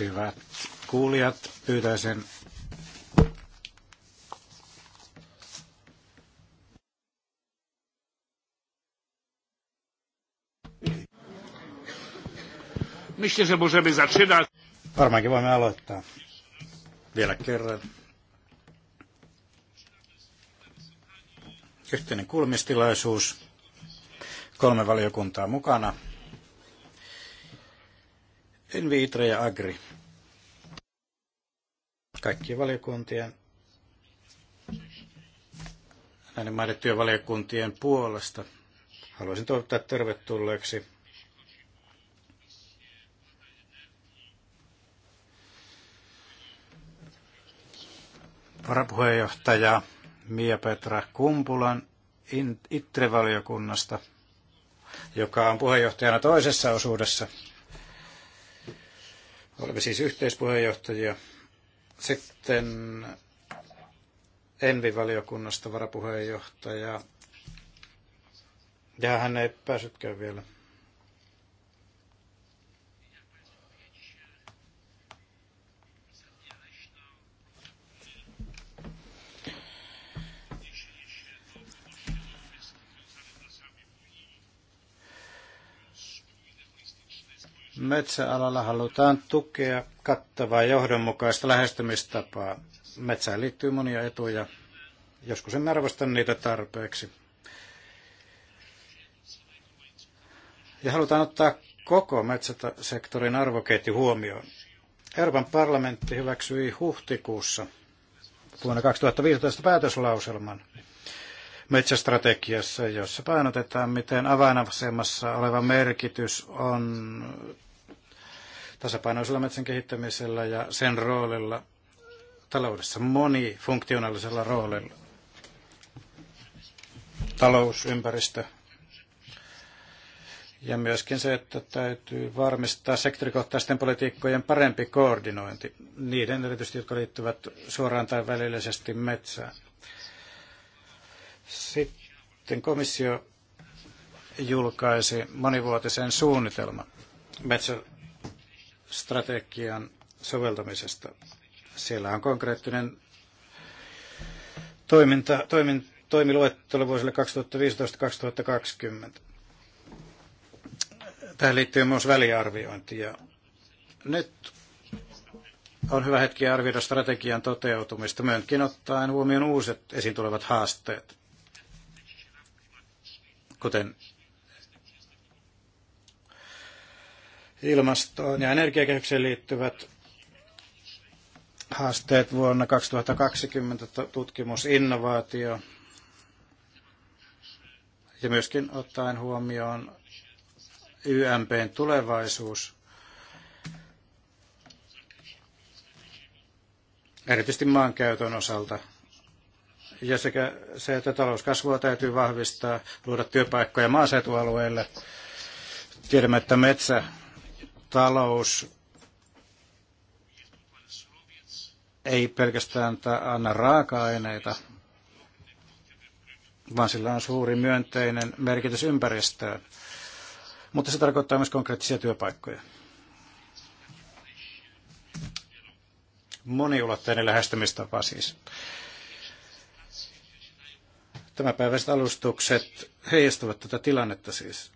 Hyvät kuulijat, pyytäisin Myślę, że możemy zaczynać. Varmaankin voimme aloittaa. Vielä kerran. Yhteinen kulmistilaisuus. Kolme valiokuntaa mukana. Envitre ja Agri. Kaikkien valiokuntien, näiden maiden työvaliokuntien puolesta haluaisin toivottaa tervetulleeksi varapuheenjohtaja Mia-Petra Kumpulan ITRE-valiokunnasta, joka on puheenjohtajana toisessa osuudessa – Olemme siis yhteispuheenjohtajia. Sitten Envi-valiokunnasta varapuheenjohtaja. Ja hän ei päässytkään vielä. Metsäalalla halutaan tukea kattavaa johdonmukaista lähestymistapaa. Metsään liittyy monia etuja. Joskus en arvosta niitä tarpeeksi. Ja halutaan ottaa koko metsäsektorin arvoketju huomioon. Euroopan parlamentti hyväksyi huhtikuussa vuonna 2015 päätöslauselman metsästrategiassa, jossa painotetaan, miten avainasemassa oleva merkitys on tasapainoisella metsän kehittämisellä ja sen roolilla taloudessa, monifunktionaalisella roolilla. talousympäristö ja myöskin se, että täytyy varmistaa sektorikohtaisten politiikkojen parempi koordinointi, niiden erityisesti, jotka liittyvät suoraan tai välillisesti metsään. Sitten komissio julkaisi monivuotisen suunnitelman metsä- strategian soveltamisesta. Siellä on konkreettinen toiminta, toimin, toimiluettelo vuosille 2015-2020. Tähän liittyy myös väliarviointi. Ja nyt on hyvä hetki arvioida strategian toteutumista, myönkin ottaen huomioon uuset esiin tulevat haasteet, kuten ilmastoon ja energiakehykseen liittyvät haasteet vuonna 2020, tutkimus, innovaatio ja myöskin ottaen huomioon YMPn tulevaisuus. Erityisesti maankäytön osalta. Ja sekä se, että talouskasvua täytyy vahvistaa, luoda työpaikkoja maaseutualueille. Tiedämme, että metsä talous ei pelkästään anna raaka-aineita, vaan sillä on suuri myönteinen merkitys ympäristöön. Mutta se tarkoittaa myös konkreettisia työpaikkoja. Moniulotteinen lähestymistapa siis. Tämänpäiväiset alustukset heijastuvat tätä tilannetta siis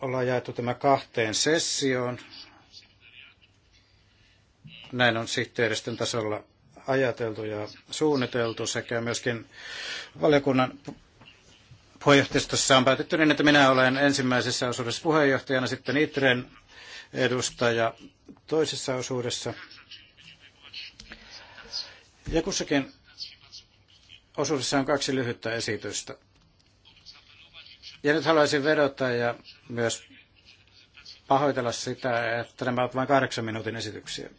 ollaan jaettu tämä kahteen sessioon. Näin on sihteeristön tasolla ajateltu ja suunniteltu sekä myöskin valiokunnan puheenjohtajistossa on päätetty niin, että minä olen ensimmäisessä osuudessa puheenjohtajana, sitten ITREn edustaja toisessa osuudessa. Ja kussakin osuudessa on kaksi lyhyttä esitystä. Ja nyt haluaisin vedota ja myös pahoitella sitä, että nämä ovat vain kahdeksan minuutin esityksiä.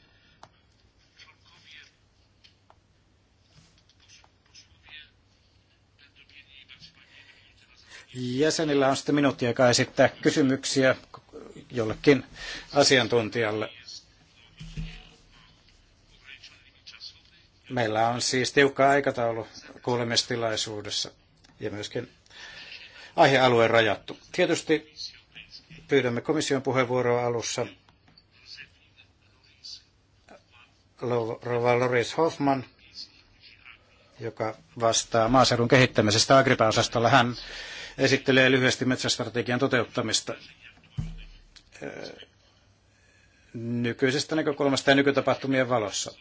Jäsenillä on sitten minuutti aikaa esittää kysymyksiä jollekin asiantuntijalle. Meillä on siis tiukka aikataulu kuulemistilaisuudessa ja myöskin aihealueen rajattu. Tietysti pyydämme komission puheenvuoroa alussa. Rova Loris Hoffman, joka vastaa maaseudun kehittämisestä Agripa-osastolla. Hän esittelee lyhyesti metsästrategian toteuttamista eh, nykyisestä näkökulmasta ja nykytapahtumien valossa.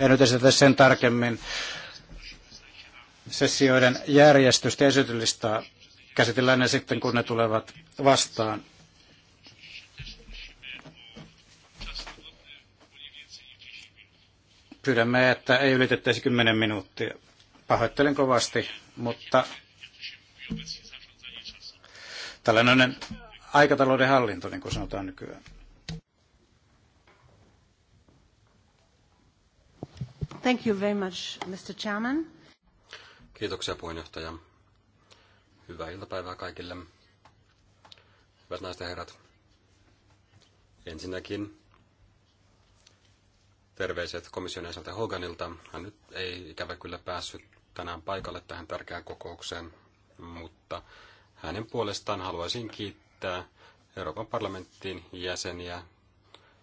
En nyt esitä sen tarkemmin sessioiden järjestystä ja esitylistaa. Käsitellään ne sitten, kun ne tulevat vastaan. Pyydämme, että ei ylitettäisi 10 minuuttia. Pahoittelen kovasti, mutta tällainen aikatalouden hallinto, niin kuin sanotaan nykyään. Thank you very much, Mr. Chairman. Kiitoksia puheenjohtaja. Hyvää iltapäivää kaikille. Hyvät naiset ja herrat. Ensinnäkin terveiset komission jäseneltä Hoganilta. Hän nyt ei ikävä kyllä päässyt tänään paikalle tähän tärkeään kokoukseen, mutta hänen puolestaan haluaisin kiittää Euroopan parlamenttiin jäseniä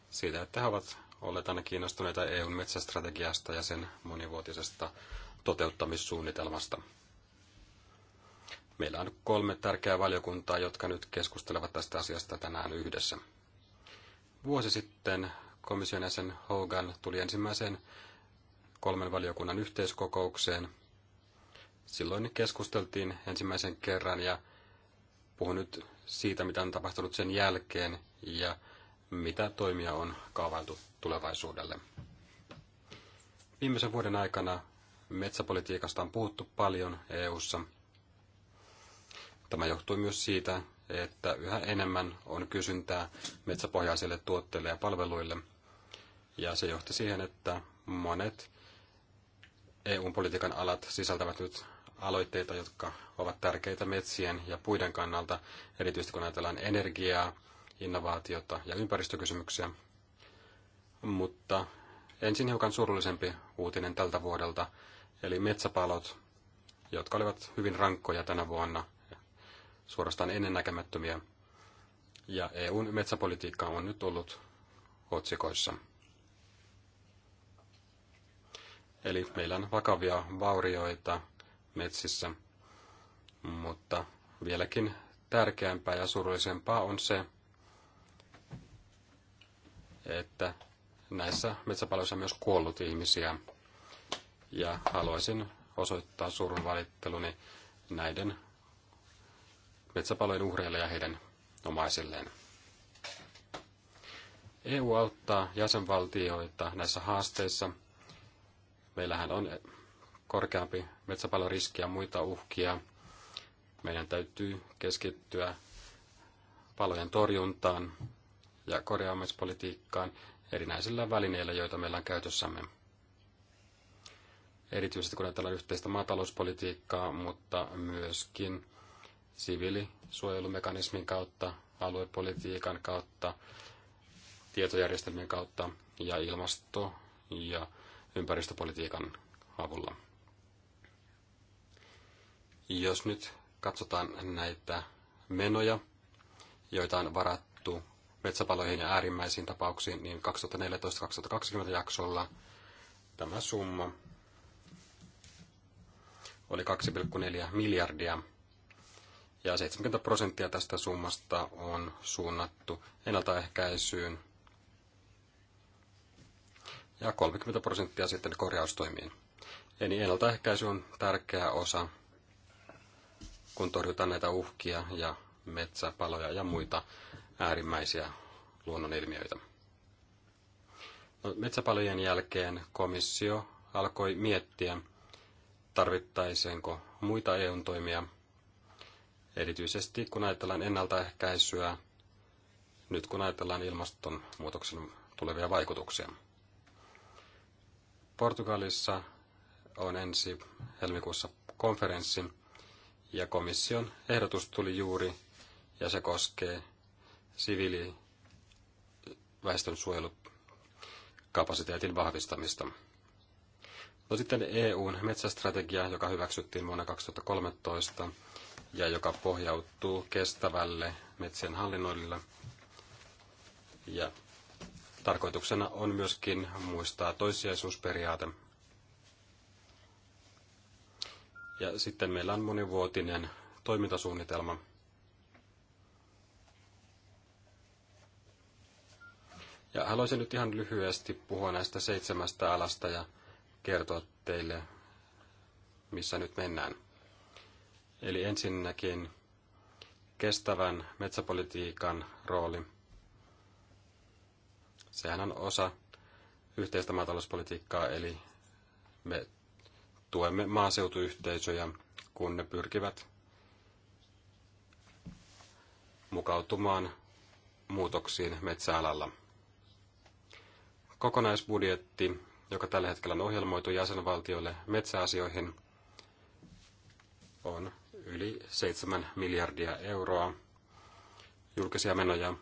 siitä, että he ovat olleet aina kiinnostuneita EUn metsästrategiasta ja sen monivuotisesta toteuttamissuunnitelmasta. Meillä on kolme tärkeää valiokuntaa, jotka nyt keskustelevat tästä asiasta tänään yhdessä. Vuosi sitten komission jäsen Hogan tuli ensimmäiseen kolmen valiokunnan yhteiskokoukseen. Silloin keskusteltiin ensimmäisen kerran ja puhun nyt siitä, mitä on tapahtunut sen jälkeen ja mitä toimia on kaavailtu tulevaisuudelle. Viimeisen vuoden aikana metsäpolitiikasta on puhuttu paljon EU:ssa. Tämä johtuu myös siitä, että yhä enemmän on kysyntää metsäpohjaisille tuotteille ja palveluille, ja se johti siihen, että monet EU-politiikan alat sisältävät nyt aloitteita, jotka ovat tärkeitä metsien ja puiden kannalta, erityisesti kun ajatellaan energiaa, innovaatiota ja ympäristökysymyksiä. Mutta ensin hiukan surullisempi uutinen tältä vuodelta, eli metsäpalot, jotka olivat hyvin rankkoja tänä vuonna, suorastaan ennennäkemättömiä. Ja EUn metsäpolitiikka on nyt ollut otsikoissa. Eli meillä on vakavia vaurioita metsissä, mutta vieläkin tärkeämpää ja surullisempaa on se, että näissä metsäpaloissa myös kuollut ihmisiä. Ja haluaisin osoittaa surun valitteluni näiden metsäpalojen uhreille ja heidän omaisilleen. EU auttaa jäsenvaltioita näissä haasteissa. Meillähän on korkeampi metsäpaloriski ja muita uhkia. Meidän täytyy keskittyä palojen torjuntaan ja korjaamispolitiikkaan erinäisillä välineillä, joita meillä on käytössämme. Erityisesti kun ajatellaan yhteistä maatalouspolitiikkaa, mutta myöskin siviilisuojelumekanismin kautta, aluepolitiikan kautta, tietojärjestelmien kautta ja ilmasto- ja ympäristöpolitiikan avulla. Jos nyt katsotaan näitä menoja, joita on varattu metsäpaloihin ja äärimmäisiin tapauksiin, niin 2014-2020 jaksolla tämä summa oli 2,4 miljardia. Ja 70 prosenttia tästä summasta on suunnattu ennaltaehkäisyyn ja 30 prosenttia sitten korjaustoimiin. Eli ennaltaehkäisy on tärkeä osa, kun torjutaan näitä uhkia ja metsäpaloja ja muita äärimmäisiä luonnonilmiöitä. No, metsäpalojen jälkeen komissio alkoi miettiä, tarvittaisiinko muita EUn toimia, erityisesti kun ajatellaan ennaltaehkäisyä, nyt kun ajatellaan ilmastonmuutoksen tulevia vaikutuksia. Portugalissa on ensi helmikuussa konferenssi, ja komission ehdotus tuli juuri, ja se koskee siviiliväestön suojelukapasiteetin vahvistamista. No sitten EUn metsästrategia, joka hyväksyttiin vuonna 2013 ja joka pohjautuu kestävälle metsien hallinnoille. Ja tarkoituksena on myöskin muistaa toissijaisuusperiaate. Ja sitten meillä on monivuotinen toimintasuunnitelma, Ja haluaisin nyt ihan lyhyesti puhua näistä seitsemästä alasta ja kertoa teille, missä nyt mennään. Eli ensinnäkin kestävän metsäpolitiikan rooli. Sehän on osa yhteistä maatalouspolitiikkaa, eli me tuemme maaseutuyhteisöjä, kun ne pyrkivät mukautumaan muutoksiin metsäalalla kokonaisbudjetti, joka tällä hetkellä on ohjelmoitu jäsenvaltioille metsäasioihin, on yli 7 miljardia euroa julkisia menoja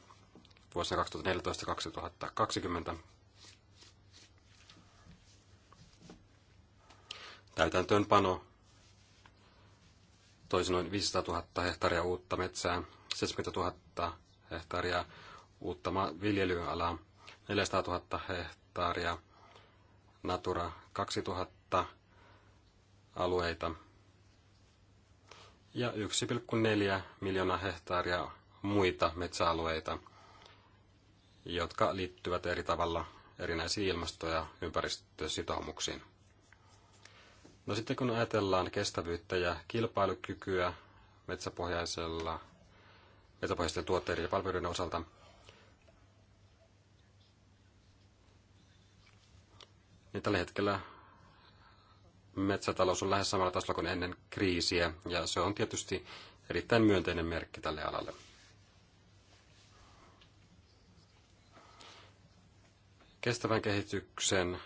vuosina 2014-2020. Täytäntöönpano toisi noin 500 000 hehtaaria uutta metsää, 70 000 hehtaaria uutta viljelyalaa, 400 000 hehtaaria, Natura 2000 alueita ja 1,4 miljoonaa hehtaaria muita metsäalueita, jotka liittyvät eri tavalla erinäisiin ilmasto- ja ympäristösitoumuksiin. No sitten kun ajatellaan kestävyyttä ja kilpailukykyä metsäpohjaisella, metsäpohjaisten tuotteiden ja palveluiden osalta, niin tällä hetkellä metsätalous on lähes samalla tasolla kuin ennen kriisiä, ja se on tietysti erittäin myönteinen merkki tälle alalle. Kestävän kehityksen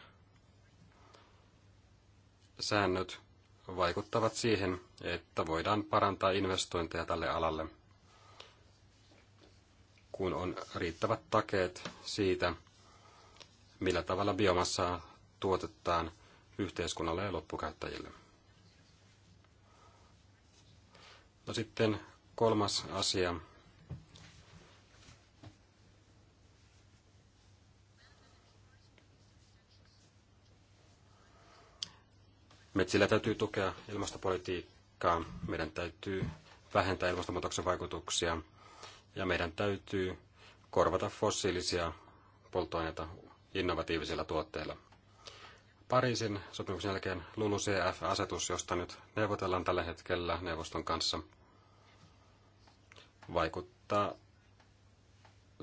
säännöt vaikuttavat siihen, että voidaan parantaa investointeja tälle alalle, kun on riittävät takeet siitä, millä tavalla biomassaa tuotettaan yhteiskunnalle ja loppukäyttäjille. No sitten kolmas asia. Metsillä täytyy tukea ilmastopolitiikkaa, meidän täytyy vähentää ilmastonmuutoksen vaikutuksia ja meidän täytyy korvata fossiilisia polttoaineita innovatiivisilla tuotteilla. Pariisin sopimuksen jälkeen LULUCF-asetus, josta nyt neuvotellaan tällä hetkellä neuvoston kanssa, vaikuttaa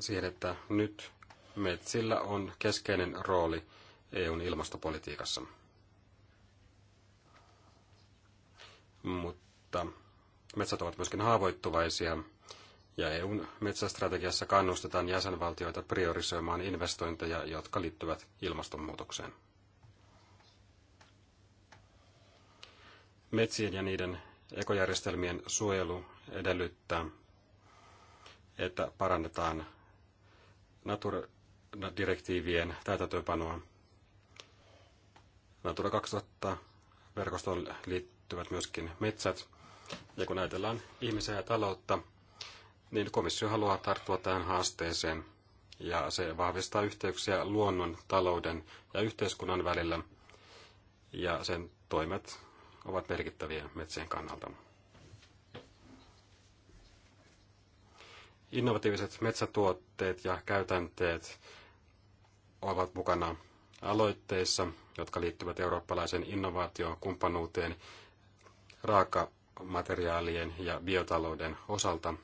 siihen, että nyt metsillä on keskeinen rooli EUn ilmastopolitiikassa. Mutta metsät ovat myöskin haavoittuvaisia ja EUn metsästrategiassa kannustetaan jäsenvaltioita priorisoimaan investointeja, jotka liittyvät ilmastonmuutokseen. metsien ja niiden ekojärjestelmien suojelu edellyttää, että parannetaan Natura-direktiivien täytäntöönpanoa. Natura 2000 verkostoon liittyvät myöskin metsät. Ja kun ajatellaan ihmisiä ja taloutta, niin komissio haluaa tarttua tähän haasteeseen ja se vahvistaa yhteyksiä luonnon, talouden ja yhteiskunnan välillä ja sen toimet ovat merkittäviä metsien kannalta. Innovatiiviset metsätuotteet ja käytänteet ovat mukana aloitteissa, jotka liittyvät eurooppalaisen innovaatiokumppanuuteen raakamateriaalien ja biotalouden osalta.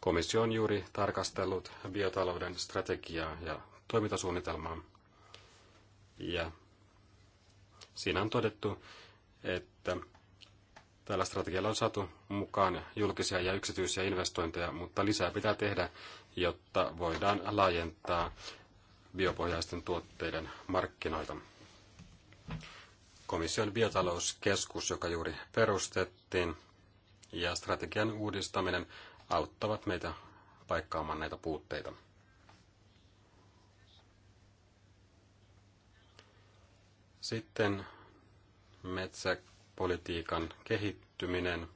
Komissio on juuri tarkastellut biotalouden strategiaa ja toimintasuunnitelmaa. Ja siinä on todettu, että tällä strategialla on saatu mukaan julkisia ja yksityisiä investointeja, mutta lisää pitää tehdä, jotta voidaan laajentaa biopohjaisten tuotteiden markkinoita. Komission biotalouskeskus, joka juuri perustettiin, ja strategian uudistaminen auttavat meitä paikkaamaan näitä puutteita. Sitten metsäpolitiikan kehittyminen.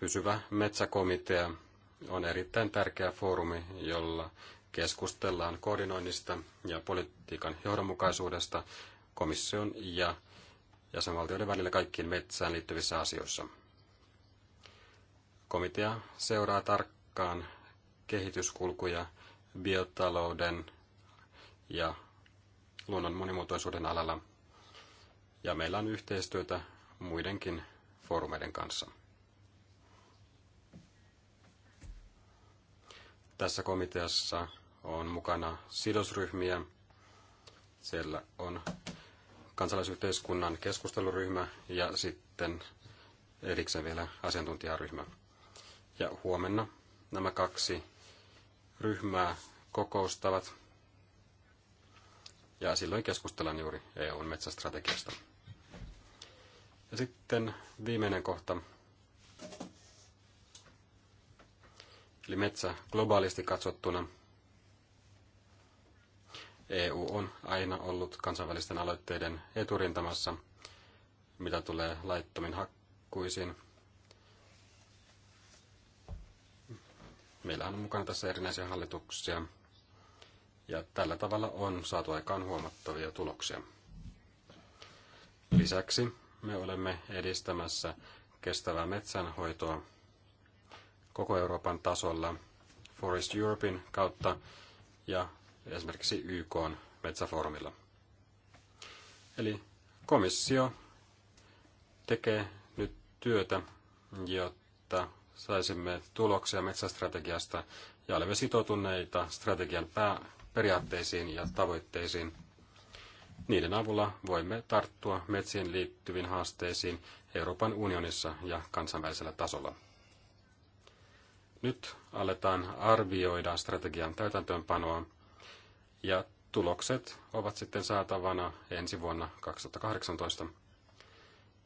Pysyvä metsäkomitea on erittäin tärkeä foorumi, jolla keskustellaan koordinoinnista ja politiikan johdonmukaisuudesta komission ja jäsenvaltioiden välillä kaikkiin metsään liittyvissä asioissa. Komitea seuraa tarkkaan kehityskulkuja biotalouden ja luonnon monimuotoisuuden alalla. Ja meillä on yhteistyötä muidenkin foorumeiden kanssa. Tässä komiteassa on mukana sidosryhmiä. Siellä on kansalaisyhteiskunnan keskusteluryhmä ja sitten erikseen vielä asiantuntijaryhmä. Ja huomenna nämä kaksi ryhmää kokoustavat. Ja silloin keskustellaan juuri EUn metsästrategiasta. Ja sitten viimeinen kohta. Eli metsä globaalisti katsottuna. EU on aina ollut kansainvälisten aloitteiden eturintamassa, mitä tulee laittomin hakkuisiin – Meillähän on mukana tässä erinäisiä hallituksia, ja tällä tavalla on saatu aikaan huomattavia tuloksia. Lisäksi me olemme edistämässä kestävää metsänhoitoa koko Euroopan tasolla Forest Europein kautta ja esimerkiksi YK metsäfoorumilla. Eli komissio tekee nyt työtä, jotta saisimme tuloksia metsästrategiasta ja olemme sitoutuneita strategian pääperiaatteisiin ja tavoitteisiin. Niiden avulla voimme tarttua metsiin liittyviin haasteisiin Euroopan unionissa ja kansainvälisellä tasolla. Nyt aletaan arvioida strategian täytäntöönpanoa ja tulokset ovat sitten saatavana ensi vuonna 2018.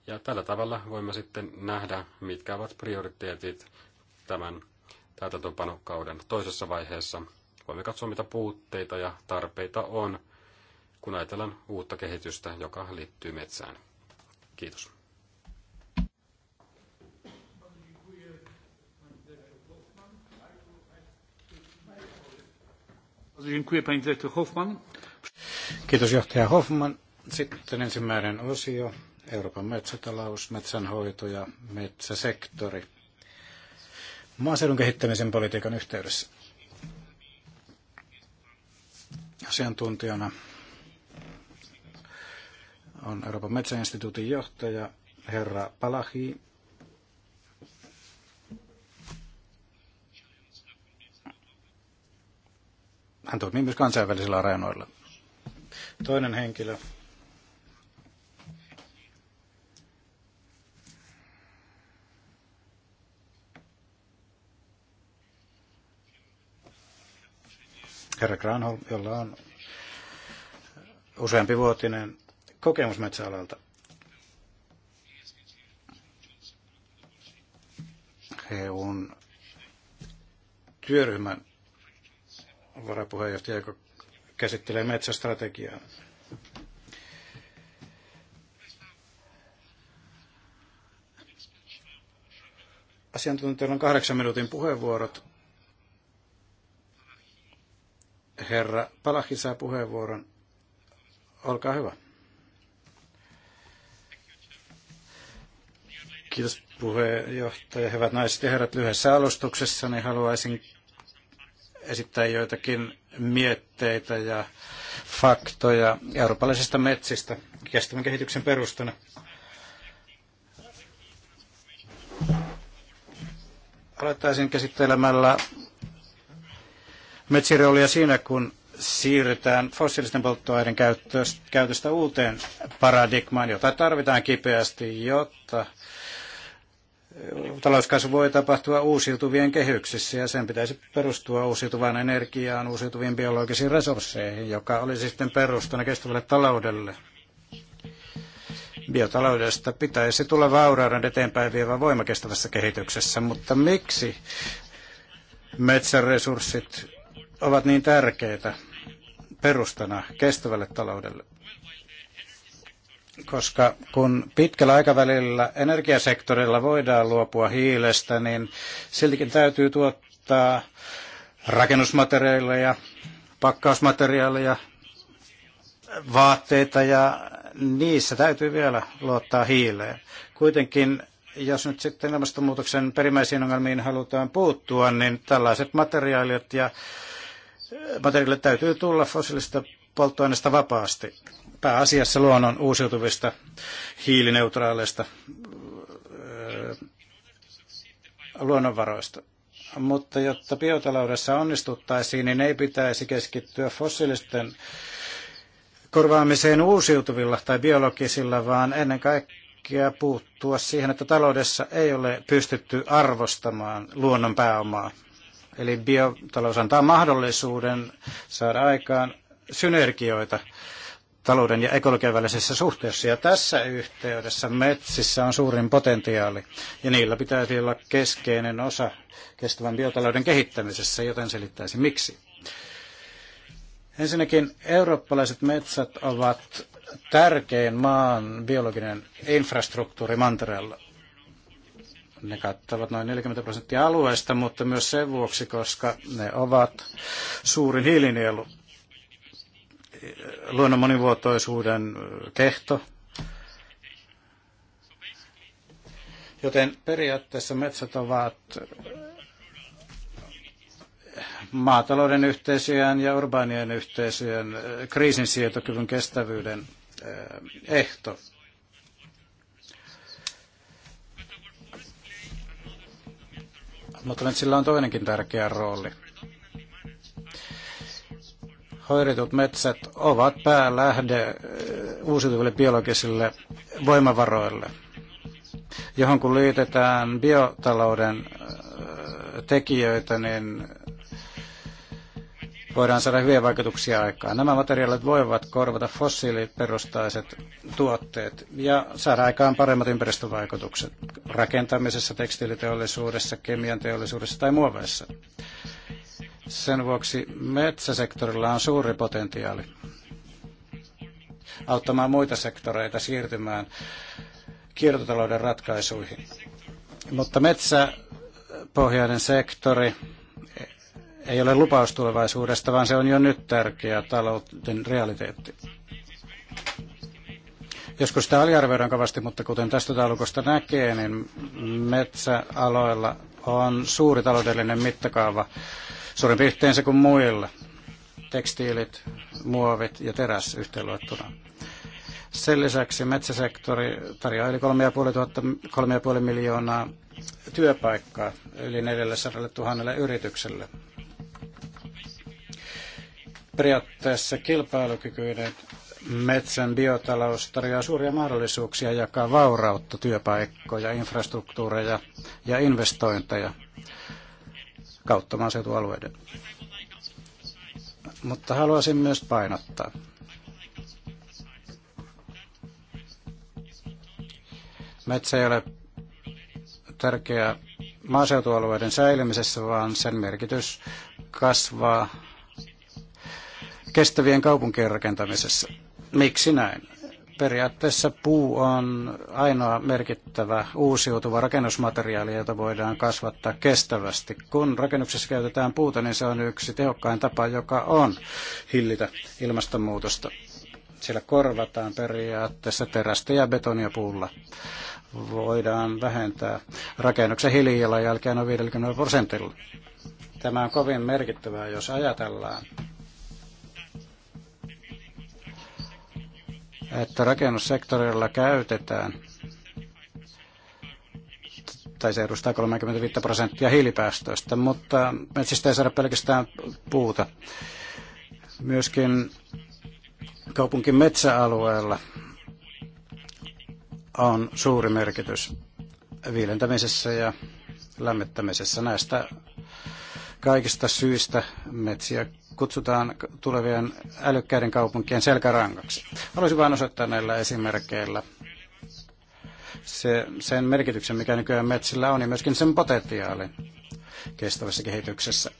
Ja tällä tavalla voimme sitten nähdä, mitkä ovat prioriteetit tämän täytäntöönpanokauden toisessa vaiheessa. Voimme katsoa, mitä puutteita ja tarpeita on, kun ajatellaan uutta kehitystä, joka liittyy metsään. Kiitos. Kiitos johtaja Hoffman. Sitten ensimmäinen osio. Euroopan metsätalous, metsänhoito ja metsäsektori maaseudun kehittämisen politiikan yhteydessä. Asiantuntijana on Euroopan metsäinstituutin johtaja herra Palahi. Hän toimii myös kansainvälisillä areenoilla. Toinen henkilö herra Granholm, jolla on useampi vuotinen kokemus metsäalalta. EUn työryhmän varapuheenjohtaja, joka käsittelee metsästrategiaa. Asiantuntijoilla on kahdeksan minuutin puheenvuorot Herra Palahi saa puheenvuoron. Olkaa hyvä. Kiitos puheenjohtaja. Hyvät naiset ja herrat, lyhyessä alustuksessani niin haluaisin esittää joitakin mietteitä ja faktoja eurooppalaisista metsistä kestävän kehityksen perustana. Aloittaisin käsittelemällä metsiroolia siinä, kun siirrytään fossiilisten polttoaineiden käytöstä uuteen paradigmaan, jota tarvitaan kipeästi, jotta äh, talouskasvu voi tapahtua uusiutuvien kehyksissä ja sen pitäisi perustua uusiutuvaan energiaan, uusiutuviin biologisiin resursseihin, joka olisi sitten perustana kestävälle taloudelle. Biotaloudesta pitäisi tulla vaurauden eteenpäin vievä voima kestävässä kehityksessä, mutta miksi metsäresurssit ovat niin tärkeitä perustana kestävälle taloudelle. Koska kun pitkällä aikavälillä energiasektorilla voidaan luopua hiilestä, niin siltikin täytyy tuottaa rakennusmateriaaleja, pakkausmateriaaleja, vaatteita ja niissä täytyy vielä luottaa hiileen. Kuitenkin jos nyt sitten ilmastonmuutoksen perimmäisiin ongelmiin halutaan puuttua, niin tällaiset materiaalit ja materiaalille täytyy tulla fossiilisista polttoaineista vapaasti. Pääasiassa luonnon uusiutuvista hiilineutraaleista luonnonvaroista. Mutta jotta biotaloudessa onnistuttaisiin, niin ei pitäisi keskittyä fossiilisten korvaamiseen uusiutuvilla tai biologisilla, vaan ennen kaikkea puuttua siihen, että taloudessa ei ole pystytty arvostamaan luonnon pääomaa. Eli biotalous antaa mahdollisuuden saada aikaan synergioita talouden ja ekologian välisessä suhteessa. Ja tässä yhteydessä metsissä on suurin potentiaali, ja niillä pitäisi olla keskeinen osa kestävän biotalouden kehittämisessä, joten selittäisin miksi. Ensinnäkin eurooppalaiset metsät ovat tärkein maan biologinen infrastruktuuri mantereella. Ne kattavat noin 40 prosenttia alueesta, mutta myös sen vuoksi, koska ne ovat suurin hiilinielu luonnon monivuotoisuuden kehto. Joten periaatteessa metsät ovat maatalouden yhteisöjen ja urbaanien yhteisöjen kriisinsietokyvyn kestävyyden ehto. mutta nyt sillä on toinenkin tärkeä rooli. Hoidetut metsät ovat päälähde eh, uusiutuville biologisille voimavaroille, johon kun liitetään biotalouden eh, tekijöitä, niin voidaan saada hyviä vaikutuksia aikaan. Nämä materiaalit voivat korvata fossiiliperustaiset tuotteet ja saada aikaan paremmat ympäristövaikutukset rakentamisessa, tekstiiliteollisuudessa, kemian teollisuudessa tai muoveissa. Sen vuoksi metsäsektorilla on suuri potentiaali auttamaan muita sektoreita siirtymään kiertotalouden ratkaisuihin. Mutta metsäpohjainen sektori ei ole lupaus tulevaisuudesta, vaan se on jo nyt tärkeä talouden realiteetti. Joskus sitä aliarvioidaan kovasti, mutta kuten tästä taulukosta näkee, niin metsäaloilla on suuri taloudellinen mittakaava, suurin piirtein se kuin muilla. Tekstiilit, muovit ja teräs yhteenluettuna. Sen lisäksi metsäsektori tarjoaa yli 3,5 miljoonaa työpaikkaa yli 400 000 yritykselle Periaatteessa kilpailukykyinen metsän biotalous tarjoaa suuria mahdollisuuksia jakaa vaurautta, työpaikkoja, infrastruktuureja ja investointeja kautta maaseutualueiden. Mutta haluaisin myös painottaa, metsä ei ole tärkeä maaseutualueiden säilymisessä, vaan sen merkitys kasvaa kestävien kaupunkien rakentamisessa. Miksi näin? Periaatteessa puu on ainoa merkittävä uusiutuva rakennusmateriaali, jota voidaan kasvattaa kestävästi. Kun rakennuksessa käytetään puuta, niin se on yksi tehokkain tapa, joka on hillitä ilmastonmuutosta. Sillä korvataan periaatteessa terästä ja betonia puulla voidaan vähentää rakennuksen hiilijalanjälkeä noin 50 prosentilla. Tämä on kovin merkittävää, jos ajatellaan, että rakennussektorilla käytetään, tai se edustaa 35 prosenttia hiilipäästöistä, mutta metsistä ei saada pelkästään puuta. Myöskin kaupunkin metsäalueella on suuri merkitys viilentämisessä ja lämmittämisessä. Näistä Kaikista syistä metsiä kutsutaan tulevien älykkäiden kaupunkien selkärangaksi. Haluaisin vain osoittaa näillä esimerkkeillä se, sen merkityksen, mikä nykyään metsillä on, ja myöskin sen potentiaalin kestävässä kehityksessä.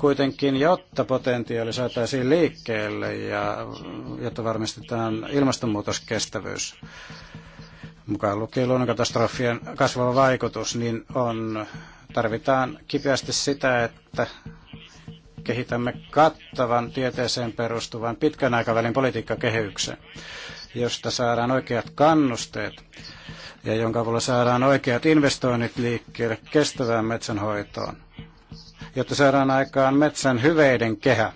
Kuitenkin, jotta potentiaali saataisiin liikkeelle ja jotta varmistetaan ilmastonmuutoskestävyys, mukaan lukien luonnonkatastrofien kasvava vaikutus, niin on Tarvitaan kipeästi sitä, että kehitämme kattavan tieteeseen perustuvan pitkän aikavälin politiikkakehyksen, josta saadaan oikeat kannusteet ja jonka avulla saadaan oikeat investoinnit liikkeelle kestävään metsänhoitoon, jotta saadaan aikaan metsän hyveiden kehä,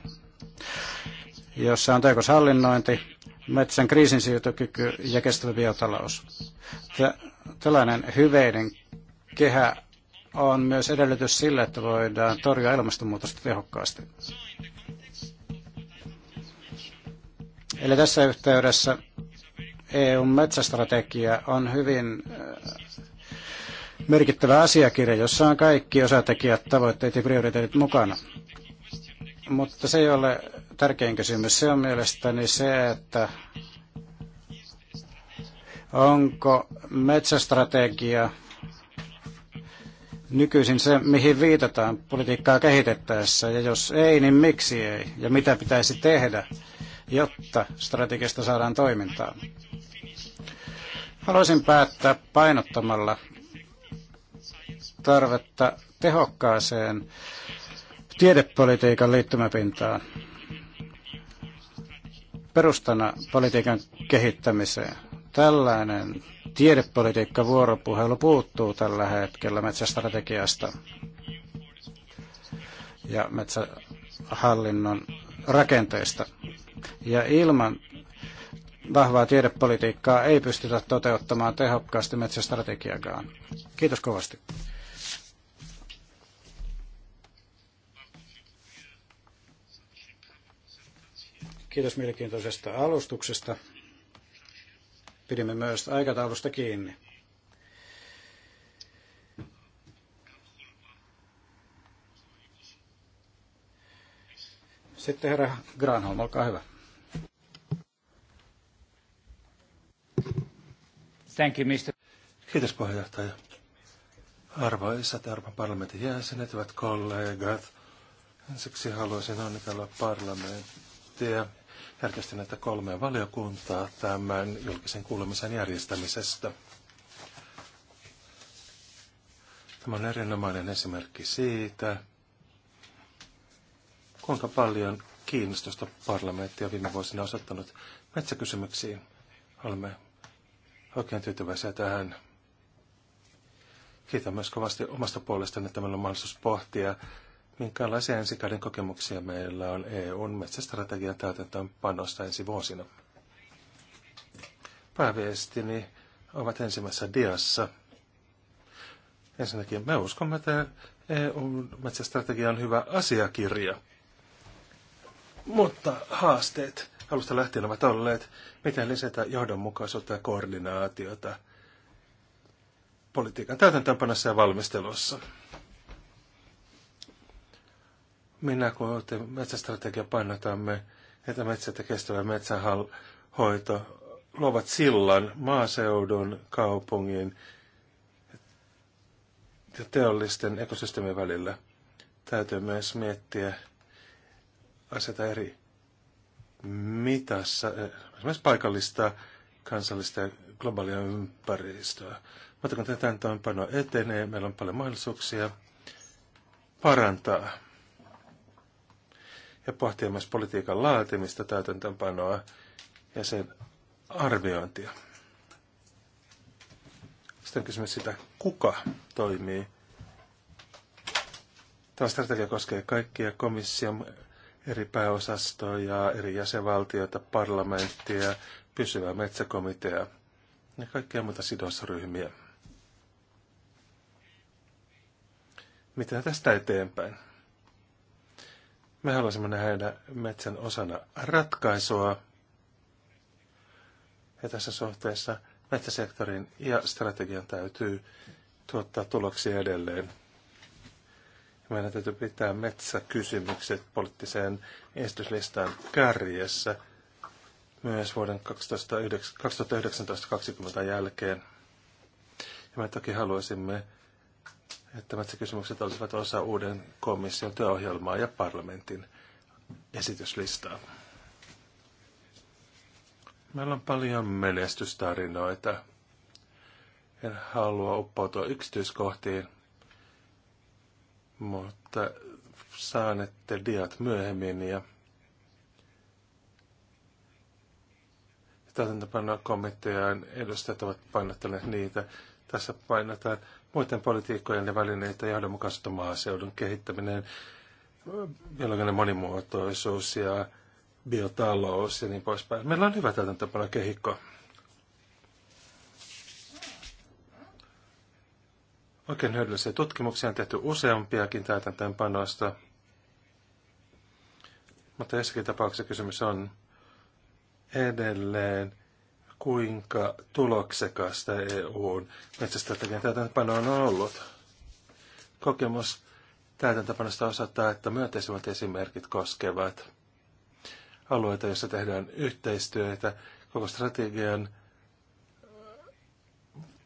jossa on teikos hallinnointi, metsän kriisinsietokyky ja kestävä biotalous. Tällainen hyveiden kehä on myös edellytys sille, että voidaan torjua ilmastonmuutosta tehokkaasti. Eli tässä yhteydessä EUn metsästrategia on hyvin äh, merkittävä asiakirja, jossa on kaikki osatekijät, tavoitteet ja prioriteetit mukana. Mutta se ei ole tärkein kysymys. Se on mielestäni se, että onko metsästrategia nykyisin se, mihin viitataan politiikkaa kehitettäessä, ja jos ei, niin miksi ei, ja mitä pitäisi tehdä, jotta strategiasta saadaan toimintaa. Haluaisin päättää painottamalla tarvetta tehokkaaseen tiedepolitiikan liittymäpintaan perustana politiikan kehittämiseen. Tällainen tiedepolitiikka vuoropuhelu puuttuu tällä hetkellä metsästrategiasta ja metsähallinnon rakenteista. Ja ilman vahvaa tiedepolitiikkaa ei pystytä toteuttamaan tehokkaasti metsästrategiakaan. Kiitos kovasti. Kiitos mielenkiintoisesta alustuksesta pidimme myös aikataulusta kiinni. Sitten herra Granholm, olkaa hyvä. Thank you, Mr. Kiitos puheenjohtaja. Arvoisat Euroopan parlamentin jäsenet, hyvät kollegat. Ensiksi haluaisin onnitella parlamenttia järkästi näitä kolmea valiokuntaa tämän julkisen kuulemisen järjestämisestä. Tämä on erinomainen esimerkki siitä, kuinka paljon kiinnostusta parlamentti on viime vuosina osoittanut metsäkysymyksiin. Olemme oikein tyytyväisiä tähän. Kiitän myös kovasti omasta puolestani, että meillä on mahdollisuus pohtia Minkälaisia ensikauden kokemuksia meillä on EUn metsästrategian täytäntöönpanosta ensi vuosina? Pääviestini ovat ensimmäisessä diassa. Ensinnäkin me uskomme, että EUn metsästrategia on hyvä asiakirja. Mutta haasteet alusta lähtien ovat olleet, miten lisätä johdonmukaisuutta ja koordinaatiota politiikan täytäntöönpanossa ja valmistelussa. Minä kuten metsästrategia painotamme, että metsät ja kestävä metsähoito luovat sillan maaseudun, kaupungin ja teollisten ekosysteemien välillä. Täytyy myös miettiä aseta eri mitassa, esimerkiksi paikallista, kansallista ja globaalia ympäristöä. Mutta kun tätä toimeenpanoa etenee, meillä on paljon mahdollisuuksia parantaa ja pohtia myös politiikan laatimista, täytäntöönpanoa ja sen arviointia. Sitten kysymys sitä, kuka toimii. Tämä strategia koskee kaikkia komission eri pääosastoja, eri jäsenvaltioita, parlamenttia, pysyvää metsäkomitea ja kaikkia muita sidosryhmiä. Mitä tästä eteenpäin? Me haluaisimme nähdä metsän osana ratkaisua. Ja tässä suhteessa metsäsektorin ja strategian täytyy tuottaa tuloksia edelleen. Meidän täytyy pitää metsäkysymykset poliittiseen esityslistaan kärjessä myös vuoden 2019-2020 jälkeen. Ja me toki haluaisimme että metsäkysymykset olisivat osa uuden komission työohjelmaa ja parlamentin esityslistaa. Meillä on paljon menestystarinoita. En halua uppoutua yksityiskohtiin, mutta saanette diat myöhemmin ja täytäntöpanoa komitean edustajat ovat painottaneet niitä. Tässä painotaan muiden politiikkojen ja välineitä johdonmukaista maaseudun kehittäminen, biologinen monimuotoisuus ja biotalous ja niin poispäin. Meillä on hyvä täytäntöpano kehikko. Oikein hyödyllisiä tutkimuksia on tehty useampiakin täytäntöönpanoista. Mutta jossakin tapauksessa kysymys on edelleen kuinka tuloksekasta EUn metsästrategian täytäntöpano on ollut. Kokemus täytäntöpanosta osoittaa, että myönteisimmät esimerkit koskevat alueita, joissa tehdään yhteistyötä koko strategian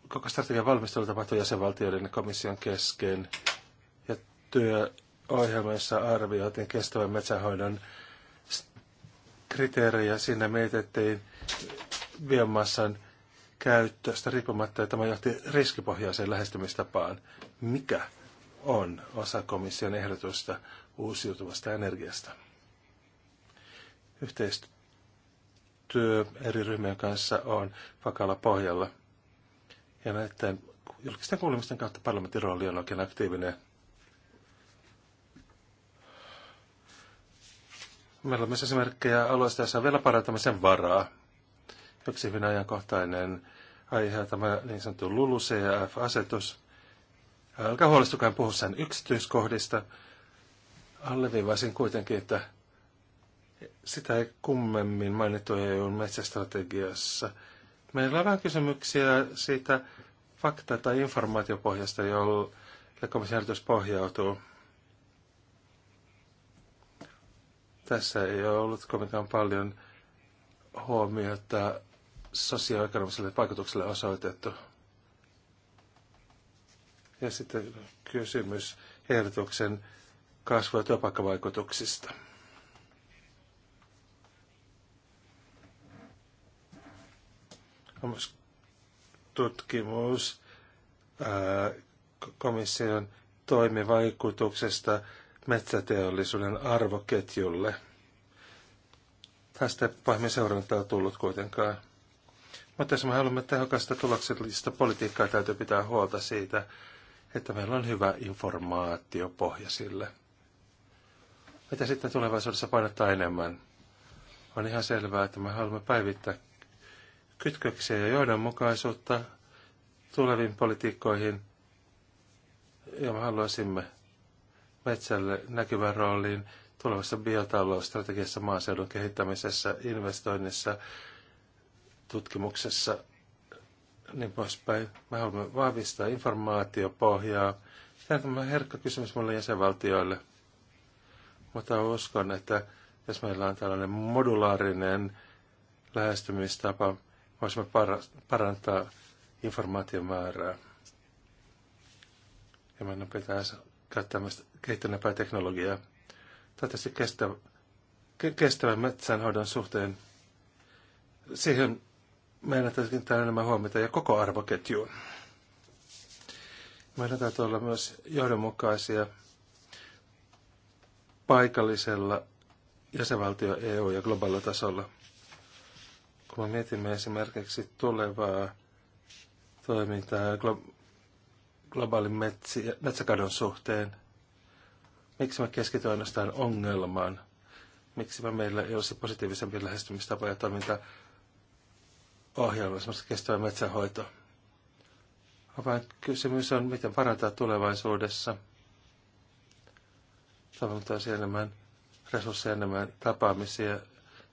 koko strategian valmistelu tapahtuu jäsenvaltioiden ja komission kesken ja työohjelmassa arvioitiin kestävän metsähoidon kriteerejä. Siinä mietittiin biomassan käyttöstä riippumatta, että tämä johti riskipohjaiseen lähestymistapaan. Mikä on osa komission ehdotusta uusiutuvasta energiasta? Yhteistyö eri ryhmien kanssa on vakalla pohjalla. Ja näiden julkisten kuulemisten kautta parlamentin rooli on oikein aktiivinen. Meillä on myös esimerkkejä alueista, joissa on vielä parantamisen varaa Yksi hyvin ajankohtainen aihe tämä niin sanottu LULUCF-asetus. Älkää huolestukaan puhu sen yksityiskohdista. Alleviivaisin kuitenkin, että sitä ei kummemmin mainittu EUn metsästrategiassa. Meillä on vähän kysymyksiä siitä fakta- tai informaatiopohjasta, jolla komission pohjautuu. Tässä ei ole ollut kovinkaan paljon huomiota sosioekonomiselle vaikutukselle osoitettu. Ja sitten kysymys ehdotuksen kasvu- ja työpaikkavaikutuksista. myös tutkimus ää, komission toimivaikutuksesta metsäteollisuuden arvoketjulle. Tästä pahemmin seurantaa tullut kuitenkaan. Mutta jos me haluamme tehokasta tuloksellista politiikkaa, täytyy pitää huolta siitä, että meillä on hyvä informaatiopohja sille. Mitä sitten tulevaisuudessa painottaa enemmän? On ihan selvää, että me haluamme päivittää kytköksiä ja johdonmukaisuutta tuleviin politiikkoihin. Ja me haluaisimme metsälle näkyvän rooliin tulevassa biotalousstrategiassa, maaseudun kehittämisessä, investoinnissa, tutkimuksessa niin poispäin. Me haluamme vahvistaa informaatiopohjaa. Tämä on herkkä kysymys muille jäsenvaltioille. Mutta uskon, että jos meillä on tällainen modulaarinen lähestymistapa, voisimme parantaa informaatiomäärää. Ja meidän pitäisi käyttää myös kehittyneempää teknologiaa. Toivottavasti kestävän metsänhoidon suhteen siihen meidän täytyy kiinnittää enemmän huomiota ja koko arvoketjuun. Meidän täytyy olla myös johdonmukaisia paikallisella jäsenvaltio EU- ja globaalilla tasolla. Kun me mietimme esimerkiksi tulevaa toimintaa glo- globaalin metsi- metsäkadon suhteen, miksi me keskitymme ainoastaan ongelmaan, miksi me meillä ei olisi positiivisempi lähestymistapa ja toimintaa ohjelma, semmoista kestävä metsähoito. Vaan kysymys on, miten parantaa tulevaisuudessa. Tavoittaisi enemmän resursseja, enemmän tapaamisia,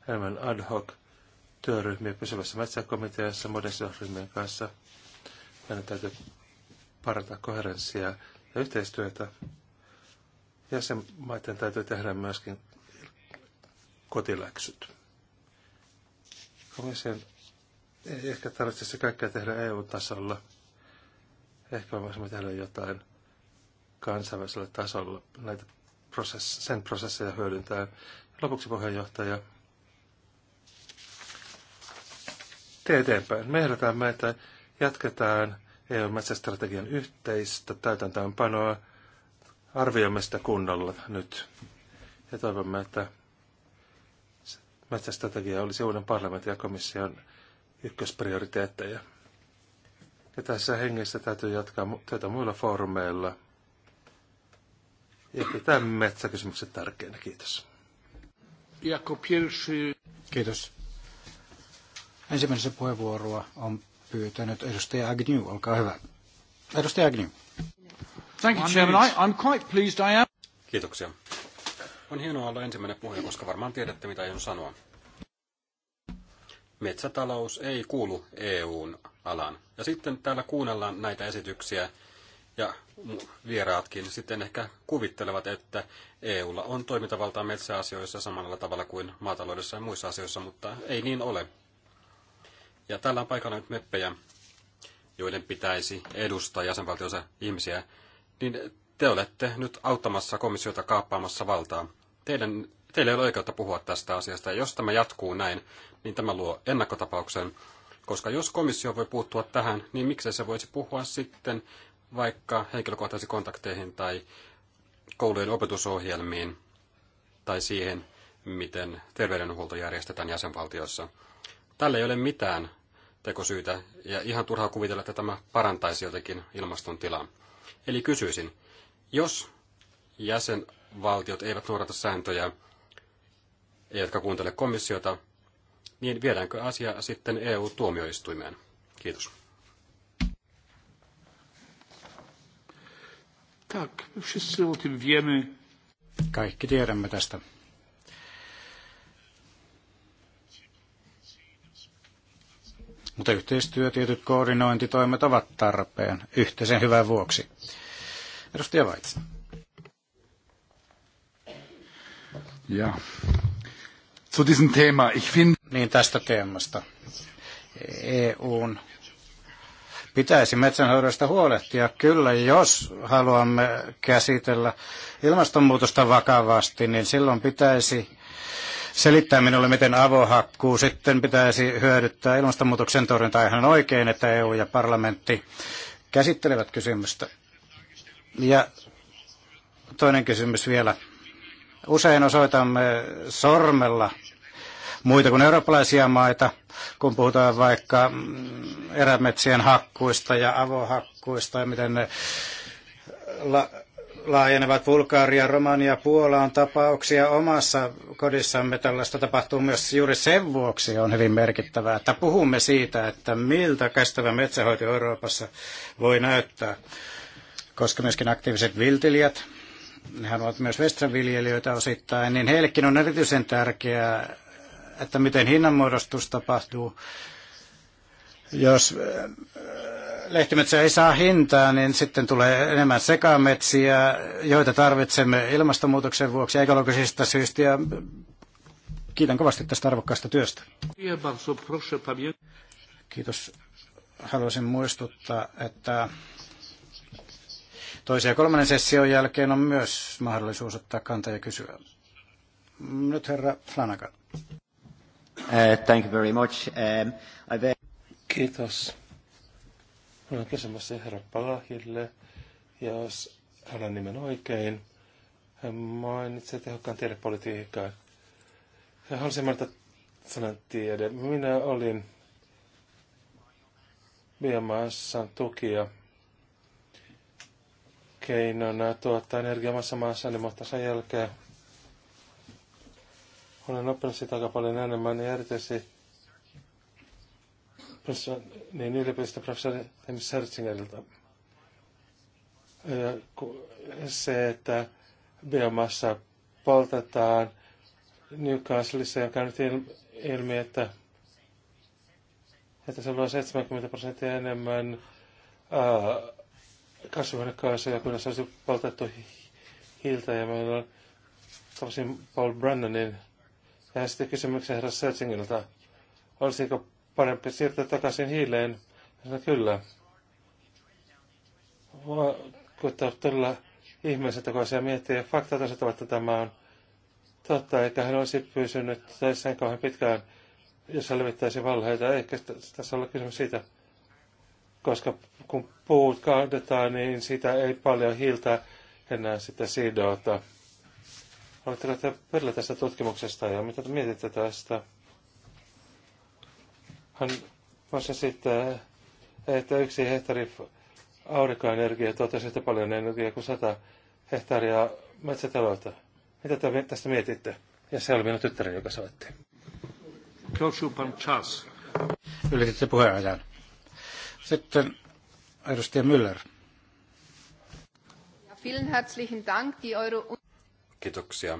enemmän ad hoc työryhmiä pysyvässä metsäkomiteassa muiden sidosryhmien kanssa. Meidän täytyy parantaa koherenssia ja yhteistyötä. Jäsenmaiden täytyy tehdä myöskin kotiläksyt. Komission ei ehkä tarvitse se kaikkea tehdä EU-tasolla. Ehkä voisimme tehdä jotain kansainvälisellä tasolla näitä prosess- sen prosesseja hyödyntää. Lopuksi puheenjohtaja. Tee eteenpäin. Me ehdotaan meitä, jatketaan EU-metsästrategian yhteistä täytäntöönpanoa. Arvioimme sitä kunnolla nyt. Ja toivomme, että metsästrategia olisi uuden parlamentin ja komission ykkösprioriteetteja. Ja tässä hengessä täytyy jatkaa työtä muilla foorumeilla ja pitää metsäkysymykset tärkeänä. Kiitos. Jako pierwszy... Kiitos. Ensimmäisessä puheenvuoroa on pyytänyt edustaja Agnew. Olkaa hyvä. Edustaja Agnew. Thank you, Chairman. I, I'm quite pleased I am. Kiitoksia. On hienoa olla ensimmäinen puhuja, koska varmaan tiedätte, mitä aion sanoa metsätalous ei kuulu EUn alaan. Ja sitten täällä kuunnellaan näitä esityksiä ja vieraatkin sitten ehkä kuvittelevat, että EUlla on toimintavaltaa metsäasioissa samalla tavalla kuin maataloudessa ja muissa asioissa, mutta ei niin ole. Ja täällä on paikalla nyt meppejä, joiden pitäisi edustaa jäsenvaltiossa ihmisiä, niin te olette nyt auttamassa komissiota kaappaamassa valtaa. Teidän teillä ei ole oikeutta puhua tästä asiasta. Ja jos tämä jatkuu näin, niin tämä luo ennakkotapauksen, koska jos komissio voi puuttua tähän, niin miksei se voisi puhua sitten vaikka henkilökohtaisiin kontakteihin tai koulujen opetusohjelmiin tai siihen, miten terveydenhuolto järjestetään jäsenvaltiossa. Tälle ei ole mitään tekosyytä, ja ihan turhaa kuvitella, että tämä parantaisi jotenkin ilmaston tilaa. Eli kysyisin, jos jäsenvaltiot eivät noudata sääntöjä, eivätkä kuuntele komissiota, niin viedäänkö asia sitten EU-tuomioistuimeen? Kiitos. Tak, wszyscy o tym wiemy. Kaikki tiedämme tästä. Mutta yhteistyö, tietyt koordinointitoimet ovat tarpeen yhteisen hyvän vuoksi. Edustaja Vaitsi. Ja, zu diesem Thema. Ich finde... Niin tästä teemasta. EUn pitäisi metsänhoidosta huolehtia. Kyllä, jos haluamme käsitellä ilmastonmuutosta vakavasti, niin silloin pitäisi selittää minulle, miten avohakkuu sitten pitäisi hyödyttää ilmastonmuutoksen torjuntaa ihan oikein, että EU ja parlamentti käsittelevät kysymystä. Ja toinen kysymys vielä. Usein osoitamme sormella muita kuin eurooppalaisia maita, kun puhutaan vaikka mm, erämetsien hakkuista ja avohakkuista ja miten ne la- laajenevat Bulgaria, Romania, Puola on tapauksia omassa kodissamme. Tällaista tapahtuu myös juuri sen vuoksi on hyvin merkittävää, että puhumme siitä, että miltä kestävä metsähoito Euroopassa voi näyttää, koska myöskin aktiiviset viltilijät, nehän ovat myös vestraviljelijöitä osittain, niin heillekin on erityisen tärkeää, että miten hinnanmuodostus tapahtuu. Jos äh, lehtimetsä ei saa hintaa, niin sitten tulee enemmän sekametsiä, joita tarvitsemme ilmastonmuutoksen vuoksi ja ekologisista syistä. Ja kiitän kovasti tästä arvokkaasta työstä. Kiitos. Haluaisin muistuttaa, että Toisen ja kolmannen session jälkeen on myös mahdollisuus ottaa kantaa ja kysyä. Nyt herra Flanagan. Uh, thank you very much. Um, I've... Kiitos. Minulla on kysymys herra Palahille. Ja jos hän on nimen oikein, hän mainitsee tehokkaan tiedepolitiikkaa. Hän halusi mainita sanan tiede. Minä olin biomassan tukija keinon tuottaa energiaa omassa maassa, niin mutta sen jälkeen olen oppinut sitä aika paljon enemmän, ja erityisesti niin professori Tim Sertsingerilta se, että biomassa poltetaan Newcastleissa, joka nyt ilmi, että, että se luo 70 prosenttia enemmän ää, kasvihuonekaasuja, kun ne saisi poltettu hiiltä. Ja meillä on tosin Paul Brennanin, ja hän sitten kysymyksen herra Seltsingiltä, olisiko parempi siirtyä takaisin hiileen? Sanoin, kyllä. Kuittaa todella ihmeelliseltä, kun asia miettii, ja faktat osoittavat, että tämä on totta, eikä hän olisi pysynyt tässä kauhean pitkään, jos hän levittäisi valheita. Eikä tässä ole kysymys siitä, koska kun puut kaadetaan, niin sitä ei paljon hiiltä enää sitä sidota. Oletteko te perillä tästä tutkimuksesta ja mitä te mietitte tästä? Hän voisi sitten, että yksi hehtaari aurinkoenergiaa tuottaa yhtä paljon energiaa kuin sata hehtaaria metsätaloutta. Mitä te tästä mietitte? Ja se oli minun tyttäreni, joka soitti. Prosił pan czas. Sitten edustaja Müller. Kiitoksia.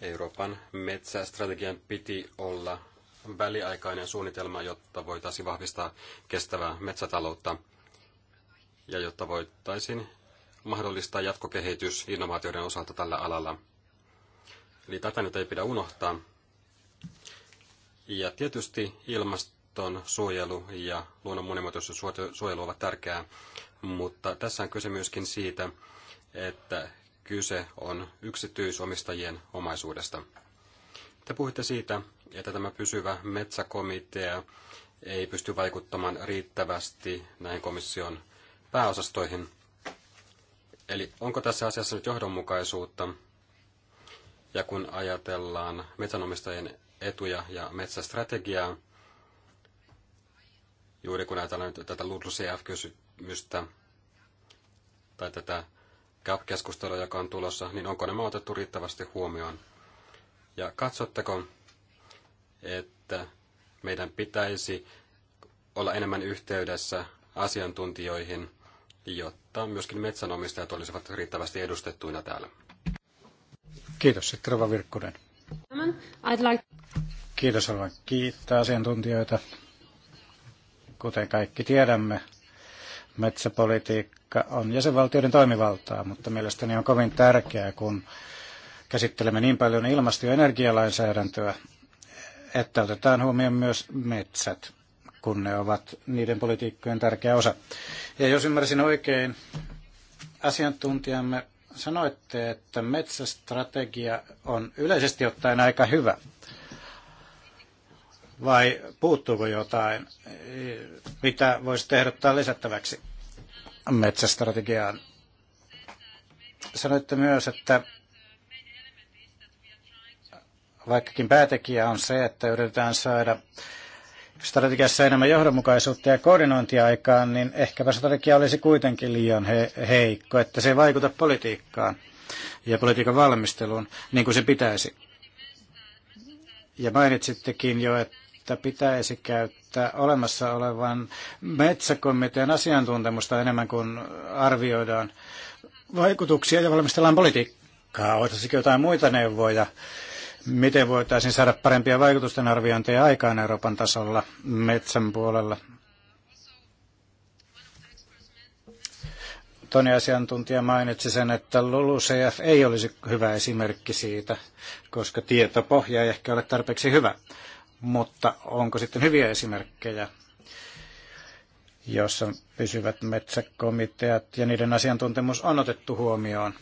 Euroopan metsästrategian piti olla väliaikainen suunnitelma, jotta voitaisiin vahvistaa kestävää metsätaloutta ja jotta voitaisiin mahdollistaa jatkokehitys innovaatioiden osalta tällä alalla. Eli tätä nyt ei pidä unohtaa. Ja tietysti ilmasto ilmaston suojelu ja luonnon monimuotoisuus suojelu ovat tärkeää, mutta tässä on kyse myöskin siitä, että kyse on yksityisomistajien omaisuudesta. Te puhuitte siitä, että tämä pysyvä metsäkomitea ei pysty vaikuttamaan riittävästi näihin komission pääosastoihin. Eli onko tässä asiassa nyt johdonmukaisuutta? Ja kun ajatellaan metsänomistajien etuja ja metsästrategiaa, juuri kun ajatellaan tätä LULUCF-kysymystä tai tätä CAP-keskustelua, joka on tulossa, niin onko nämä otettu riittävästi huomioon? Ja katsotteko, että meidän pitäisi olla enemmän yhteydessä asiantuntijoihin, jotta myöskin metsänomistajat olisivat riittävästi edustettuina täällä? Kiitos. Sitten Rova Virkkunen. Kiitos, haluan kiittää asiantuntijoita Kuten kaikki tiedämme, metsäpolitiikka on jäsenvaltioiden toimivaltaa, mutta mielestäni on kovin tärkeää, kun käsittelemme niin paljon ilmasto- ja energialainsäädäntöä, että otetaan huomioon myös metsät, kun ne ovat niiden politiikkojen tärkeä osa. Ja jos ymmärsin oikein, asiantuntijamme sanoitte, että metsästrategia on yleisesti ottaen aika hyvä – vai puuttuuko jotain, mitä voisi ehdottaa lisättäväksi metsästrategiaan? Sanoitte myös, että vaikkakin päätekijä on se, että yritetään saada strategiassa enemmän johdonmukaisuutta ja koordinointia aikaan, niin ehkäpä strategia olisi kuitenkin liian he- heikko, että se ei vaikuta politiikkaan ja politiikan valmisteluun niin kuin se pitäisi. Ja mainitsittekin jo, että että pitäisi käyttää olemassa olevan metsäkomitean asiantuntemusta enemmän kuin arvioidaan vaikutuksia ja valmistellaan politiikkaa. Oitaisikin jotain muita neuvoja? Miten voitaisiin saada parempia vaikutusten arviointeja aikaan Euroopan tasolla metsän puolella? Toni asiantuntija mainitsi sen, että LULUCF ei olisi hyvä esimerkki siitä, koska tietopohja ei ehkä ole tarpeeksi hyvä mutta onko sitten hyviä esimerkkejä, jossa pysyvät metsäkomiteat ja niiden asiantuntemus on otettu huomioon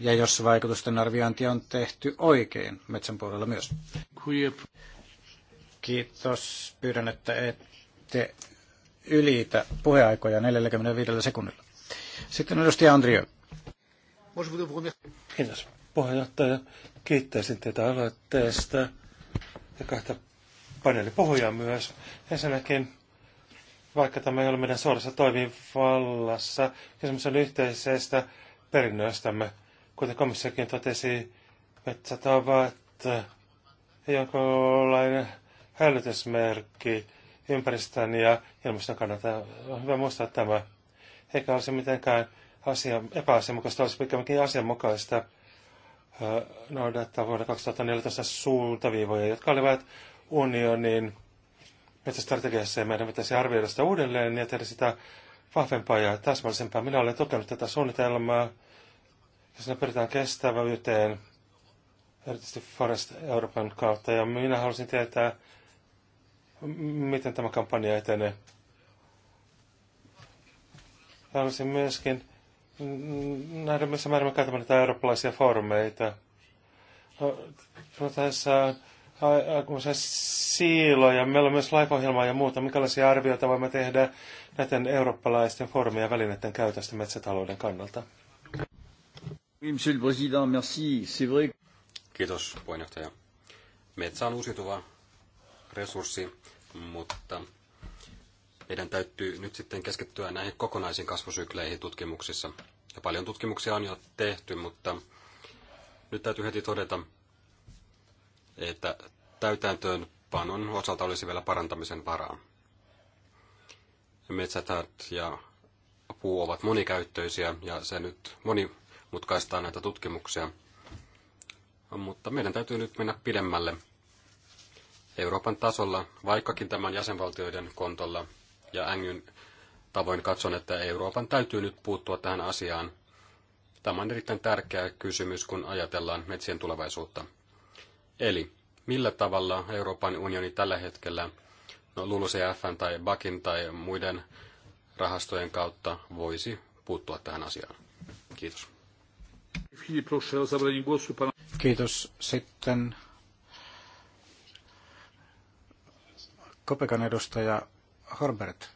ja jos vaikutusten arviointi on tehty oikein metsän puolella myös. Kiitos. Pyydän, että ette ylitä puheaikoja 45 sekunnilla. Sitten edustaja Andrio. Kiitos puheenjohtaja. Kiittäisin teitä aloitteesta ja kahta paneelipuhujaa myös. Ensinnäkin, vaikka tämä ei ole meidän suorassa toimivallassa, kysymys on yhteisestä perinnöstämme. Kuten komissiokin totesi, metsät ovat jonkinlainen hälytysmerkki ympäristön ja ilmaston kannalta. On hyvä muistaa tämä. Eikä olisi mitenkään asia, epäasianmukaista, olisi pikemminkin asianmukaista noudattaa vuonna 2014 suuntaviivoja, jotka olivat unionin metsästrategiassa ja meidän pitäisi arvioida sitä uudelleen ja tehdä sitä vahvempaa ja täsmällisempää. Minä olen tukenut tätä suunnitelmaa ja siinä pyritään yhteen erityisesti Forest Euroopan kautta. Ja minä halusin tietää, miten tämä kampanja etenee. Haluaisin myöskin nähdä, missä määrin me käytämme näitä eurooppalaisia foorumeita. No, tässä on aikamoisia siiloja. Meillä on myös laifohjelmaa ja muuta. Minkälaisia arvioita voimme tehdä näiden eurooppalaisten foorumien ja välineiden käytöstä metsätalouden kannalta? Kiitos, puheenjohtaja. Metsä on uusiutuva resurssi, mutta meidän täytyy nyt sitten keskittyä näihin kokonaisiin kasvusykleihin tutkimuksissa. Ja paljon tutkimuksia on jo tehty, mutta nyt täytyy heti todeta, että täytäntöönpanon osalta olisi vielä parantamisen varaa. Metsätät ja puu ovat monikäyttöisiä ja se nyt monimutkaistaa näitä tutkimuksia. Mutta meidän täytyy nyt mennä pidemmälle Euroopan tasolla, vaikkakin tämän jäsenvaltioiden kontolla ja Ängyn tavoin katson, että Euroopan täytyy nyt puuttua tähän asiaan. Tämä on erittäin tärkeä kysymys, kun ajatellaan metsien tulevaisuutta. Eli millä tavalla Euroopan unioni tällä hetkellä no LULUCF tai BAKin tai muiden rahastojen kautta voisi puuttua tähän asiaan? Kiitos. Kiitos. Sitten Kopekan edustaja Horbert,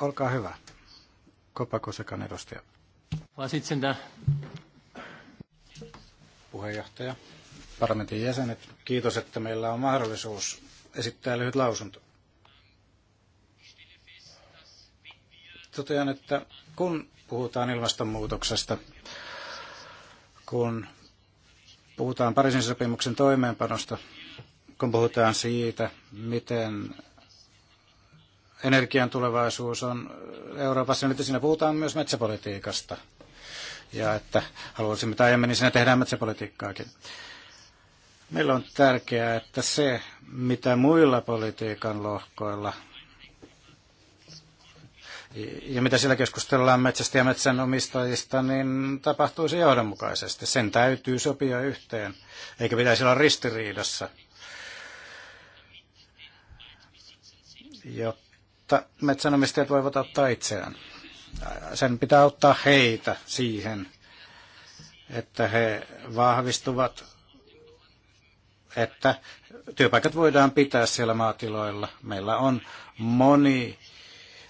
olkaa hyvä. Kopakosekan edustaja. Puheenjohtaja parlamentin jäsenet, kiitos, että meillä on mahdollisuus esittää lyhyt lausunto. Totean, että kun puhutaan ilmastonmuutoksesta, kun puhutaan Pariisin sopimuksen toimeenpanosta, kun puhutaan siitä, miten energian tulevaisuus on Euroopassa, nyt niin siinä puhutaan myös metsäpolitiikasta ja että haluaisimme tai emme, niin siinä tehdään metsäpolitiikkaakin. Meillä on tärkeää, että se, mitä muilla politiikan lohkoilla ja mitä siellä keskustellaan metsästä ja metsänomistajista, niin tapahtuisi johdonmukaisesti. Sen täytyy sopia yhteen, eikä pitäisi olla ristiriidassa, jotta metsänomistajat voivat ottaa itseään. Sen pitää auttaa heitä siihen, että he vahvistuvat että työpaikat voidaan pitää siellä maatiloilla. Meillä on moni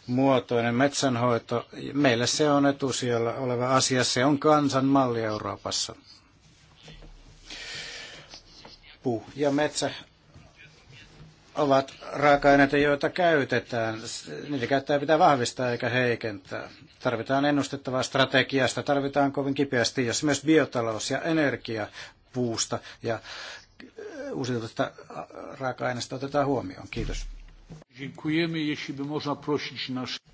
muotoinen metsänhoito. Meille se on etusijalla oleva asia. Se on kansan malli Euroopassa. Puu ja metsä ovat raaka-aineita, joita käytetään. Niitä käyttää pitää vahvistaa eikä heikentää. Tarvitaan ennustettavaa strategiasta, tarvitaan kovin kipeästi, jos myös biotalous ja energia puusta ja uusiutuvasta äh, raaka aineista otetaan huomioon. Kiitos.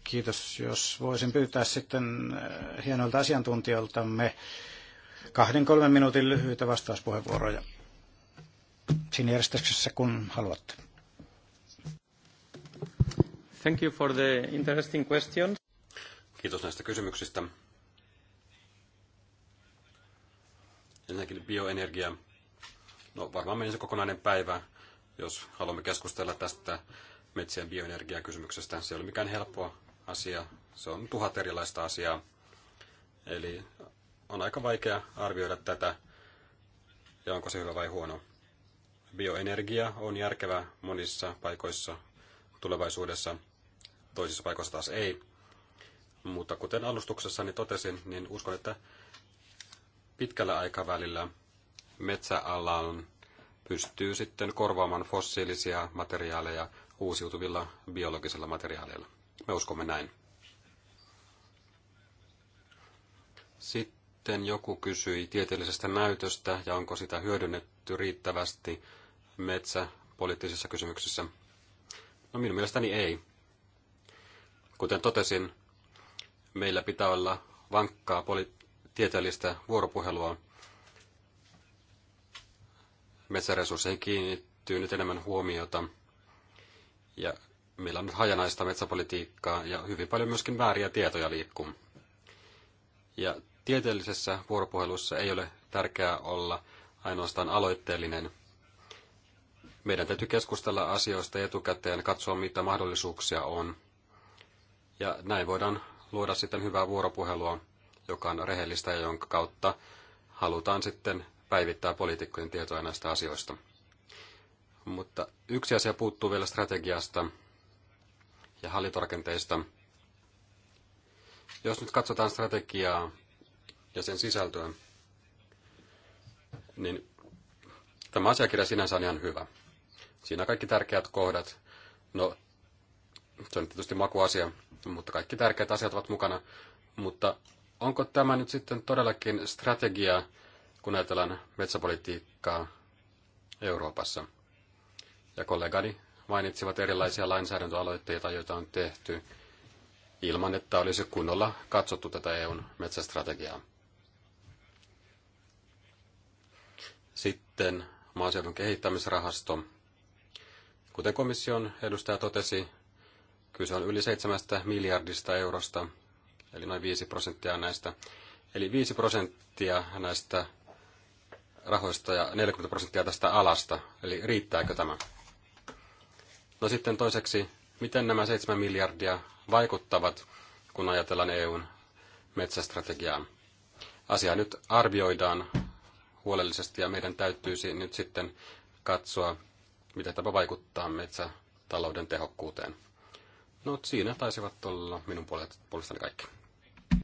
Kiitos. Jos voisin pyytää sitten äh, hienoilta asiantuntijoiltamme kahden kolmen minuutin lyhyitä vastauspuheenvuoroja siinä järjestyksessä, kun haluatte. Thank you for the interesting questions. Kiitos näistä kysymyksistä. Ensinnäkin bioenergia No varmaan menisi kokonainen päivä, jos haluamme keskustella tästä metsien bioenergiakysymyksestä. Se ei ole mikään helppo asia. Se on tuhat erilaista asiaa. Eli on aika vaikea arvioida tätä ja onko se hyvä vai huono. Bioenergia on järkevä monissa paikoissa tulevaisuudessa, toisissa paikoissa taas ei. Mutta kuten alustuksessani totesin, niin uskon, että pitkällä aikavälillä metsäalan pystyy sitten korvaamaan fossiilisia materiaaleja uusiutuvilla biologisilla materiaaleilla. Me uskomme näin. Sitten joku kysyi tieteellisestä näytöstä ja onko sitä hyödynnetty riittävästi metsäpoliittisissa kysymyksissä. No minun mielestäni ei. Kuten totesin, meillä pitää olla vankkaa poli- tieteellistä vuoropuhelua metsäresursseihin kiinnittyy nyt enemmän huomiota. Ja meillä on nyt hajanaista metsäpolitiikkaa ja hyvin paljon myöskin vääriä tietoja liikkuu. Ja tieteellisessä vuoropuhelussa ei ole tärkeää olla ainoastaan aloitteellinen. Meidän täytyy keskustella asioista etukäteen, katsoa mitä mahdollisuuksia on. Ja näin voidaan luoda sitten hyvää vuoropuhelua, joka on rehellistä ja jonka kautta halutaan sitten päivittää poliitikkojen tietoja näistä asioista. Mutta yksi asia puuttuu vielä strategiasta ja hallintorakenteista. Jos nyt katsotaan strategiaa ja sen sisältöä, niin tämä asiakirja sinänsä on ihan hyvä. Siinä kaikki tärkeät kohdat. No, se on tietysti makuasia, mutta kaikki tärkeät asiat ovat mukana. Mutta onko tämä nyt sitten todellakin strategia, kun ajatellaan metsäpolitiikkaa Euroopassa. Ja kollegani mainitsivat erilaisia lainsäädäntöaloitteita, joita on tehty ilman, että olisi kunnolla katsottu tätä EUn metsästrategiaa. Sitten maaseudun kehittämisrahasto. Kuten komission edustaja totesi, kyse on yli 7 miljardista eurosta, eli noin 5 prosenttia näistä. Eli 5 prosenttia näistä rahoista ja 40 prosenttia tästä alasta, eli riittääkö tämä? No sitten toiseksi, miten nämä 7 miljardia vaikuttavat, kun ajatellaan EUn metsästrategiaa? Asia nyt arvioidaan huolellisesti ja meidän täytyisi nyt sitten katsoa, miten tämä vaikuttaa metsätalouden tehokkuuteen. No siinä taisivat olla minun puolestani kaikki.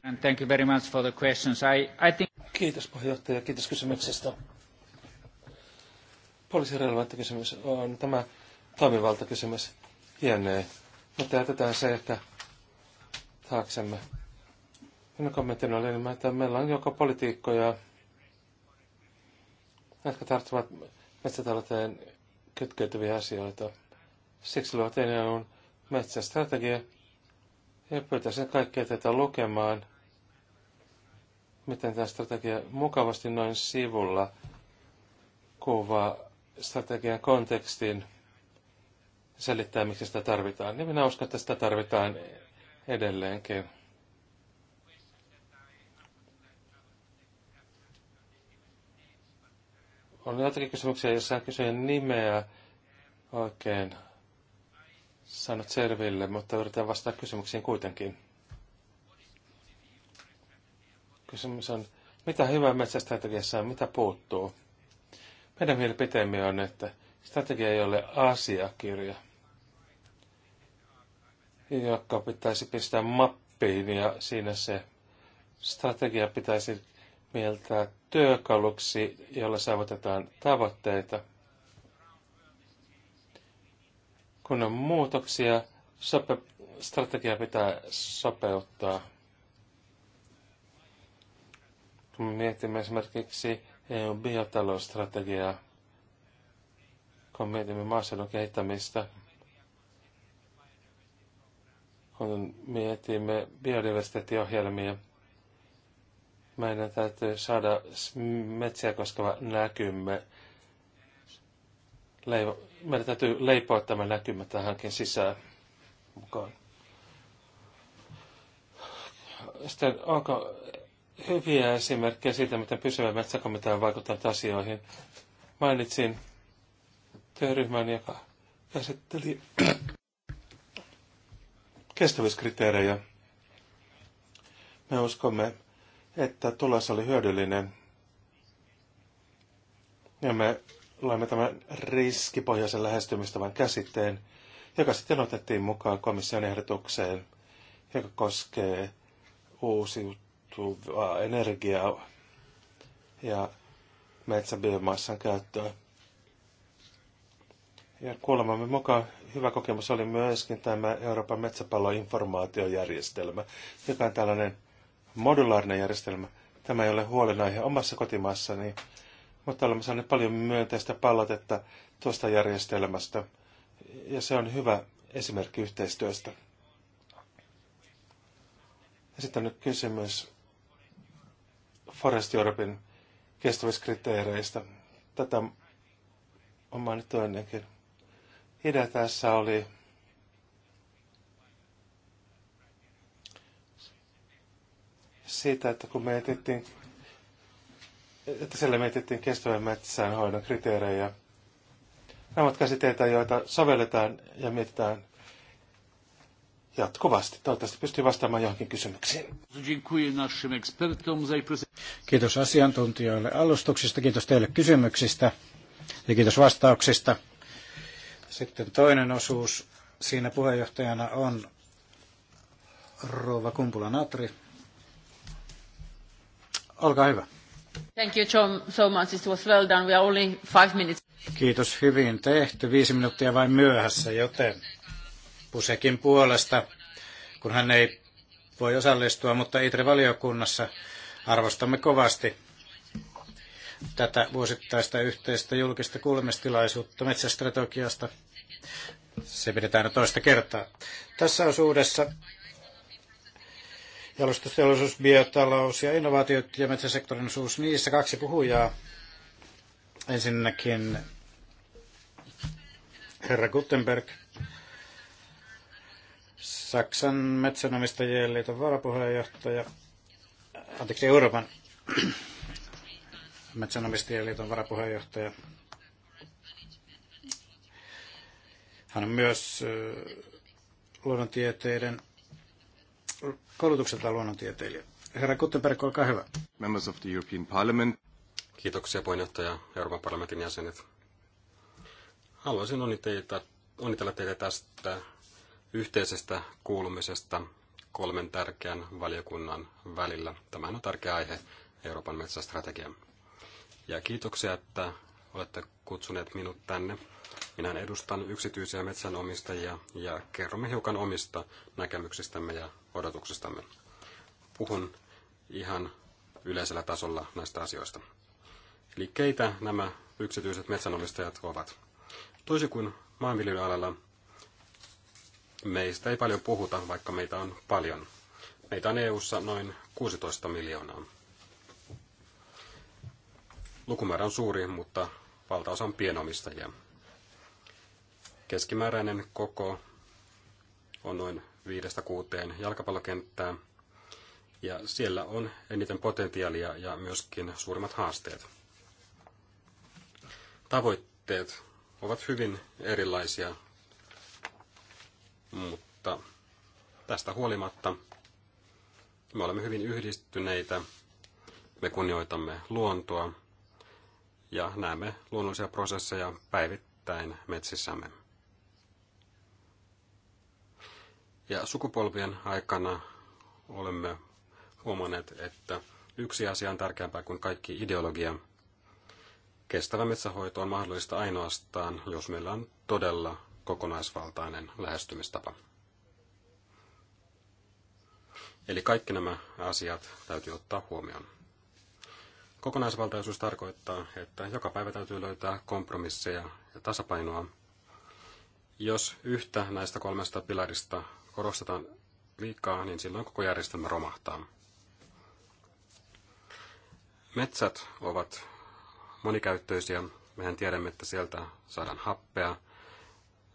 And thank you very much for the questions. I, I think... Kiitos puheenjohtaja, kiitos kysymyksestä. Poliisin relevantti kysymys on tämä toimivaltakysymys jne. Mutta jätetään se, että taaksemme. Minun kommenttini oli enemmän, että meillä on joko politiikkoja, jotka tarttuvat metsätalouteen kytkeytyviä asioita. Siksi luotiin EUn metsästrategia, ja pyytäisin kaikkea tätä lukemaan, miten tämä strategia mukavasti noin sivulla kuvaa strategian kontekstin, selittää, miksi sitä tarvitaan. Niin minä uskon, että sitä tarvitaan edelleenkin. On joitakin kysymyksiä, jossa on kysyjän nimeä oikein saanut selville, mutta yritän vastata kysymyksiin kuitenkin. Kysymys on, mitä hyvää metsästrategiassa on, mitä puuttuu? Meidän mielipiteemme on, että strategia ei ole asiakirja, joka pitäisi pistää mappiin ja siinä se strategia pitäisi mieltää työkaluksi, jolla saavutetaan tavoitteita – Kun on muutoksia, sope, strategia pitää sopeuttaa. Kun mietimme esimerkiksi EUn biotalousstrategiaa, kun mietimme maaseudun kehittämistä, kun mietimme biodiversiteettiohjelmia, meidän täytyy saada metsiä koskeva näkymme leivo, meidän täytyy leipoa tämä näkymä tähänkin sisään mukaan. Sitten onko hyviä esimerkkejä siitä, miten pysyvä metsäkomitea on vaikuttanut asioihin? Mainitsin työryhmän, joka käsitteli kestävyyskriteerejä. Me uskomme, että tulos oli hyödyllinen. Ja me luemme tämän riskipohjaisen lähestymistavan käsitteen, joka sitten otettiin mukaan komission ehdotukseen, joka koskee uusiutuvaa energiaa ja metsäbiomassan käyttöä. Ja kuulemamme mukaan hyvä kokemus oli myöskin tämä Euroopan metsäpalloinformaatiojärjestelmä, joka on tällainen modulaarinen järjestelmä. Tämä ei ole huolenaihe omassa kotimaassani, mutta olemme saaneet paljon myönteistä palautetta tuosta järjestelmästä, ja se on hyvä esimerkki yhteistyöstä. Ja sitten nyt kysymys Forest Europein kestävyyskriteereistä. Tätä on mainittu ennenkin. Idea tässä oli siitä, että kun me etettiin että siellä mietittiin kestävän metsäänhoidon kriteerejä. Nämä ovat käsitteitä, joita sovelletaan ja mietitään jatkuvasti. Toivottavasti pystyy vastaamaan johonkin kysymyksiin. Kiitos asiantuntijoille alustuksista, kiitos teille kysymyksistä ja kiitos vastauksista. Sitten toinen osuus. Siinä puheenjohtajana on Rova Kumpula-Natri. Olkaa hyvä. Thank you so much. It was well done. We are only five minutes. Kiitos hyvin tehty. Viisi minuuttia vain myöhässä, joten Pusekin puolesta, kun hän ei voi osallistua, mutta ITRE-valiokunnassa arvostamme kovasti tätä vuosittaista yhteistä julkista kuulemistilaisuutta metsästrategiasta. Se pidetään toista kertaa. Tässä osuudessa jalostusteollisuus, biotalous ja innovaatiot ja metsäsektorin osuus. Niissä kaksi puhujaa. Ensinnäkin herra Gutenberg, Saksan metsänomistajien liiton varapuheenjohtaja, anteeksi Euroopan metsänomistajien liiton varapuheenjohtaja. Hän on myös luonnontieteiden koulutukselta luonnontieteilijä. Herra Kuttenberg, olkaa hyvä. Members of the European Parliament. Kiitoksia puheenjohtaja Euroopan parlamentin jäsenet. Haluaisin onnitella, onnitella teitä tästä yhteisestä kuulumisesta kolmen tärkeän valiokunnan välillä. Tämä on tärkeä aihe Euroopan metsästrategia. Ja kiitoksia, että olette kutsuneet minut tänne. Minä edustan yksityisiä metsänomistajia ja kerromme hiukan omista näkemyksistämme ja odotuksestamme. Puhun ihan yleisellä tasolla näistä asioista. Eli keitä nämä yksityiset metsänomistajat ovat? Toisin kuin maanviljelyalalla, meistä ei paljon puhuta, vaikka meitä on paljon. Meitä on EU:ssa noin 16 miljoonaa. Lukumäärä on suuri, mutta valtaosa on pienomistajia. Keskimääräinen koko on noin viidestä kuuteen jalkapallokenttää. Ja siellä on eniten potentiaalia ja myöskin suurimmat haasteet. Tavoitteet ovat hyvin erilaisia, mutta tästä huolimatta me olemme hyvin yhdistyneitä, me kunnioitamme luontoa ja näemme luonnollisia prosesseja päivittäin metsissämme. Ja sukupolvien aikana olemme huomanneet, että yksi asia on tärkeämpää kuin kaikki ideologia. Kestävä metsähoito on mahdollista ainoastaan, jos meillä on todella kokonaisvaltainen lähestymistapa. Eli kaikki nämä asiat täytyy ottaa huomioon. Kokonaisvaltaisuus tarkoittaa, että joka päivä täytyy löytää kompromisseja ja tasapainoa. Jos yhtä näistä kolmesta pilarista korostetaan liikaa, niin silloin koko järjestelmä romahtaa. Metsät ovat monikäyttöisiä. Mehän tiedämme, että sieltä saadaan happea,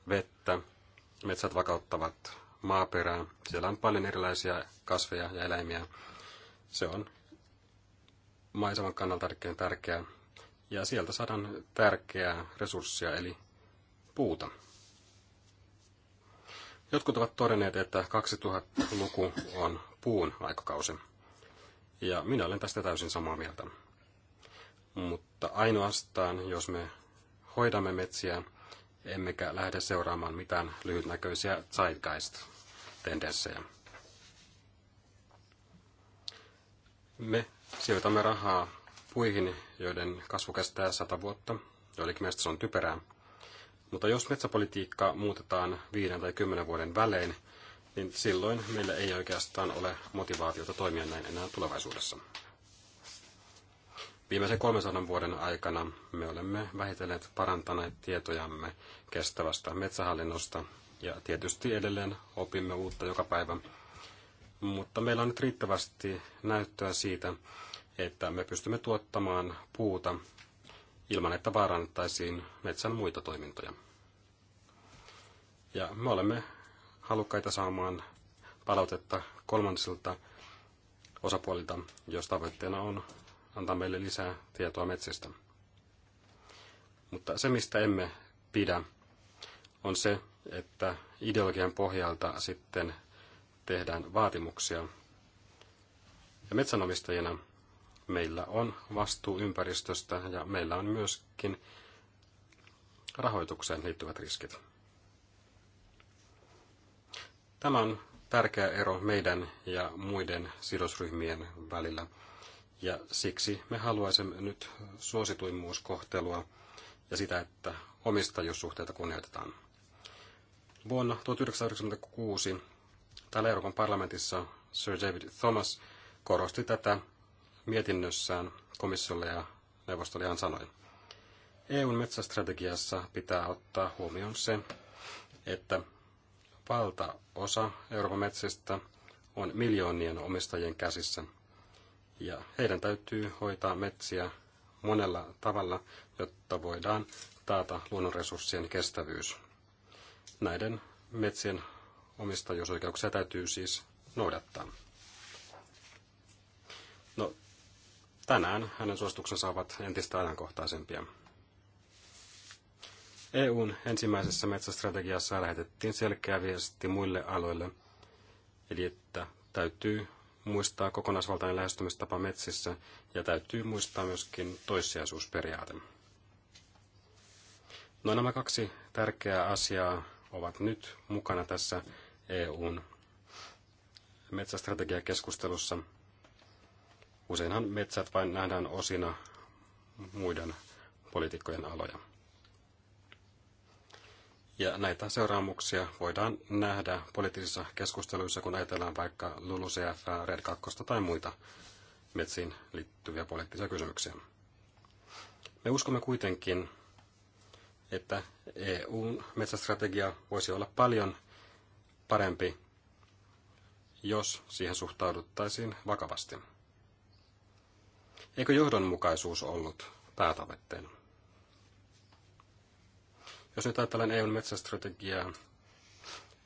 vettä. Metsät vakauttavat maaperää. Siellä on paljon erilaisia kasveja ja eläimiä. Se on maiseman kannalta tärkein tärkeää. Ja sieltä saadaan tärkeää resurssia, eli puuta. Jotkut ovat todenneet, että 2000-luku on puun aikakausi. Ja minä olen tästä täysin samaa mieltä. Mutta ainoastaan, jos me hoidamme metsiä, emmekä lähde seuraamaan mitään lyhytnäköisiä zeitgeist-tendenssejä. Me sijoitamme rahaa puihin, joiden kasvu kestää sata vuotta, joillekin mielestä se on typerää, mutta jos metsäpolitiikka muutetaan viiden tai kymmenen vuoden välein, niin silloin meillä ei oikeastaan ole motivaatiota toimia näin enää tulevaisuudessa. Viimeisen 300 vuoden aikana me olemme vähitellen parantaneet tietojamme kestävästä metsähallinnosta ja tietysti edelleen opimme uutta joka päivä. Mutta meillä on nyt riittävästi näyttöä siitä, että me pystymme tuottamaan puuta, ilman, että vaarannettaisiin metsän muita toimintoja. Ja me olemme halukkaita saamaan palautetta kolmansilta osapuolilta, jos tavoitteena on antaa meille lisää tietoa metsistä. Mutta se, mistä emme pidä, on se, että ideologian pohjalta sitten tehdään vaatimuksia. Ja metsänomistajina meillä on vastuu ympäristöstä ja meillä on myöskin rahoitukseen liittyvät riskit. Tämä on tärkeä ero meidän ja muiden sidosryhmien välillä. Ja siksi me haluaisimme nyt suosituimmuuskohtelua ja sitä, että omistajuussuhteita kunnioitetaan. Vuonna 1996 täällä Euroopan parlamentissa Sir David Thomas korosti tätä mietinnössään komissiolle ja neuvostolle ihan sanoi. EUn metsästrategiassa pitää ottaa huomioon se, että valtaosa Euroopan metsistä on miljoonien omistajien käsissä. Ja heidän täytyy hoitaa metsiä monella tavalla, jotta voidaan taata luonnonresurssien kestävyys. Näiden metsien omistajuusoikeuksia täytyy siis noudattaa. No, Tänään hänen suosituksensa ovat entistä ajankohtaisempia. EUn ensimmäisessä metsästrategiassa lähetettiin selkeä viesti muille aloille, eli että täytyy muistaa kokonaisvaltainen lähestymistapa metsissä ja täytyy muistaa myöskin toissijaisuusperiaate. No nämä kaksi tärkeää asiaa ovat nyt mukana tässä EUn metsästrategiakeskustelussa. Useinhan metsät vain nähdään osina muiden poliitikkojen aloja. Ja näitä seuraamuksia voidaan nähdä poliittisissa keskusteluissa, kun ajatellaan vaikka LULUCF, RED 2 tai muita metsiin liittyviä poliittisia kysymyksiä. Me uskomme kuitenkin, että EUn metsästrategia voisi olla paljon parempi, jos siihen suhtauduttaisiin vakavasti. Eikö johdonmukaisuus ollut päätavoitteena? Jos nyt ajatellaan EUn metsästrategiaa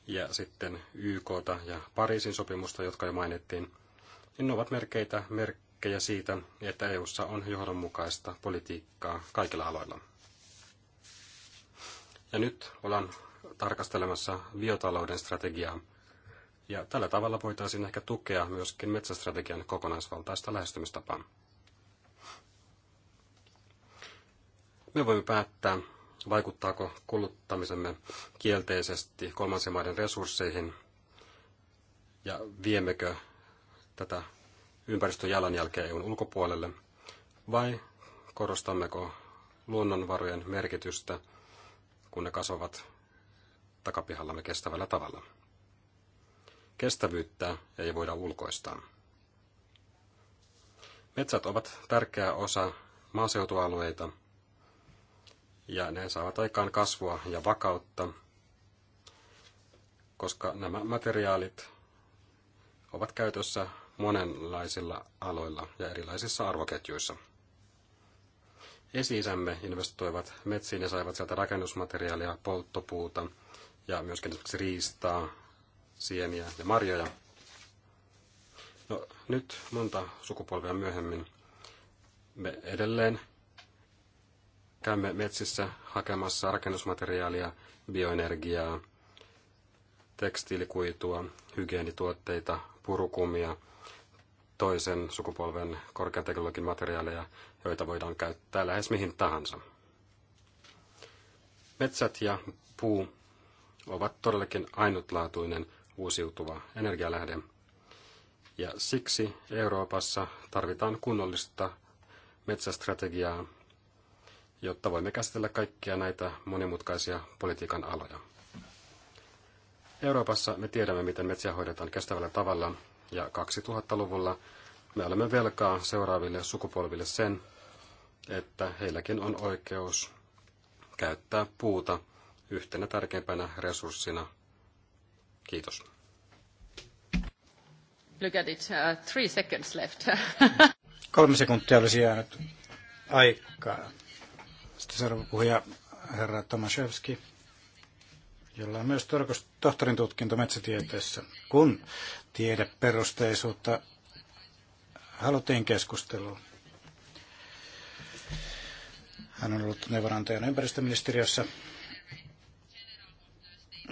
ja sitten YK ja Pariisin sopimusta, jotka jo mainittiin, niin ne ovat merkeitä, merkkejä siitä, että EUssa on johdonmukaista politiikkaa kaikilla aloilla. Ja nyt ollaan tarkastelemassa biotalouden strategiaa. Ja tällä tavalla voitaisiin ehkä tukea myöskin metsästrategian kokonaisvaltaista lähestymistapaa. me voimme päättää, vaikuttaako kuluttamisemme kielteisesti kolmansien maiden resursseihin ja viemmekö tätä jalanjälkeä EUn ulkopuolelle vai korostammeko luonnonvarojen merkitystä, kun ne kasvavat takapihallamme kestävällä tavalla. Kestävyyttä ei voida ulkoistaa. Metsät ovat tärkeä osa maaseutualueita – ja ne saavat aikaan kasvua ja vakautta, koska nämä materiaalit ovat käytössä monenlaisilla aloilla ja erilaisissa arvoketjuissa. esi investoivat metsiin ja saivat sieltä rakennusmateriaalia, polttopuuta ja myöskin esimerkiksi riistaa, sieniä ja marjoja. No, nyt monta sukupolvia myöhemmin me edelleen käymme metsissä hakemassa rakennusmateriaalia, bioenergiaa, tekstiilikuitua, hygienituotteita, purukumia, toisen sukupolven korkean teknologian materiaaleja, joita voidaan käyttää lähes mihin tahansa. Metsät ja puu ovat todellakin ainutlaatuinen uusiutuva energialähde, ja siksi Euroopassa tarvitaan kunnollista metsästrategiaa, jotta voimme käsitellä kaikkia näitä monimutkaisia politiikan aloja. Euroopassa me tiedämme, miten metsiä hoidetaan kestävällä tavalla, ja 2000-luvulla me olemme velkaa seuraaville sukupolville sen, että heilläkin on oikeus käyttää puuta yhtenä tärkeimpänä resurssina. Kiitos. Look at it, uh, three seconds left. Kolme sekuntia olisi jäänyt aikaa. Sitten seuraava puhuja, herra Tomaszewski, jolla on myös tohtorin tutkinto metsätieteessä. Kun tiedeperusteisuutta haluttiin keskusteluun, hän on ollut neuvonantajana ympäristöministeriössä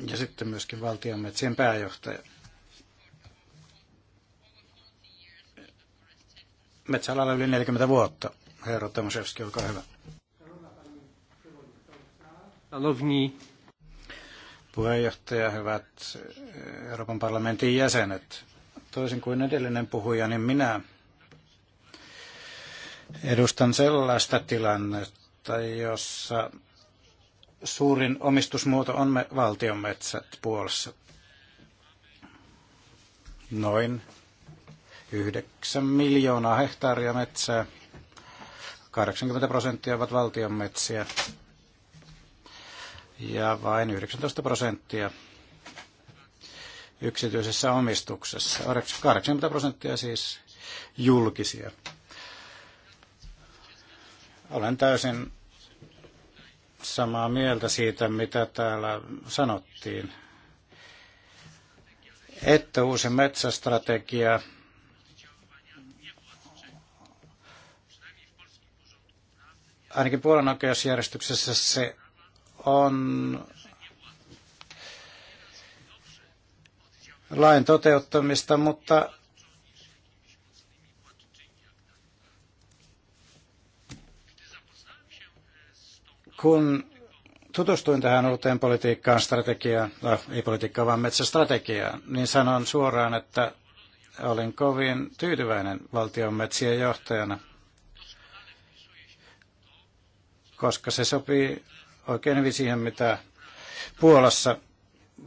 ja sitten myöskin valtion metsien pääjohtaja. Metsäalalla yli 40 vuotta. Herra Tomaszewski, olkaa hyvä. Lovni. Puheenjohtaja, hyvät eh, Euroopan parlamentin jäsenet. Toisin kuin edellinen puhuja, niin minä edustan sellaista tilannetta, jossa suurin omistusmuoto on me valtion metsät Puolassa. Noin 9 miljoonaa hehtaaria metsää. 80 prosenttia ovat valtion metsiä ja vain 19 prosenttia yksityisessä omistuksessa. 80 prosenttia siis julkisia. Olen täysin samaa mieltä siitä, mitä täällä sanottiin, että uusi metsästrategia ainakin Puolan oikeusjärjestyksessä se on lain toteuttamista, mutta kun tutustuin tähän uuteen politiikkaan, strategiaan, no, ei politiikkaan, vaan metsästrategiaan, niin sanon suoraan, että olin kovin tyytyväinen valtion metsien johtajana, koska se sopii oikein hyvin siihen, mitä Puolassa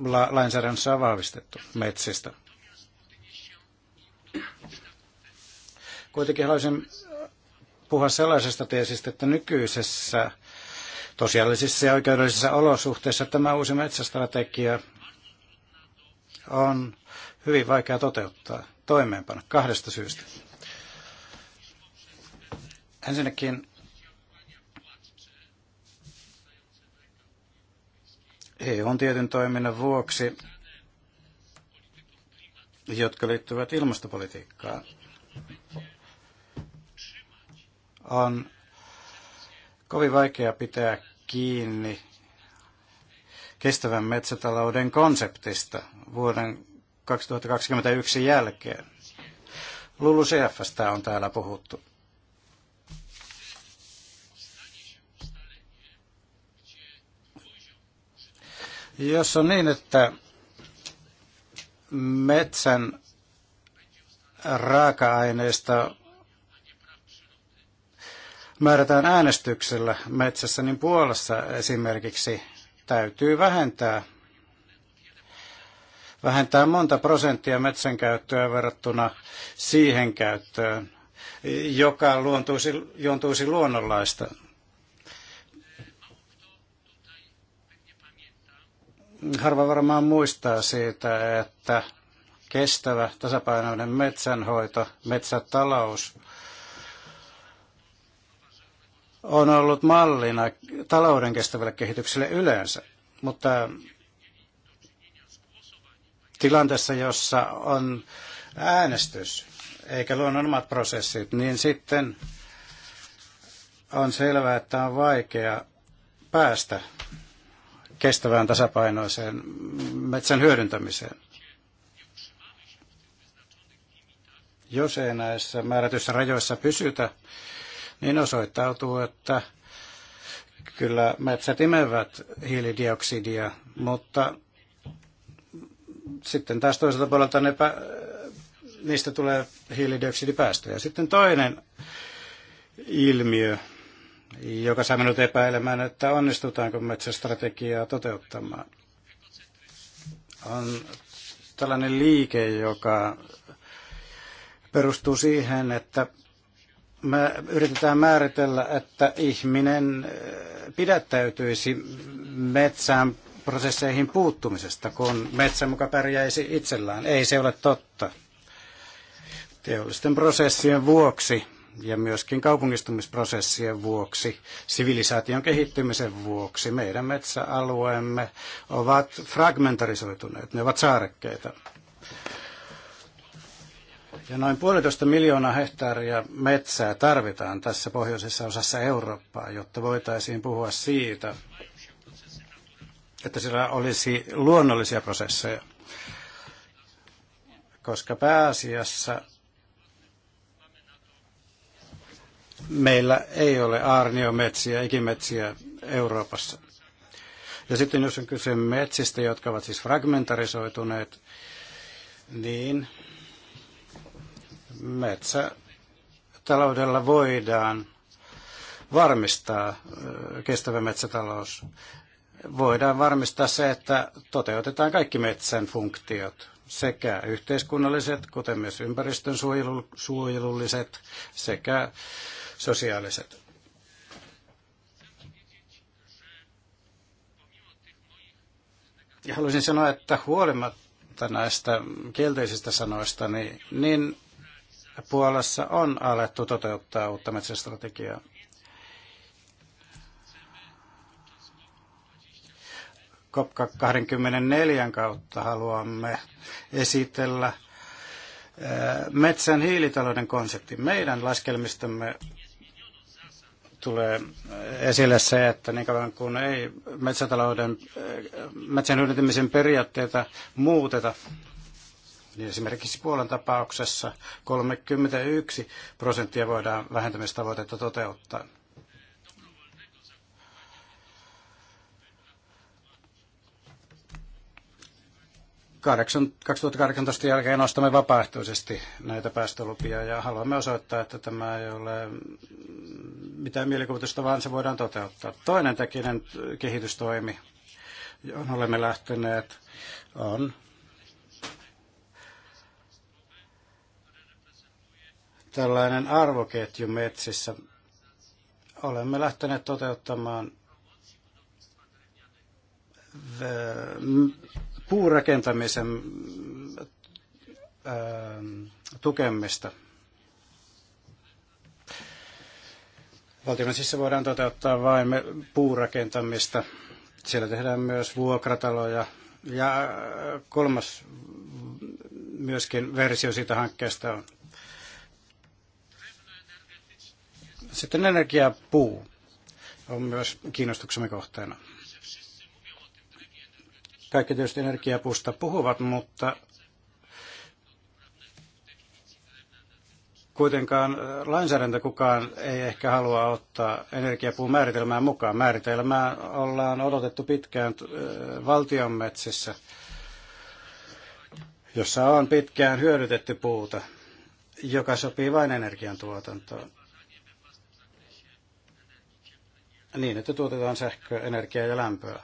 la- lainsäädännössä on vahvistettu metsistä. Kuitenkin haluaisin puhua sellaisesta teesistä, että nykyisessä tosiasiallisissa ja oikeudellisissa olosuhteissa tämä uusi metsästrategia on hyvin vaikea toteuttaa, toimeenpana kahdesta syystä. Ensinnäkin EUn tietyn toiminnan vuoksi, jotka liittyvät ilmastopolitiikkaan, on kovin vaikea pitää kiinni kestävän metsätalouden konseptista vuoden 2021 jälkeen. LULUCFstä on täällä puhuttu. Jos on niin, että metsän raaka-aineista määrätään äänestyksellä metsässä, niin Puolassa esimerkiksi täytyy vähentää vähentää monta prosenttia metsän käyttöä verrattuna siihen käyttöön, joka luontuisi, juontuisi luonnonlaista harva varmaan muistaa siitä, että kestävä tasapainoinen metsänhoito, metsätalous on ollut mallina talouden kestävälle kehitykselle yleensä. Mutta tilanteessa, jossa on äänestys eikä luonnon omat prosessit, niin sitten on selvää, että on vaikea päästä kestävään tasapainoiseen metsän hyödyntämiseen. Jos ei näissä määrätyissä rajoissa pysytä, niin osoittautuu, että kyllä metsät imevät hiilidioksidia, mutta sitten taas toiselta puolelta ne niistä tulee hiilidioksidipäästöjä. Sitten toinen ilmiö, joka saa minut epäilemään, että onnistutaanko metsästrategiaa toteuttamaan. On tällainen liike, joka perustuu siihen, että me yritetään määritellä, että ihminen eh, pidättäytyisi metsään prosesseihin puuttumisesta, kun metsä muka pärjäisi itsellään. Ei se ole totta. Teollisten prosessien vuoksi ja myöskin kaupungistumisprosessien vuoksi, sivilisaation kehittymisen vuoksi meidän metsäalueemme ovat fragmentarisoituneet, ne ovat saarekkeita. Ja noin puolitoista miljoonaa hehtaaria metsää tarvitaan tässä pohjoisessa osassa Eurooppaa, jotta voitaisiin puhua siitä, että siellä olisi luonnollisia prosesseja. Koska pääasiassa meillä ei ole aarniometsiä, ikimetsiä Euroopassa. Ja sitten jos on kyse metsistä, jotka ovat siis fragmentarisoituneet, niin metsätaloudella voidaan varmistaa kestävä metsätalous. Voidaan varmistaa se, että toteutetaan kaikki metsän funktiot, sekä yhteiskunnalliset, kuten myös ympäristön suojelulliset, sekä sosiaaliset. Ja haluaisin sanoa, että huolimatta näistä kielteisistä sanoista, niin, niin Puolassa on alettu toteuttaa uutta metsästrategiaa. COP24 kautta haluamme esitellä metsän hiilitalouden konsepti. Meidän laskelmistamme tulee esille se, että niin kauan kun ei metsätalouden, metsän hyödyntämisen periaatteita muuteta, niin esimerkiksi Puolan tapauksessa 31 prosenttia voidaan vähentämistavoitetta toteuttaa. 2018 jälkeen nostamme vapaaehtoisesti näitä päästölupia ja haluamme osoittaa, että tämä ei ole mitään mielikuvitusta, vaan se voidaan toteuttaa. Toinen tekinen kehitystoimi, johon olemme lähteneet, on tällainen arvoketju metsissä. Olemme lähteneet toteuttamaan puurakentamisen ähm, tukemista. Valtiomesissä voidaan toteuttaa vain puurakentamista. Siellä tehdään myös vuokrataloja. Ja äh, kolmas myöskin versio siitä hankkeesta on. Sitten energiapuu on myös kiinnostuksemme kohteena kaikki tietysti energiapuusta puhuvat, mutta kuitenkaan lainsäädäntö kukaan ei ehkä halua ottaa energiapuun määritelmään mukaan. Määritelmää ollaan odotettu pitkään valtion metsissä, jossa on pitkään hyödytetty puuta, joka sopii vain energiantuotantoon. Niin, että tuotetaan sähköä, energiaa ja lämpöä.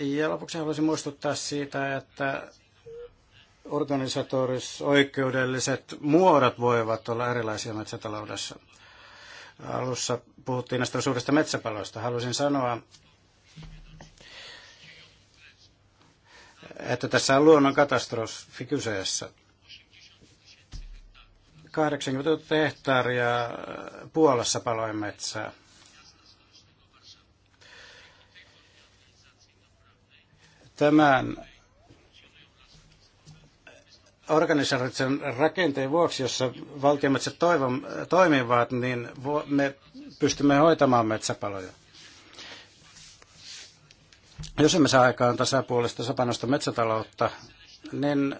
Ja lopuksi haluaisin muistuttaa siitä, että organisatoris- oikeudelliset muodot voivat olla erilaisia metsätaloudessa. Alussa puhuttiin näistä suurista metsäpaloista. Haluaisin sanoa, että tässä on luonnon katastrofi kyseessä. 80 hehtaaria Puolassa paloi metsää. tämän organisaation rakenteen vuoksi, jossa valtiometsät toimivat, niin me pystymme hoitamaan metsäpaloja. Jos emme saa aikaan tasapuolista sapanosta metsätaloutta, niin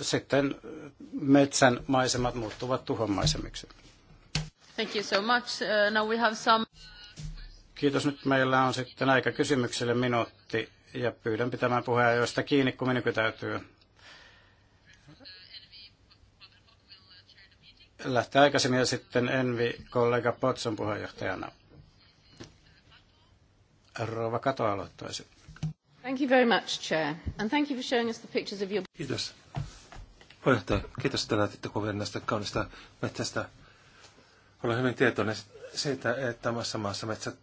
sitten metsän maisemat muuttuvat tuhomaisemiksi. Thank you so much. Uh, now we have some... Kiitos. Nyt meillä on sitten aika kysymykselle minuutti ja pyydän pitämään puheenjohtajasta kiinni, kun minunkin täytyy lähtee aikaisemmin ja sitten Envi-kollega Potson puheenjohtajana. Rova Kato aloittaisi. Thank you very much, Chair, and thank you for showing us the pictures of your... Kiitos. Puheenjohtaja, kiitos, että näytitte kuvia näistä kaunista metsästä. Olen hyvin tietoinen siitä, että tämässä maassa metsät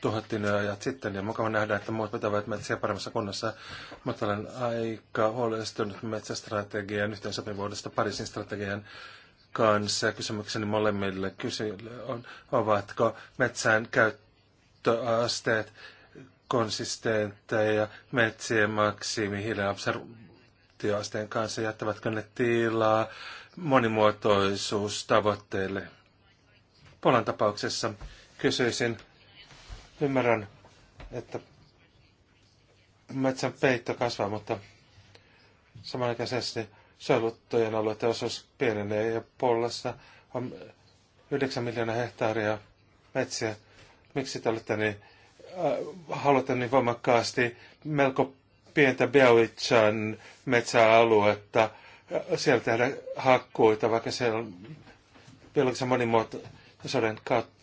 tuhottiin ja ajat sitten ja mukava nähdä, että muut vetävät metsiä paremmassa kunnossa, mutta olen aika huolestunut metsästrategian yhteensopivuudesta Pariisin strategian kanssa. Kysymykseni molemmille kysyjille on, ovatko metsän käyttöasteet konsistentteja metsien maksimi hiilenabsorptioasteen kanssa, jättävätkö ne tilaa monimuotoisuustavoitteille? Polan tapauksessa kysyisin, Ymmärrän, että metsän peitto kasvaa, mutta samanaikaisesti suojeluttujen alueiden osuus pienenee ja Pollassa on 9 miljoonaa hehtaaria metsiä. Miksi te olette niin, äh, haluatte niin voimakkaasti melko pientä Biawitsan metsäaluetta äh, siellä tehdä hakkuita, vaikka siellä on biologisen monimuotoisuuden kautta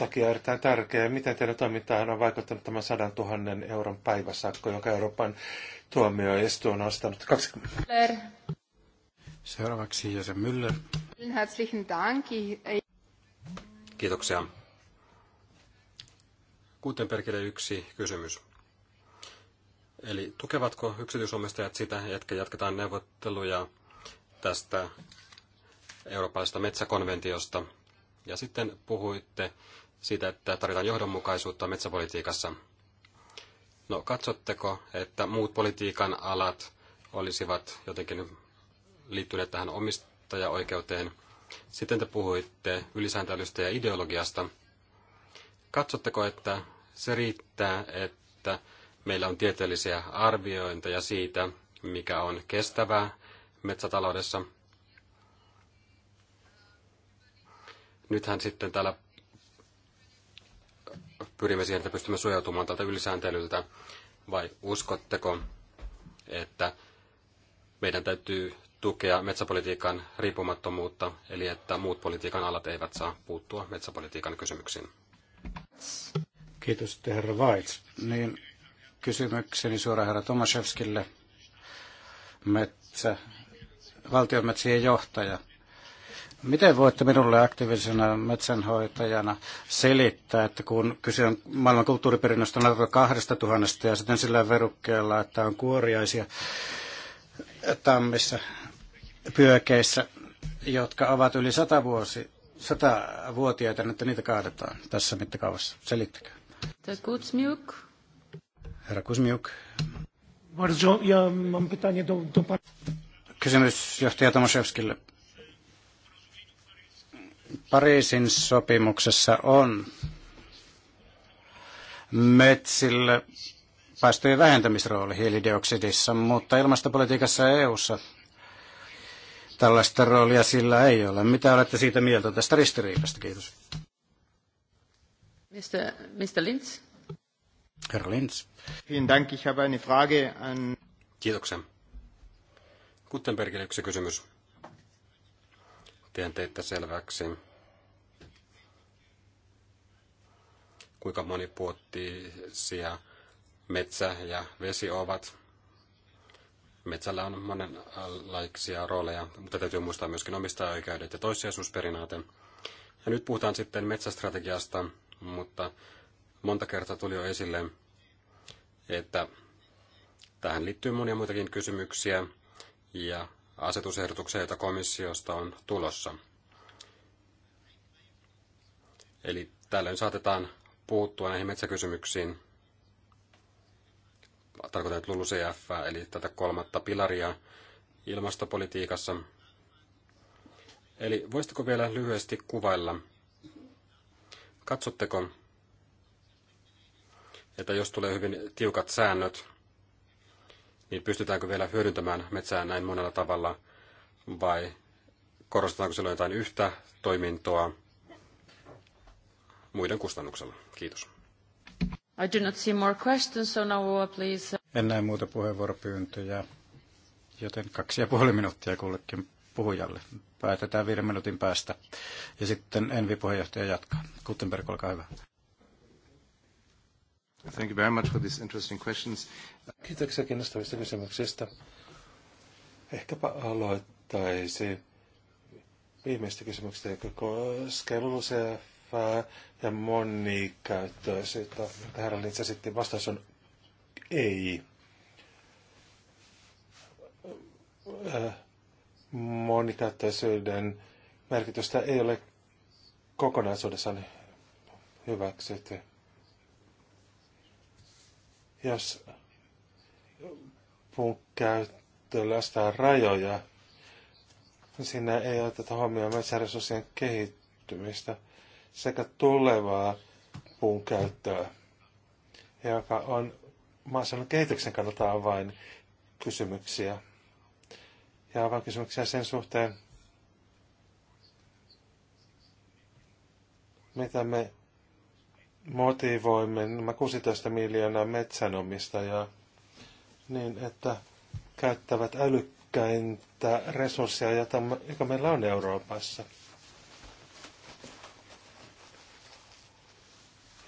takia on erittäin tärkeää, miten teidän toimintaan on vaikuttanut tämä 100 000 euron päiväsakko, jonka Euroopan tuomioistuin on nostanut 20. Müller. Seuraavaksi jäsen Müller. Herzlichen Dank. Kiitoksia. Gutenbergille yksi kysymys. Eli tukevatko yksityisomistajat sitä, että jatketaan neuvotteluja tästä eurooppalaisesta metsäkonventiosta? Ja sitten puhuitte siitä, että tarvitaan johdonmukaisuutta metsäpolitiikassa. No katsotteko, että muut politiikan alat olisivat jotenkin liittyneet tähän omistajaoikeuteen? Sitten te puhuitte ylisääntelystä ja ideologiasta. Katsotteko, että se riittää, että meillä on tieteellisiä arviointeja siitä, mikä on kestävää metsätaloudessa? Nythän sitten täällä pyrimme siihen, että pystymme suojautumaan tältä ylisääntelyltä, vai uskotteko, että meidän täytyy tukea metsäpolitiikan riippumattomuutta, eli että muut politiikan alat eivät saa puuttua metsäpolitiikan kysymyksiin? Kiitos, herra Vaits. Niin, kysymykseni suoraan herra Tomaszewskille, metsä, valtionmetsien johtaja. Miten voitte minulle aktiivisena metsänhoitajana selittää, että kun kyse on maailman kulttuuriperinnöstä Natura 2000 ja sitten sillä verukkeella, että on kuoriaisia tammissa, pyökeissä, jotka ovat yli sata vuosi, sata vuotiaita, että niitä kaadetaan tässä mittakaavassa. Selittäkää. Herra Kuzmiuk. ja Kysymys johtaja Tomaszewskille. Pariisin sopimuksessa on metsille päästöjen vähentämisrooli hiilidioksidissa, mutta ilmastopolitiikassa EU:ssa tällaista roolia sillä ei ole. Mitä olette siitä mieltä tästä ristiriidasta? Kiitos. Mr. Mr. Linz. Herra Linz. Kiitoksia. Kuttenbergille yksi kysymys teen teitte selväksi, kuinka monipuottisia metsä ja vesi ovat. Metsällä on monenlaisia rooleja, mutta täytyy muistaa myöskin omistajaoikeudet ja toissijaisuusperinaate. Ja nyt puhutaan sitten metsästrategiasta, mutta monta kertaa tuli jo esille, että tähän liittyy monia muitakin kysymyksiä ja asetusehdotuksia, joita komissiosta on tulossa. Eli tällöin saatetaan puuttua näihin metsäkysymyksiin. Tarkoitan nyt LULUCF, eli tätä kolmatta pilaria ilmastopolitiikassa. Eli voisitko vielä lyhyesti kuvailla, katsotteko, että jos tulee hyvin tiukat säännöt, niin pystytäänkö vielä hyödyntämään metsää näin monella tavalla vai korostetaanko silloin jotain yhtä toimintoa muiden kustannuksella? Kiitos. I do not see more questions, so now uh, please. Uh, en näe muuta puheenvuoropyyntöjä, joten kaksi ja puoli minuuttia kullekin puhujalle. Päätetään viiden minuutin päästä. Ja sitten Envi-puheenjohtaja jatkaa. Gutenberg, olkaa hyvä. Thank you very much for these interesting questions. Kiitoksia kiinnostavista kysymyksistä. Ehkäpä aloittaisi viimeistä kysymyksestä, joka koskee LULUCF ja monikäyttöisyyttä. Tähän itse sitten vastaus on ei. Monikäyttöisyyden merkitystä ei ole kokonaisuudessaan hyväksytty. Jos lipun käyttöllä astaa rajoja. Siinä ei oteta huomioon metsäresurssien kehittymistä sekä tulevaa puun käyttöä, joka on maaseudun kehityksen kannalta avain kysymyksiä. Ja avain kysymyksiä sen suhteen, mitä me motivoimme nämä 16 miljoonaa metsänomistajaa niin, että käyttävät älykkäintä resursseja, joka meillä on Euroopassa.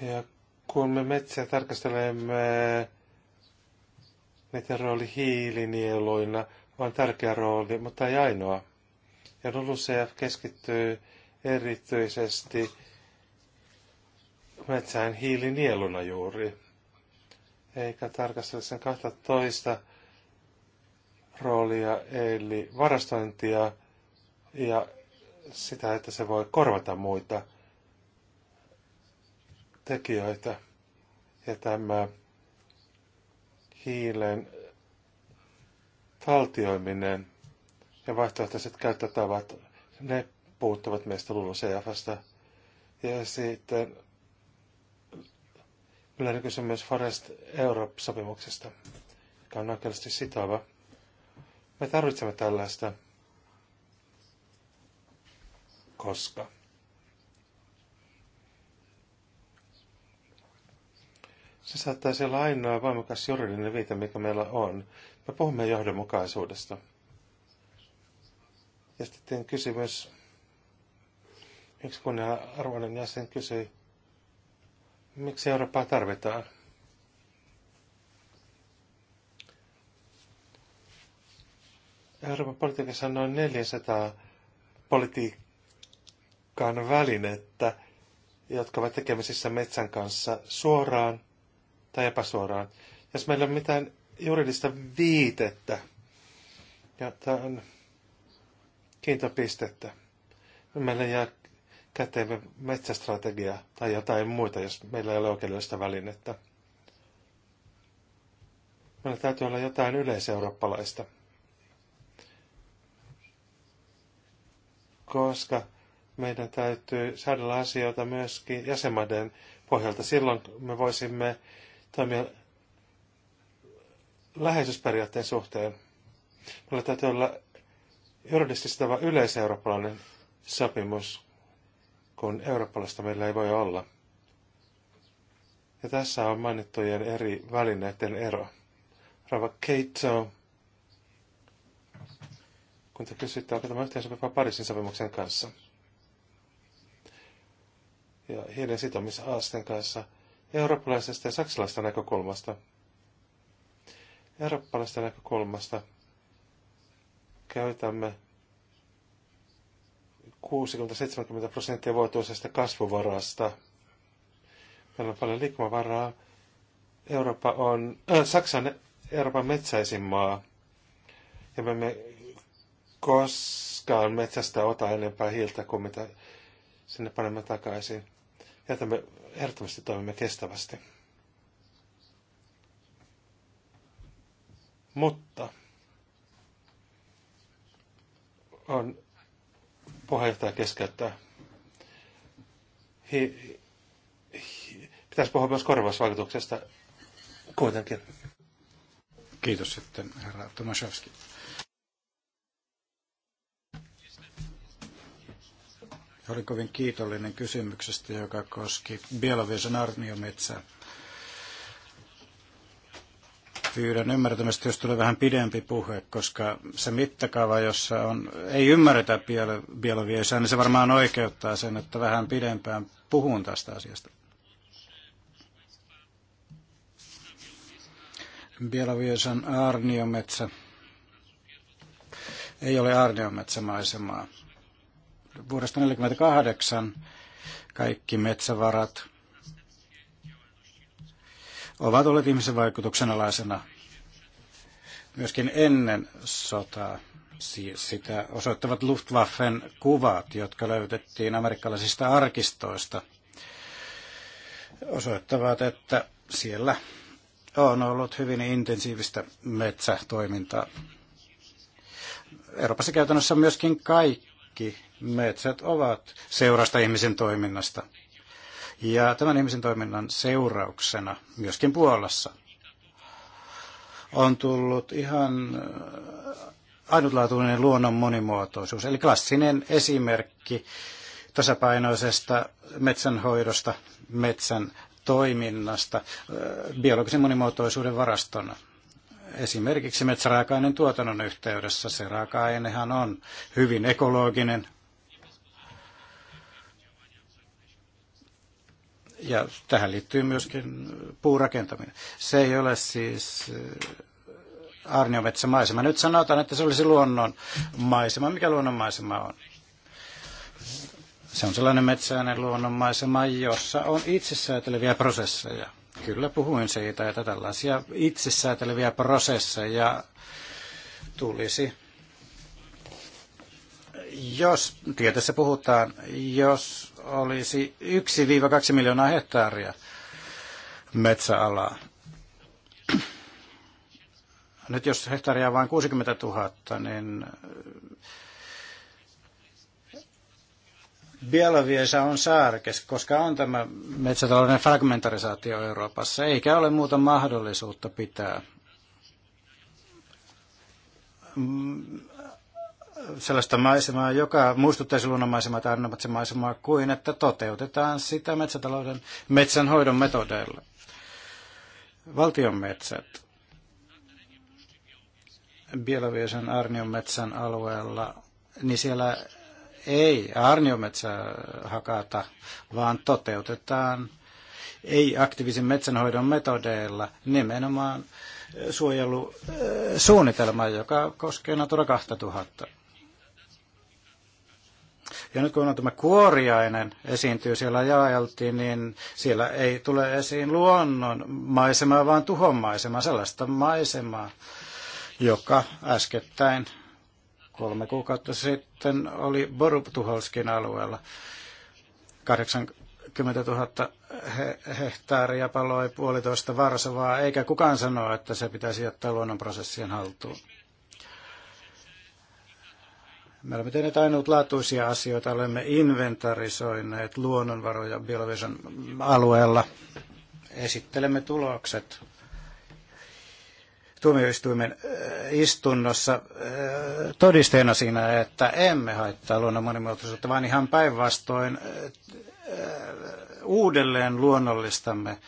Ja kun me metsiä tarkastelemme, niiden rooli hiilinieluina on tärkeä rooli, mutta ei ainoa. Ja LULUCF keskittyy erityisesti metsään hiilinieluna juuri eikä tarkastele sen 12 roolia, eli varastointia ja sitä, että se voi korvata muita tekijöitä. Ja tämä hiilen taltioiminen ja vaihtoehtoiset käyttötavat, ne puuttuvat meistä LULUCFstä. Ja sitten Yleinen kysymys Forest Europe-sopimuksesta, joka on oikeasti sitova. Me tarvitsemme tällaista, koska se saattaisi olla ainoa voimakas juridinen viite, mikä meillä on. Me puhumme johdonmukaisuudesta. Ja sitten kysymys, yksi kunnia-arvoinen jäsen kysyi, Miksi Eurooppaa tarvitaan? Euroopan politiikassa on noin 400 politiikan välinettä, jotka ovat tekemisissä metsän kanssa suoraan tai epäsuoraan. Jos meillä on mitään juridista viitettä, ja tämä on kiintopistettä, meillä jää käteemme metsästrategia tai jotain muuta, jos meillä ei ole oikeudellista välinettä. Meillä täytyy olla jotain yleiseurooppalaista. Koska meidän täytyy säädellä asioita myöskin jäsenmaiden pohjalta. Silloin me voisimme toimia läheisyysperiaatteen suhteen. Meillä täytyy olla juridisesti yleiseurooppalainen sopimus, kun eurooppalaista meillä ei voi olla. Ja tässä on mainittujen eri välineiden ero. Rava Keito, kun te kysytte, onko tämä yhteensopiva Pariisin sopimuksen kanssa ja hiilen sitomisaasteen kanssa eurooppalaisesta ja saksalaisesta näkökulmasta. Eurooppalaisesta näkökulmasta käytämme 60-70 prosenttia vuotuisesta kasvuvarasta. Meillä on paljon liikkumavaraa. Eurooppa on, äh, Saksa on Euroopan metsäisin maa. Ja me emme koskaan metsästä ota enempää hiiltä kuin mitä sinne panemme takaisin. Jätämme, ehdottomasti toimimme kestävästi. Mutta on puheenjohtaja keskeyttää. He, he, pitäisi puhua myös korvausvaikutuksesta kuitenkin. Kiitos sitten, herra Tomaszewski. Olin kovin kiitollinen kysymyksestä, joka koski Bielovisen armiometsää pyydän ymmärtämistä, jos tulee vähän pidempi puhe, koska se mittakaava, jossa on, ei ymmärretä biologiaa, niin se varmaan oikeuttaa sen, että vähän pidempään puhun tästä asiasta. Bielaviesan aarniometsä ei ole aarniometsämaisemaa. Vuodesta 1948 kaikki metsävarat ovat olleet ihmisen vaikutuksen alaisena myöskin ennen sotaa. Sitä osoittavat Luftwaffen kuvat, jotka löydettiin amerikkalaisista arkistoista, osoittavat, että siellä on ollut hyvin intensiivistä metsätoimintaa. Euroopassa käytännössä myöskin kaikki metsät ovat seurasta ihmisen toiminnasta. Ja tämän ihmisen toiminnan seurauksena myöskin Puolassa on tullut ihan äh, ainutlaatuinen luonnon monimuotoisuus, eli klassinen esimerkki tasapainoisesta metsänhoidosta, metsän toiminnasta äh, biologisen monimuotoisuuden varastona. Esimerkiksi metsäraaka-aineen tuotannon yhteydessä se raaka-ainehan on hyvin ekologinen, Ja tähän liittyy myöskin puurakentaminen. Se ei ole siis äh, arniometsämaisema. Nyt sanotaan, että se olisi luonnonmaisema. Mikä luonnonmaisema on? Se on sellainen metsäinen luonnonmaisema, jossa on itsesääteleviä prosesseja. Kyllä puhuin siitä, että tällaisia itsesääteleviä prosesseja tulisi. Jos, tietässä puhutaan, jos olisi 1-2 miljoonaa hehtaaria metsäalaa. Nyt jos hehtaaria on vain 60 000, niin Bielaviesa on saarkes, koska on tämä metsätalouden fragmentarisaatio Euroopassa, eikä ole muuta mahdollisuutta pitää sellaista maisemaa, joka muistuttaisi luonnonmaisemaa tai maisemaa kuin että toteutetaan sitä metsätalouden metsänhoidon metodeilla. Valtion metsät. Bielaviesen Arnion metsän alueella, niin siellä ei metsä hakata, vaan toteutetaan ei aktiivisen metsänhoidon metodeilla nimenomaan suojelusuunnitelma, äh, joka koskee Natura 2000. Ja nyt kun tämä kuoriainen esiintyy siellä jaelti, niin siellä ei tule esiin luonnon maisemaa, vaan tuhon maisemaa, sellaista maisemaa, joka äskettäin kolme kuukautta sitten oli Borup-Tuholskin alueella. 80 000 he- hehtaaria paloi puolitoista Varsovaa, eikä kukaan sano, että se pitäisi ottaa luonnonprosessien haltuun. Me olemme tehneet ainutlaatuisia asioita, olemme inventarisoineet luonnonvaroja biologisen alueella. Esittelemme tulokset tuomioistuimen istunnossa todisteena siinä, että emme haittaa luonnon monimuotoisuutta, vaan ihan päinvastoin uudelleen luonnollistamme,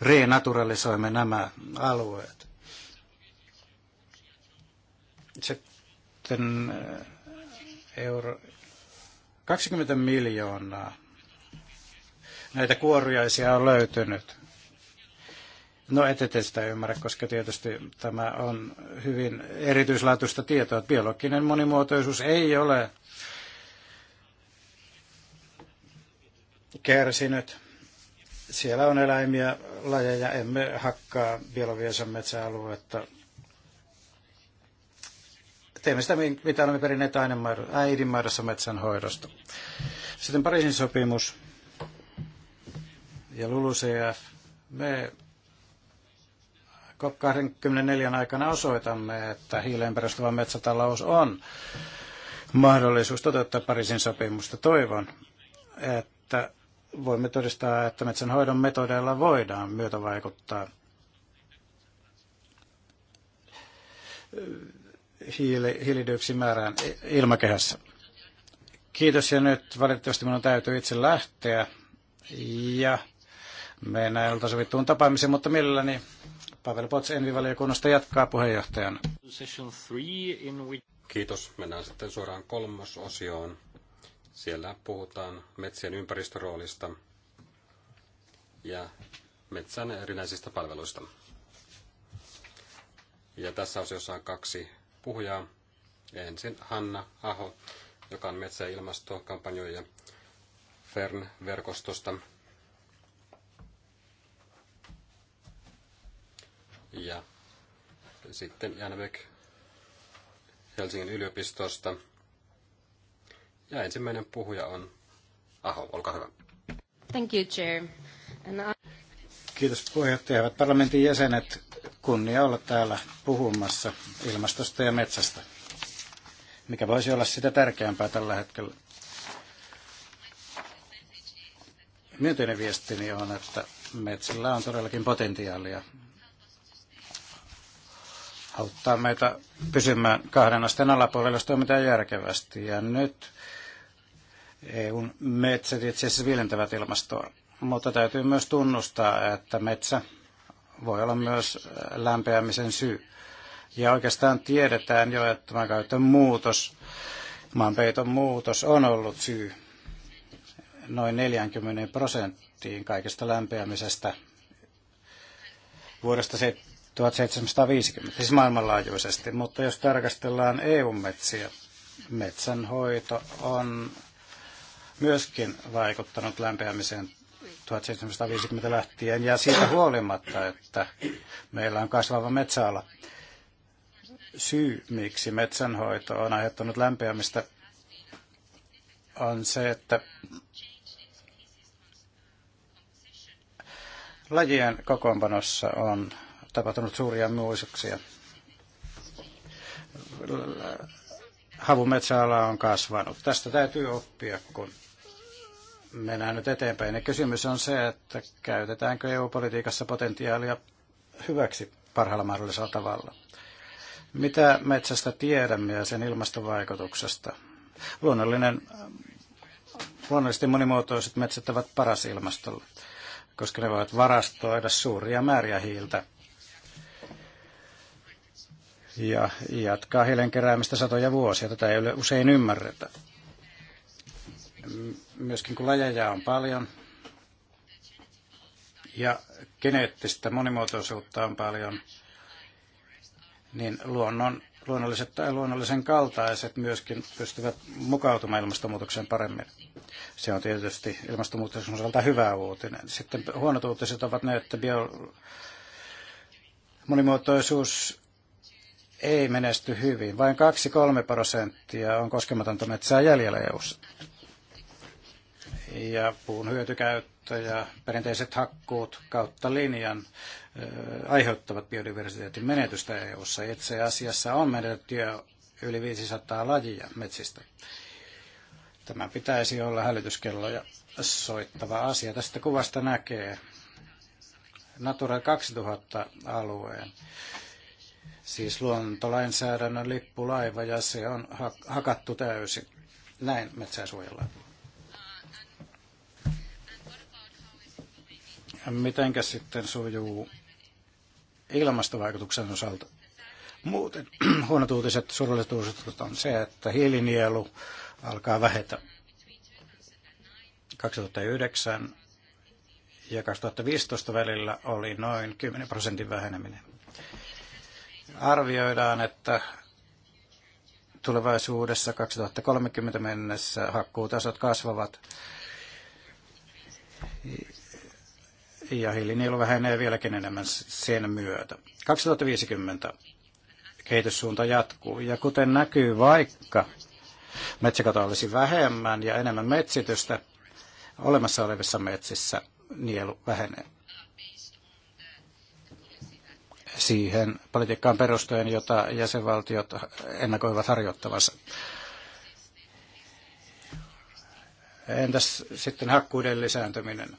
renaturalisoimme nämä alueet. Sitten euro, 20 miljoonaa näitä kuoriaisia on löytynyt. No ette sitä ymmärrä, koska tietysti tämä on hyvin erityislaatuista tietoa. Biologinen monimuotoisuus ei ole kärsinyt. Siellä on eläimiä, lajeja, emme hakkaa biologiansa metsäaluetta teemme sitä, mitä olemme perineet äidinmaidossa metsänhoidosta. Sitten Pariisin sopimus ja LULUCF. Me COP24 aikana osoitamme, että hiileen perustuva metsätalous on mahdollisuus toteuttaa Pariisin sopimusta. Toivon, että voimme todistaa, että metsänhoidon metodeilla voidaan myötävaikuttaa hiili, hiilidioksimäärään ilmakehässä. Kiitos ja nyt valitettavasti minun täytyy itse lähteä ja meidän ei olta sovittuun tapaamiseen, mutta mielelläni Pavel Pots Envi-valiokunnasta jatkaa puheenjohtajana. Kiitos. Mennään sitten suoraan kolmososioon. Siellä puhutaan metsien ympäristöroolista ja metsän erinäisistä palveluista. Ja tässä osiossa on kaksi puhujaa. Ensin Hanna Aho, joka on metsä- ja ilmastokampanjoija FERN-verkostosta. Ja sitten Janvek Helsingin yliopistosta. Ja ensimmäinen puhuja on Aho, olkaa hyvä. Thank you, Chair. And I... Kiitos puheenjohtaja, parlamentin jäsenet kunnia olla täällä puhumassa ilmastosta ja metsästä, mikä voisi olla sitä tärkeämpää tällä hetkellä. Myönteinen viestini on, että metsillä on todellakin potentiaalia auttaa meitä pysymään kahden asteen alapuolella, jos toimitaan järkevästi. Ja nyt EUn metsät itse asiassa viilentävät ilmastoa. Mutta täytyy myös tunnustaa, että metsä voi olla myös lämpeämisen syy. Ja oikeastaan tiedetään jo, että maankäytön muutos, maanpeiton muutos on ollut syy noin 40 prosenttiin kaikesta lämpeämisestä vuodesta 1750, siis maailmanlaajuisesti. Mutta jos tarkastellaan EU-metsiä, metsänhoito on myöskin vaikuttanut lämpeämiseen 1750 lähtien ja siitä huolimatta, että meillä on kasvava metsäala. Syy, miksi metsänhoito on aiheuttanut lämpiämistä, on se, että lajien kokoonpanossa on tapahtunut suuria muisuksia. Havumetsäala on kasvanut. Tästä täytyy oppia, kun mennään nyt eteenpäin. Ja kysymys on se, että käytetäänkö EU-politiikassa potentiaalia hyväksi parhaalla mahdollisella tavalla. Mitä metsästä tiedämme ja sen ilmastovaikutuksesta? Luonnollinen, luonnollisesti monimuotoiset metsät ovat paras ilmastolle, koska ne voivat varastoida suuria määriä hiiltä ja jatkaa hiilen keräämistä satoja vuosia. Tätä ei ole usein ymmärretä myöskin kun lajeja on paljon ja geneettistä monimuotoisuutta on paljon, niin luonnon, luonnolliset tai luonnollisen kaltaiset myöskin pystyvät mukautumaan ilmastonmuutokseen paremmin. Se on tietysti ilmastonmuutoksen osalta hyvä uutinen. Sitten huonot uutiset ovat ne, että bio, monimuotoisuus ei menesty hyvin. Vain 2-3 prosenttia on koskematonta metsää jäljellä EU:ssa ja puun hyötykäyttö ja perinteiset hakkuut kautta linjan aiheuttavat biodiversiteetin menetystä EU-ssa. Itse asiassa on menetetty jo yli 500 lajia metsistä. Tämä pitäisi olla hälytyskelloja soittava asia. Tästä kuvasta näkee Natura 2000-alueen, siis luontolainsäädännön lippulaiva, ja se on hakattu täysin. Näin metsää suojellaan. miten sitten sujuu ilmastovaikutuksen osalta. Muuten huonot uutiset, surulliset uutiset on se, että hiilinielu alkaa vähetä. 2009 ja 2015 välillä oli noin 10 prosentin väheneminen. Arvioidaan, että tulevaisuudessa 2030 mennessä hakkuutasot kasvavat ja hiilinielu vähenee vieläkin enemmän sen myötä. 2050 kehityssuunta jatkuu. Ja kuten näkyy, vaikka metsäkatoa olisi vähemmän ja enemmän metsitystä olemassa olevissa metsissä, nielu vähenee. Siihen politiikkaan perustuen, jota jäsenvaltiot ennakoivat harjoittavansa. Entäs sitten hakkuiden lisääntyminen?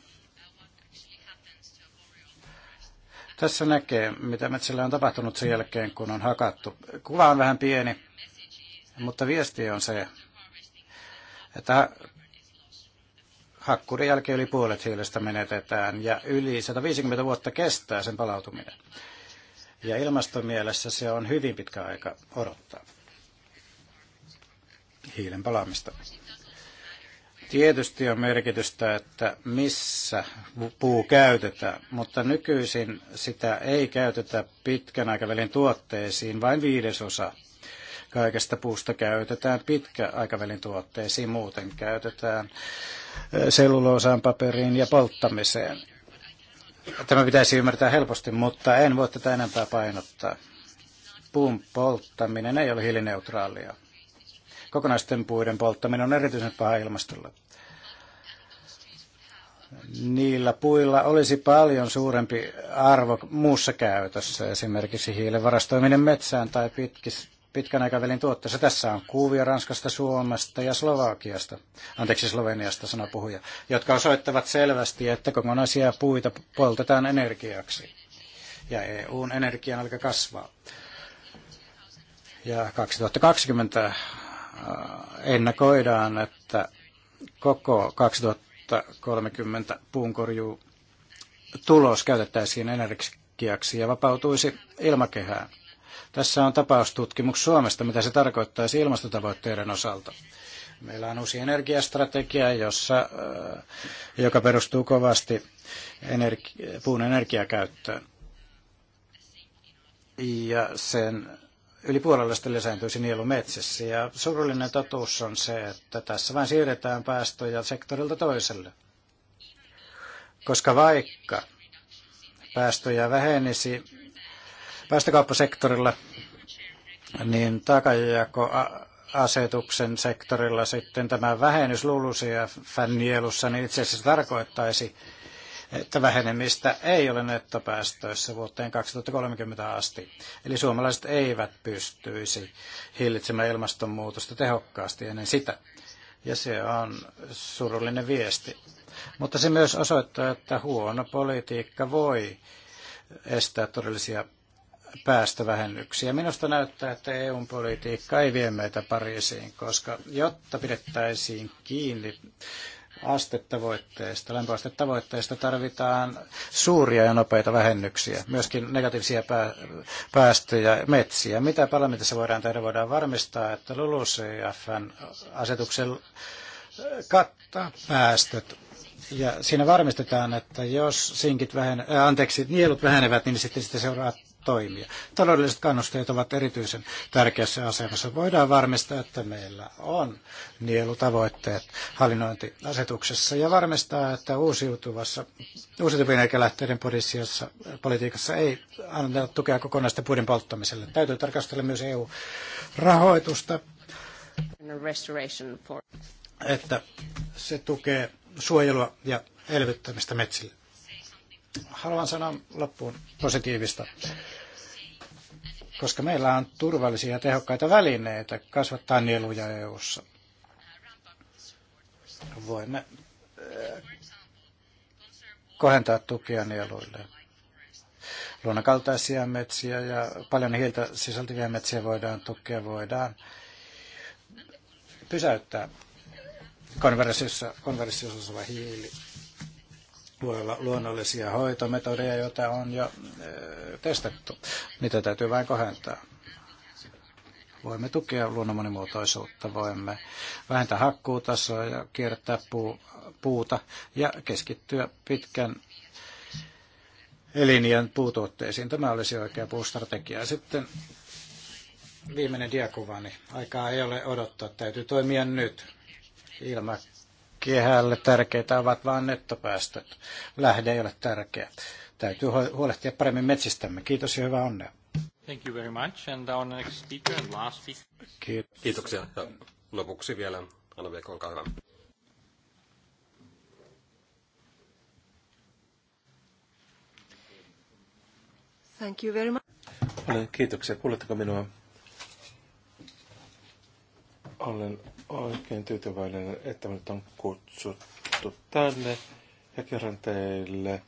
Tässä näkee, mitä metsällä on tapahtunut sen jälkeen, kun on hakattu. Kuva on vähän pieni, mutta viesti on se, että hakkurin jälkeen yli puolet hiilestä menetetään ja yli 150 vuotta kestää sen palautuminen. Ja ilmastomielessä se on hyvin pitkä aika odottaa hiilen palaamista. Tietysti on merkitystä, että missä puu käytetään, mutta nykyisin sitä ei käytetä pitkän aikavälin tuotteisiin, vain viidesosa kaikesta puusta käytetään pitkän aikavälin tuotteisiin, muuten käytetään eh, selluloosaan, paperiin ja polttamiseen. Tämä pitäisi ymmärtää helposti, mutta en voi tätä enempää painottaa. Puun polttaminen ei ole hiilineutraalia kokonaisten puiden polttaminen on erityisen paha ilmastolle. Niillä puilla olisi paljon suurempi arvo muussa käytössä, esimerkiksi hiilen varastoiminen metsään tai pitkis, pitkän aikavälin tuotteessa. Tässä on kuvia Ranskasta, Suomesta ja Slovakiasta, anteeksi Sloveniasta sana puhuja, jotka osoittavat selvästi, että kokonaisia puita poltetaan energiaksi. Ja EUn energian alkaa kasvaa. Ja 2020 Äh, ennakoidaan, että koko 2030 puunkorjuu tulos käytettäisiin energiaksi ja vapautuisi ilmakehään. Tässä on tapaustutkimus Suomesta, mitä se tarkoittaisi ilmastotavoitteiden osalta. Meillä on uusi energiastrategia, jossa, äh, joka perustuu kovasti energi- puun energiakäyttöön. Ja sen yli puolella lisääntyisi nielumetsissä. Ja surullinen totuus on se, että tässä vain siirretään päästöjä sektorilta toiselle. Koska vaikka päästöjä vähenisi päästökauppasektorilla, niin takajako-asetuksen sektorilla sitten tämä vähennys lulusia fännielussa, niin itse asiassa tarkoittaisi että vähenemistä ei ole nettopäästöissä vuoteen 2030 asti. Eli suomalaiset eivät pystyisi hillitsemään ilmastonmuutosta tehokkaasti ennen sitä. Ja se on surullinen viesti. Mutta se myös osoittaa, että huono politiikka voi estää todellisia päästövähennyksiä. Minusta näyttää, että EUn politiikka ei vie meitä Pariisiin, koska jotta pidettäisiin kiinni astetavoitteesta, lämpöastetavoitteesta tarvitaan suuria ja nopeita vähennyksiä, myöskin negatiivisia päästöjä metsiä. Mitä parlamentissa voidaan tehdä? Voidaan varmistaa, että LULUCFn asetuksen kattaa päästöt. Ja siinä varmistetaan, että jos sinkit vähene äh, anteeksi, nielut vähenevät, niin sitten sitä seuraa toimia. Taloudelliset kannusteet ovat erityisen tärkeässä asemassa. Voidaan varmistaa, että meillä on nielutavoitteet hallinnointiasetuksessa ja varmistaa, että uusiutuvassa, uusiutuvien energialähteiden politiikassa ei anneta tukea kokonaista puiden polttamiselle. Täytyy tarkastella myös EU-rahoitusta, että se tukee suojelua ja elvyttämistä metsille. Haluan sanoa loppuun positiivista, koska meillä on turvallisia ja tehokkaita välineitä kasvattaa nieluja EU-ssa. Voimme äh, kohentaa tukia nieluille. Luonnonkaltaisia metsiä ja paljon hiiltä sisältäviä metsiä voidaan tukea, voidaan pysäyttää konversiossa, konversiossa hiili puolella luonnollisia hoitometodeja, joita on jo testattu. Niitä täytyy vain kohentaa. Voimme tukea luonnon monimuotoisuutta, voimme vähentää hakkuutasoa ja kiertää puu, puuta ja keskittyä pitkän elinjän puutuotteisiin. Tämä olisi oikea puustrategia. Sitten viimeinen diakuvani. Aikaa ei ole odottaa, täytyy toimia nyt. Ilma, kehälle tärkeitä ovat vain nettopäästöt. Lähde ei ole tärkeä. Täytyy huolehtia paremmin metsistämme. Kiitos ja hyvää onnea. Thank you very much. And our next speaker and last speaker. Kiitos. Kiitoksia. Ja lopuksi vielä Anna Viekko, olkaa hyvä. Thank you very much. Olen no, kiitoksia. Kuuletteko minua? Olen oikein tyytyväinen, että minut on kutsuttu tänne ja kerran teille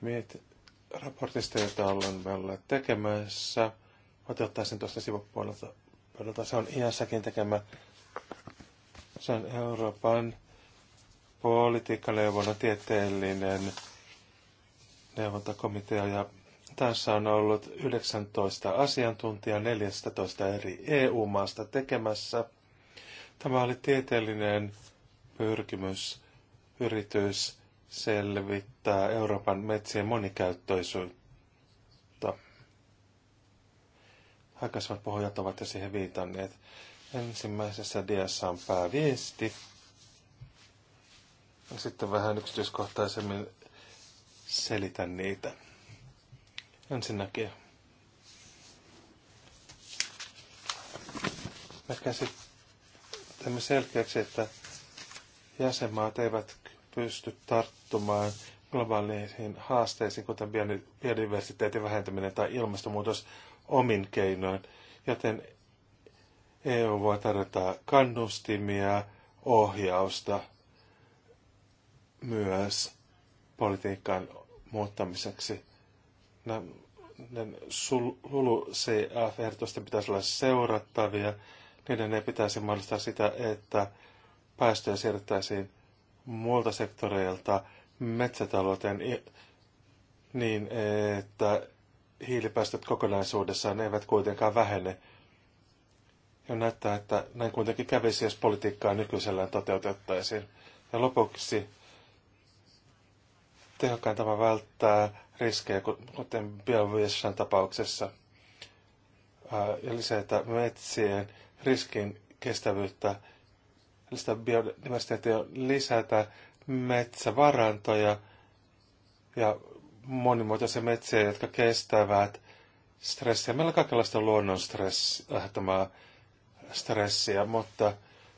miet raportista, jota olen meillä tekemässä. Otetaan sen tuosta sivupuolelta. Se on iässäkin tekemä. Se on Euroopan politiikkaneuvonnan tieteellinen neuvontakomitea ja tässä on ollut 19 asiantuntijaa 14 eri EU-maasta tekemässä – Tämä oli tieteellinen pyrkimys, yritys selvittää Euroopan metsien monikäyttöisyyttä. Aikaisemmat pohjat ovat jo siihen viitanneet. Ensimmäisessä diassa on pääviesti. Sitten vähän yksityiskohtaisemmin selitän niitä. Ensinnäkin me käsittelemme käsitämme selkeäksi, että jäsenmaat eivät pysty tarttumaan globaaleihin haasteisiin, kuten biodiversiteetin vähentäminen tai ilmastonmuutos omin keinoin, joten EU voi tarjota kannustimia, ohjausta myös politiikan muuttamiseksi. Nämä LULU-CF-ehdotusten pitäisi olla seurattavia niiden ei pitäisi mahdollistaa sitä, että päästöjä siirrettäisiin muilta sektoreilta metsätalouteen niin, että hiilipäästöt kokonaisuudessaan eivät kuitenkaan vähene. Ja näyttää, että näin kuitenkin kävisi, jos politiikkaa nykyisellään toteutettaisiin. Ja lopuksi tehokkain tapa välttää riskejä, kuten Bioviessan tapauksessa, ja lisätä metsien riskin kestävyyttä, sitä biodiversiteettia, lisätä metsävarantoja ja monimuotoisia metsiä, jotka kestävät stressiä. Meillä on kaikenlaista luonnon lähettämää stressiä, mutta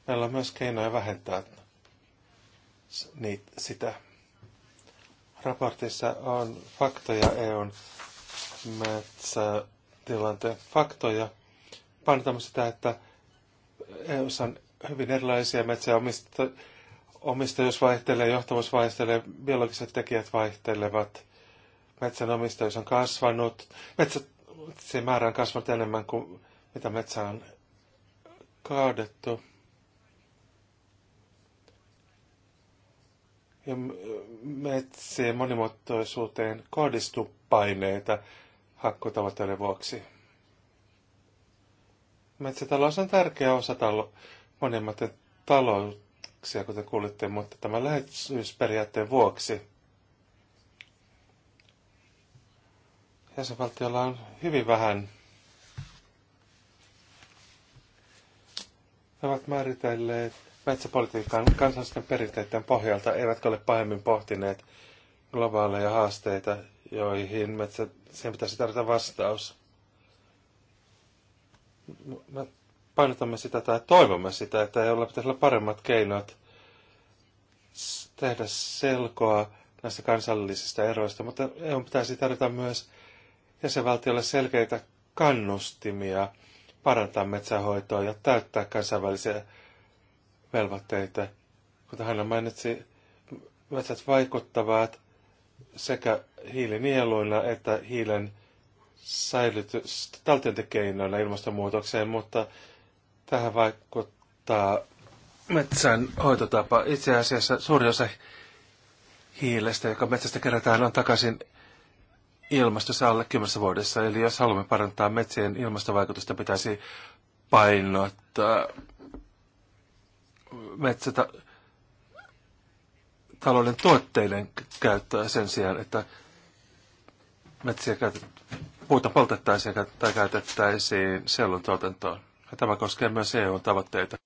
meillä on myös keinoja vähentää niitä, sitä. Raportissa on faktoja EUn metsätilanteen faktoja. Painotamme sitä, että EU-ssa on hyvin erilaisia metsiä, omista, omistajuus vaihtelee, johtavuus vaihtelee, biologiset tekijät vaihtelevat, metsän omistajuus on kasvanut, metsä, se määrä on kasvanut enemmän kuin mitä metsää on kaadettu. Ja metsien monimuotoisuuteen kohdistuu paineita hakkutavoitteiden vuoksi. Metsätalous on tärkeä osa talo, monimmat talouksia, kuten kuulitte, mutta tämän läheisyysperiaatteen vuoksi jäsenvaltiolla on hyvin vähän He ovat määritelleet metsäpolitiikan kansallisten perinteiden pohjalta, eivätkä ole pahemmin pohtineet globaaleja haasteita, joihin metsä, siihen pitäisi tarjota vastaus me painotamme sitä tai toivomme sitä, että jolla pitäisi olla paremmat keinot tehdä selkoa näistä kansallisista eroista, mutta EU pitäisi tarjota myös jäsenvaltiolle selkeitä kannustimia parantaa metsähoitoa ja täyttää kansainvälisiä velvoitteita. Kuten hän mainitsi, metsät vaikuttavat sekä hiilinieluina että hiilen säilytys taltiointikeinoilla ilmastonmuutokseen, mutta tähän vaikuttaa metsän hoitotapa. Itse asiassa suuri osa hiilestä, joka metsästä kerätään, on takaisin ilmastossa alle 10 vuodessa. Eli jos haluamme parantaa metsien ilmastovaikutusta, pitäisi painottaa metsätä talouden tuotteiden käyttöä sen sijaan, että metsiä käytetään puuta poltettaisiin tai käytettäisiin sellun tuotantoon. tämä koskee myös EU-tavoitteita.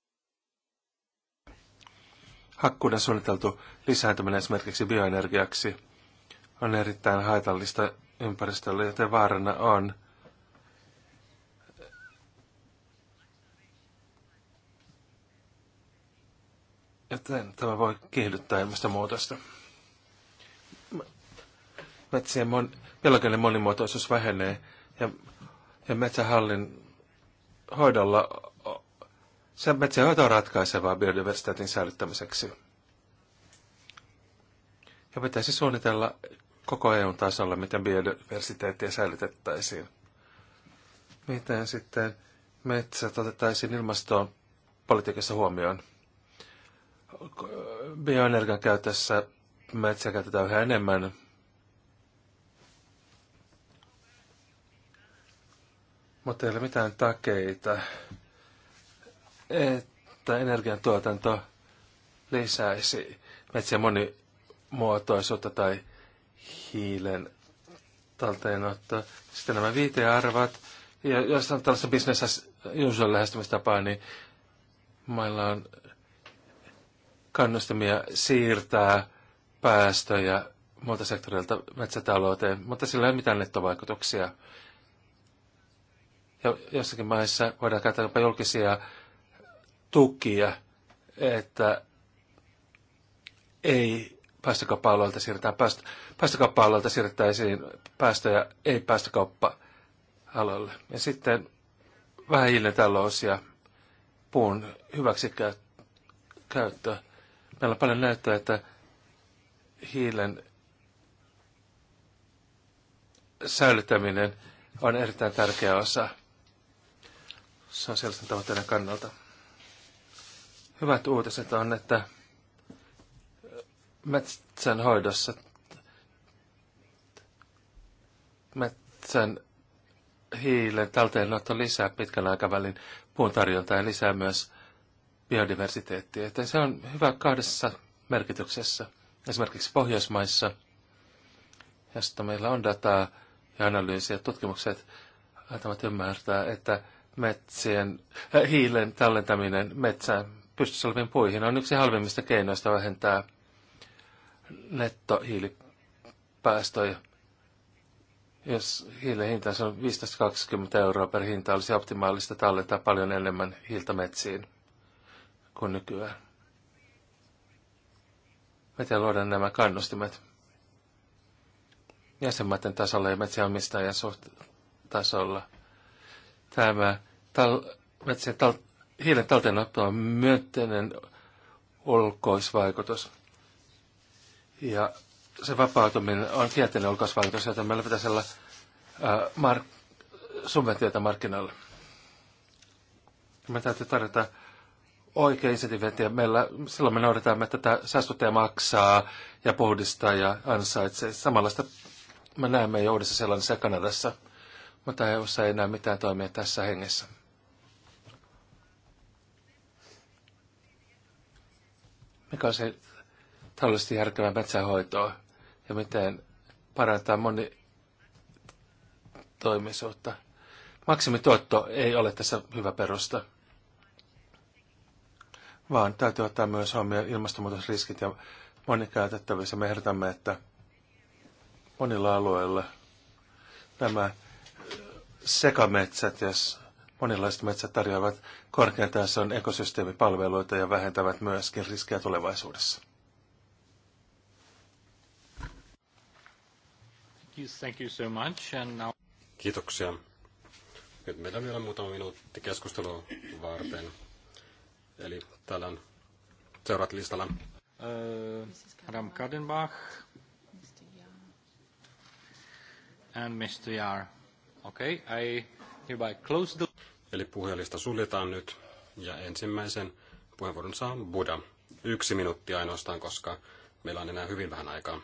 Hakkuuden suunniteltu lisääntyminen esimerkiksi bioenergiaksi on erittäin haitallista ympäristölle, joten vaarana on, joten tämä voi kiihdyttää ilmastonmuutosta metsien mon, biologinen monimuotoisuus vähenee ja, ja metsähallin hoidolla se metsien hoito on ratkaisevaa biodiversiteetin säilyttämiseksi. Ja pitäisi suunnitella koko EUn tasolla, miten biodiversiteettiä säilytettäisiin. Miten sitten metsät otettaisiin ilmastoon politiikassa huomioon. Bioenergian käytössä metsä käytetään yhä enemmän mutta ei ole mitään takeita, että energiantuotanto lisäisi metsien monimuotoisuutta tai hiilen talteenottoa. Sitten nämä viitearvat, ja jos on tällaisen business as usual lähestymistapaa, niin mailla on kannustamia siirtää päästöjä muilta sektorilta metsätalouteen, mutta sillä ei ole mitään nettovaikutuksia ja jossakin maissa voidaan käyttää jopa julkisia tukia, että ei päästökauppa-alueelta siirretään päästö, päästökauppa-alueelta siirrettäisiin päästöjä ei päästökauppa-alueelle. Ja sitten vähän hiilitalous ja puun hyväksikäyttö. Meillä on paljon näyttöä, että hiilen säilyttäminen on erittäin tärkeä osa sosiaalisten tavoitteiden kannalta. Hyvät uutiset on, että metsän hoidossa metsän hiilen talteenotto lisää pitkän aikavälin puun tarjontaa ja lisää myös biodiversiteettiä. Että se on hyvä kahdessa merkityksessä. Esimerkiksi Pohjoismaissa, josta meillä on dataa ja analyysiä, tutkimukset antavat ymmärtää, että metsien, äh, hiilen tallentaminen metsään pystyssä oleviin puihin on yksi halvimmista keinoista vähentää nettohiilipäästöjä. Jos hiilen hinta on 15-20 euroa per hinta, olisi optimaalista tallentaa paljon enemmän hiiltä metsiin kuin nykyään. Miten luodaan nämä kannustimet? jäsenmaiden tasolla ja metsänomistajien tasolla. Tämä tal- metsien tal- hiilen talteenotto on myönteinen olkoisvaikutus. Ja se vapautuminen on kielteinen olkoisvaikutus, joten meillä pitäisi olla mark- subventioita markkinoille. Me täytyy tarjota oikea insentiivi, ja meillä, silloin me noudatamme tätä säästöttäjä maksaa ja puhdistaa ja ansaitsee. Samanlaista me näemme jo uudessa sellaisessa Kanadassa, mutta EUssa ei näe mitään toimia tässä hengessä. mikä on se taloudellisesti järkevää metsänhoitoa ja miten parantaa moni toimisuutta. Maksimituotto ei ole tässä hyvä perusta, vaan täytyy ottaa myös huomioon ilmastonmuutosriskit ja monikäytettävissä. Me ehdotamme, että monilla alueilla nämä sekametsät, jos Monenlaiset metsät tarjoavat korkeatason ekosysteemipalveluita ja vähentävät myöskin riskejä tulevaisuudessa. Thank you so much. And now... Kiitoksia. Nyt meillä on vielä muutama minuutti keskustelua varten. Eli täällä on seuraat listalla. Uh, Adam Kadenbach and Mr. Yar. Okay, I Eli puhelista suljetaan nyt. Ja ensimmäisen puheenvuoron saa Buda. Yksi minuutti ainoastaan, koska meillä on enää hyvin vähän aikaa.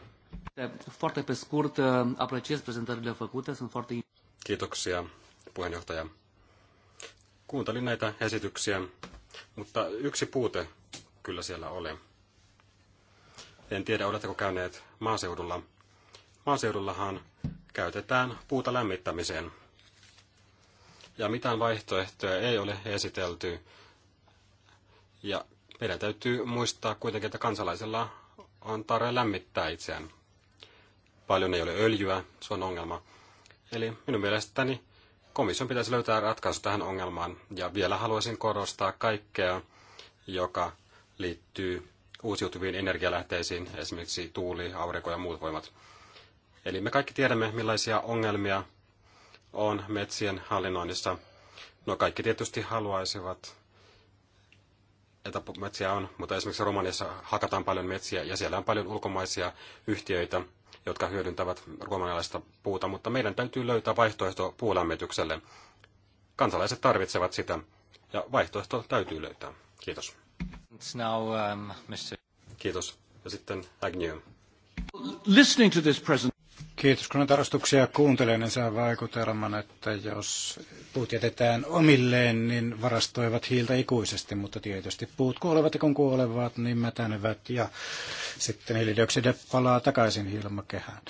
Foarte pe scurt, apreciez prezentările făcute, sunt foarte... Kiitoksia, puheenjohtaja. Kuuntelin näitä esityksiä, mutta yksi puute kyllä siellä oli. En tiedä, oletteko käyneet maaseudulla. Maaseudullahan käytetään puuta lämmittämiseen ja mitään vaihtoehtoja ei ole esitelty. Ja meidän täytyy muistaa kuitenkin, että kansalaisilla on tarve lämmittää itseään. Paljon ei ole öljyä, se on ongelma. Eli minun mielestäni komission pitäisi löytää ratkaisu tähän ongelmaan. Ja vielä haluaisin korostaa kaikkea, joka liittyy uusiutuviin energialähteisiin, esimerkiksi tuuli, aurinko ja muut voimat. Eli me kaikki tiedämme, millaisia ongelmia on metsien hallinnoinnissa. No kaikki tietysti haluaisivat, että metsiä on, mutta esimerkiksi Romaniassa hakataan paljon metsiä ja siellä on paljon ulkomaisia yhtiöitä, jotka hyödyntävät romanialaista puuta, mutta meidän täytyy löytää vaihtoehto puulämmitykselle. Kansalaiset tarvitsevat sitä ja vaihtoehto täytyy löytää. Kiitos. Now, um, Kiitos. Ja sitten Agnew. Listening to this present... Kiitos. Kun arvostuksia kuuntelee, niin saa vaikutelman, että jos puut jätetään omilleen, niin varastoivat hiiltä ikuisesti, mutta tietysti puut kuolevat ja kun kuolevat, niin mätänevät ja sitten hiilidioksidia palaa takaisin ilmakehään.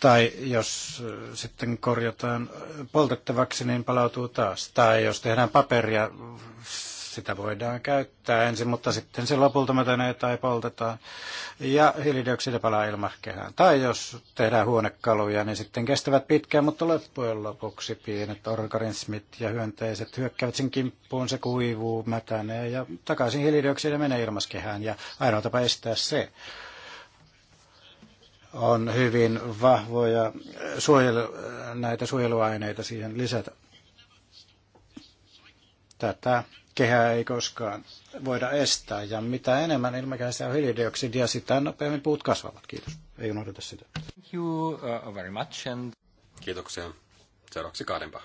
Tai jos äh, sitten korjataan poltettavaksi, niin palautuu taas. Tai jos tehdään paperia, sitä voidaan käyttää ensin, mutta sitten se lopulta mätänee tai poltetaan. Ja hiilidioksidi palaa ilmakehään. Tai jos tehdään huonekaluja, niin sitten kestävät pitkään, mutta loppujen lopuksi pienet organismit ja hyönteiset hyökkäävät sen kimppuun, se kuivuu, mätänee ja takaisin hiilidioksidi menee ilmakehään Ja ainoa tapa estää se on hyvin vahvoja suojelu, näitä suojeluaineita siihen lisätä. Tätä kehää ei koskaan voida estää. Ja mitä enemmän ilmakehässä on hiilidioksidia, sitä nopeammin puut kasvavat. Kiitos. Ei unohdeta sitä. Thank you uh, very much. And... Kiitoksia. Seuraavaksi Kaadenpa.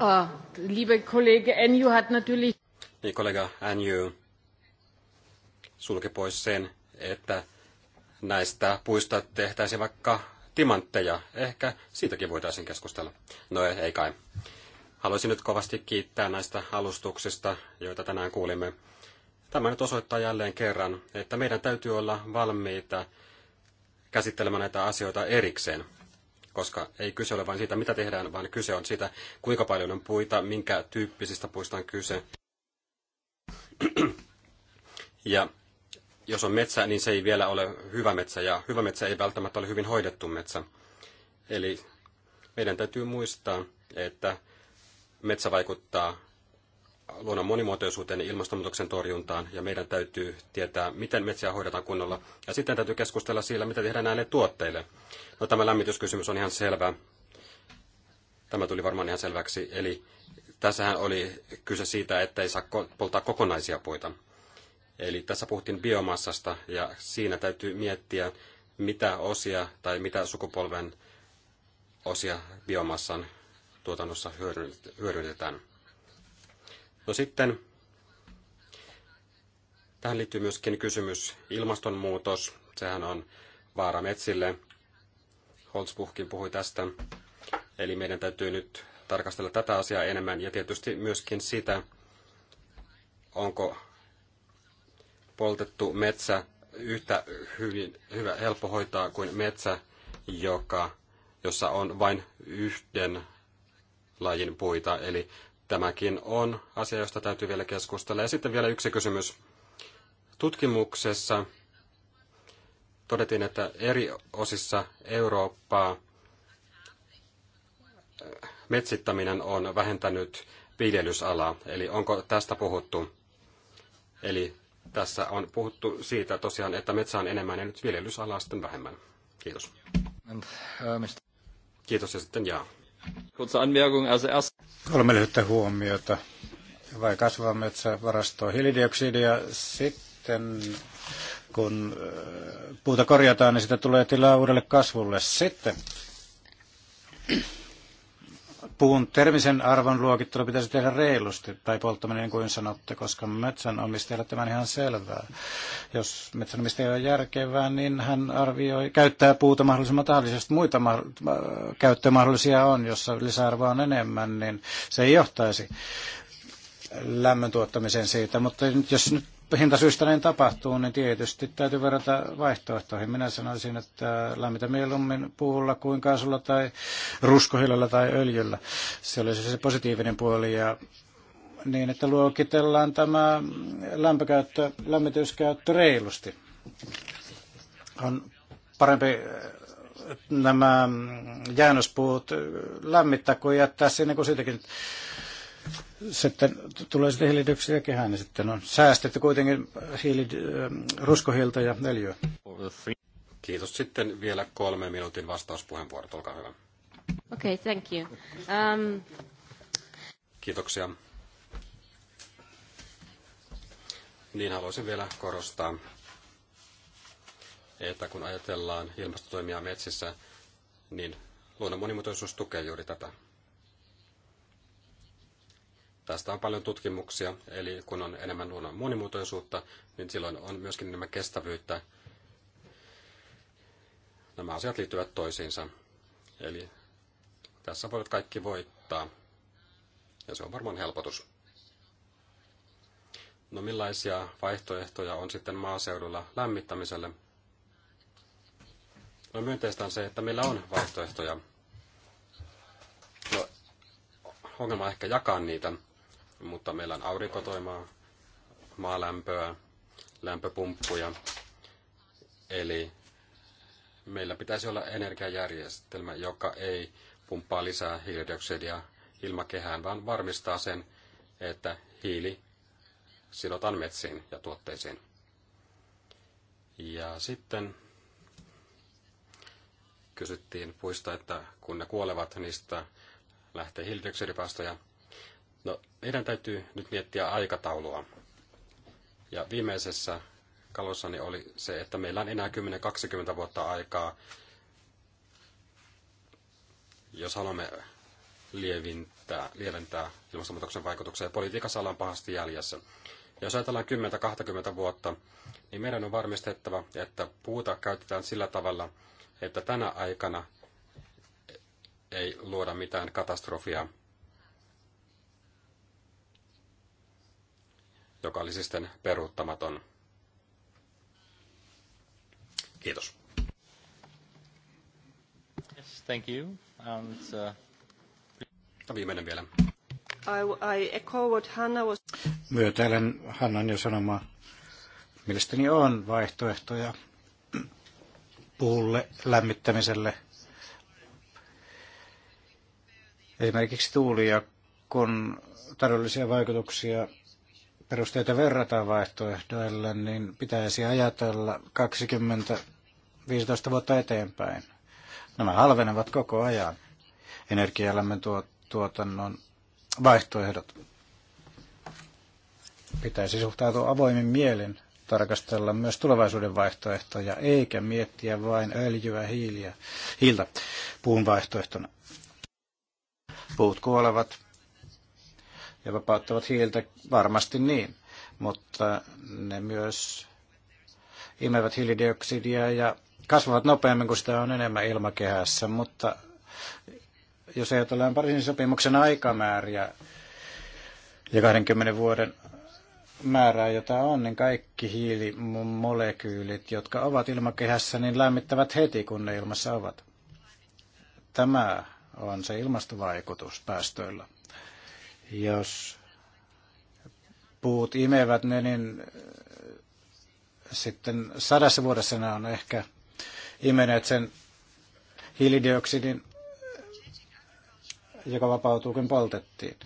Ah, liebe Kollege Enju hat natürlich... Niin, kollega Enju sulki pois sen, että näistä puista tehtäisiin vaikka timantteja. Ehkä siitäkin voitaisiin keskustella. No ei kai. Haluaisin nyt kovasti kiittää näistä alustuksista, joita tänään kuulimme. Tämä nyt osoittaa jälleen kerran, että meidän täytyy olla valmiita käsittelemään näitä asioita erikseen, koska ei kyse ole vain siitä, mitä tehdään, vaan kyse on siitä, kuinka paljon on puita, minkä tyyppisistä puista on kyse. ja jos on metsä, niin se ei vielä ole hyvä metsä, ja hyvä metsä ei välttämättä ole hyvin hoidettu metsä. Eli meidän täytyy muistaa, että metsä vaikuttaa luonnon monimuotoisuuteen ja ilmastonmuutoksen torjuntaan, ja meidän täytyy tietää, miten metsiä hoidetaan kunnolla, ja sitten täytyy keskustella sillä, mitä tehdään näille tuotteille. No tämä lämmityskysymys on ihan selvä. Tämä tuli varmaan ihan selväksi. Eli tässähän oli kyse siitä, että ei saa polttaa kokonaisia puita. Eli tässä puhuttiin biomassasta, ja siinä täytyy miettiä, mitä osia tai mitä sukupolven osia biomassan tuotannossa hyödynnetään. No sitten tähän liittyy myöskin kysymys ilmastonmuutos. Sehän on vaara metsille. Holzbuchkin puhui tästä. Eli meidän täytyy nyt tarkastella tätä asiaa enemmän ja tietysti myöskin sitä, onko poltettu metsä yhtä hyvin, hyvä, helppo hoitaa kuin metsä, joka, jossa on vain yhden lajin puita. Eli tämäkin on asia, josta täytyy vielä keskustella. Ja sitten vielä yksi kysymys. Tutkimuksessa todettiin, että eri osissa Eurooppaa äh, metsittäminen on vähentänyt viljelysalaa. Eli onko tästä puhuttu? Eli tässä on puhuttu siitä tosiaan, että metsä on enemmän ja nyt viljelysalaa sitten vähemmän. Kiitos. Äh, Kiitos ja sitten jaa. Kolme lyhyttä huomiota. Vai kasvava metsä varastoi hiilidioksidia. Sitten kun äh, puuta korjataan, niin sitä tulee tilaa uudelle kasvulle. Sitten puun termisen arvon luokittelu pitäisi tehdä reilusti, tai polttaminen niin kuin sanotte, koska metsänomistajalle tämä on ihan selvää. Jos metsänomistaja on järkevää, niin hän arvioi, käyttää puuta mahdollisimman tahallisesti. Muita ma- käyttömahdollisia on, jossa lisäarvoa on enemmän, niin se ei johtaisi lämmön tuottamiseen siitä, mutta jos nyt hintasyistä näin tapahtuu, niin tietysti täytyy verrata vaihtoehtoihin. Minä sanoisin, että lämmitä mieluummin puulla kuin kaasulla tai ruskohillalla tai öljyllä. Se olisi se positiivinen puoli ja niin, että luokitellaan tämä lämpökäyttö, lämmityskäyttö reilusti. On parempi nämä jäännöspuut lämmittää kuin jättää sinne, kun siitäkin sitten tulee sitten hiilidioksidia kehään, niin sitten on säästetty kuitenkin hiili, ähm, ruskohilta ja öljyä. Kiitos. Sitten vielä kolme minuutin vastauspuheenvuorot, olkaa hyvä. Okei, okay, thank you. Um... Kiitoksia. Niin haluaisin vielä korostaa, että kun ajatellaan ilmastotoimia metsissä, niin luonnon monimuotoisuus tukee juuri tätä Tästä on paljon tutkimuksia, eli kun on enemmän luonnon monimuotoisuutta, niin silloin on myöskin enemmän kestävyyttä. Nämä asiat liittyvät toisiinsa. Eli tässä voivat kaikki voittaa. Ja se on varmaan helpotus. No millaisia vaihtoehtoja on sitten maaseudulla lämmittämiselle? No myönteistä on se, että meillä on vaihtoehtoja. No, ongelma on ehkä jakaa niitä mutta meillä on aurinkotoimaa, maalämpöä, lämpöpumppuja. Eli meillä pitäisi olla energiajärjestelmä, joka ei pumppaa lisää hiilidioksidia ilmakehään, vaan varmistaa sen, että hiili sidotaan metsiin ja tuotteisiin. Ja sitten kysyttiin puista, että kun ne kuolevat, niistä lähtee hiilidioksidipäästöjä. No, meidän täytyy nyt miettiä aikataulua. Ja viimeisessä kalossani oli se, että meillä on enää 10-20 vuotta aikaa, jos haluamme lieventää lieventää ilmastonmuutoksen vaikutuksia. Politiikassa ollaan pahasti jäljessä. Ja jos ajatellaan 10-20 vuotta, niin meidän on varmistettava, että puuta käytetään sillä tavalla, että tänä aikana ei luoda mitään katastrofia joka olisi siis sitten peruuttamaton. Kiitos. Yes, thank you. And, uh... Ja no, viimeinen vielä. I, I echo what Hanna was... Myötäilen Hannan jo sanomaa. Mielestäni on vaihtoehtoja puulle lämmittämiselle. Esimerkiksi tuuli ja kun taloudellisia vaikutuksia perusteita verrataan vaihtoehdoille, niin pitäisi ajatella 20-15 vuotta eteenpäin. Nämä halvenevat koko ajan, energialämmön tuotannon vaihtoehdot. Pitäisi suhtautua avoimin mielin, tarkastella myös tulevaisuuden vaihtoehtoja, eikä miettiä vain öljyä, hiiliä, hiiltä puun vaihtoehtona. Puut kuolevat, ja vapauttavat hiiltä, varmasti niin, mutta ne myös imevät hiilidioksidia ja kasvavat nopeammin, kun sitä on enemmän ilmakehässä, mutta jos ajatellaan Pariisin sopimuksen aikamääriä ja 20 vuoden määrää, jota on, niin kaikki hiilimolekyylit, jotka ovat ilmakehässä, niin lämmittävät heti, kun ne ilmassa ovat. Tämä on se ilmastovaikutus päästöillä. Jos puut imevät ne, niin äh, sitten sadassa vuodessa ne on ehkä imeneet sen hiilidioksidin, äh, joka vapautuu, kun poltettiin.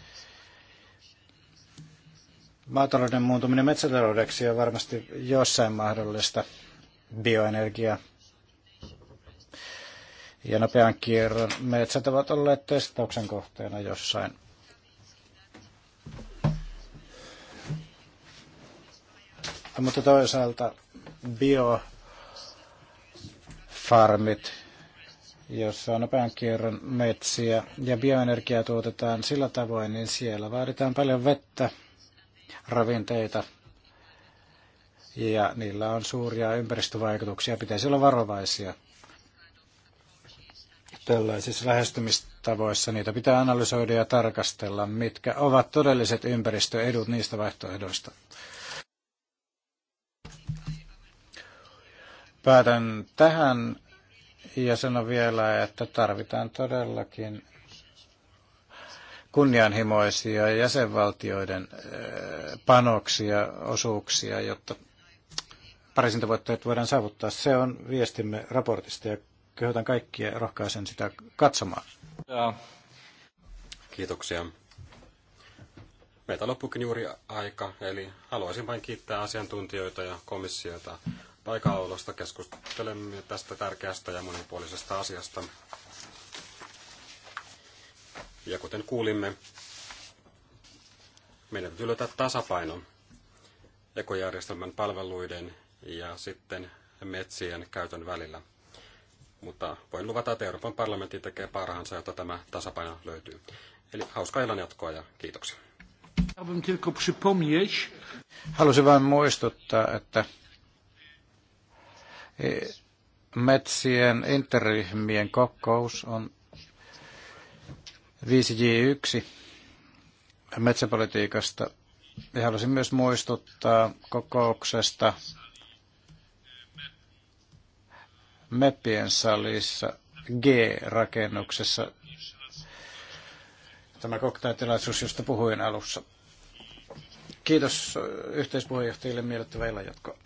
Maatalouden muuntuminen metsätaloudeksi on varmasti jossain mahdollista bioenergiaa. Ja nopean kierron metsät ovat olleet testauksen kohteena jossain Mutta toisaalta biofarmit, jossa on nopean kierron metsiä ja bioenergiaa tuotetaan sillä tavoin, niin siellä vaaditaan paljon vettä, ravinteita ja niillä on suuria ympäristövaikutuksia. Pitäisi olla varovaisia tällaisissa lähestymistavoissa. Niitä pitää analysoida ja tarkastella, mitkä ovat todelliset ympäristöedut niistä vaihtoehdoista. Päätän tähän ja sanon vielä, että tarvitaan todellakin kunnianhimoisia jäsenvaltioiden panoksia, osuuksia, jotta Pariisin tavoitteet voidaan saavuttaa. Se on viestimme raportista ja kehotan kaikkia rohkaisen sitä katsomaan. Ja. Kiitoksia. Meitä loppukin juuri aika, eli haluaisin vain kiittää asiantuntijoita ja komissiota paikallaolosta. Keskustelemme tästä tärkeästä ja monipuolisesta asiasta. Ja kuten kuulimme, meidän täytyy löytää tasapaino ekojärjestelmän palveluiden ja sitten metsien käytön välillä. Mutta voin luvata, että Euroopan parlamentti tekee parhaansa, jotta tämä tasapaino löytyy. Eli hauskaa illan jatkoa ja kiitoksia. Haluaisin vain muistuttaa, että E, metsien interryhmien kokous on 5J1 metsäpolitiikasta. Ja haluaisin myös muistuttaa kokouksesta MEPien salissa G-rakennuksessa. Tämä koktaitilaisuus, josta puhuin alussa. Kiitos yhteispuheenjohtajille miellyttävää illanjatkoa.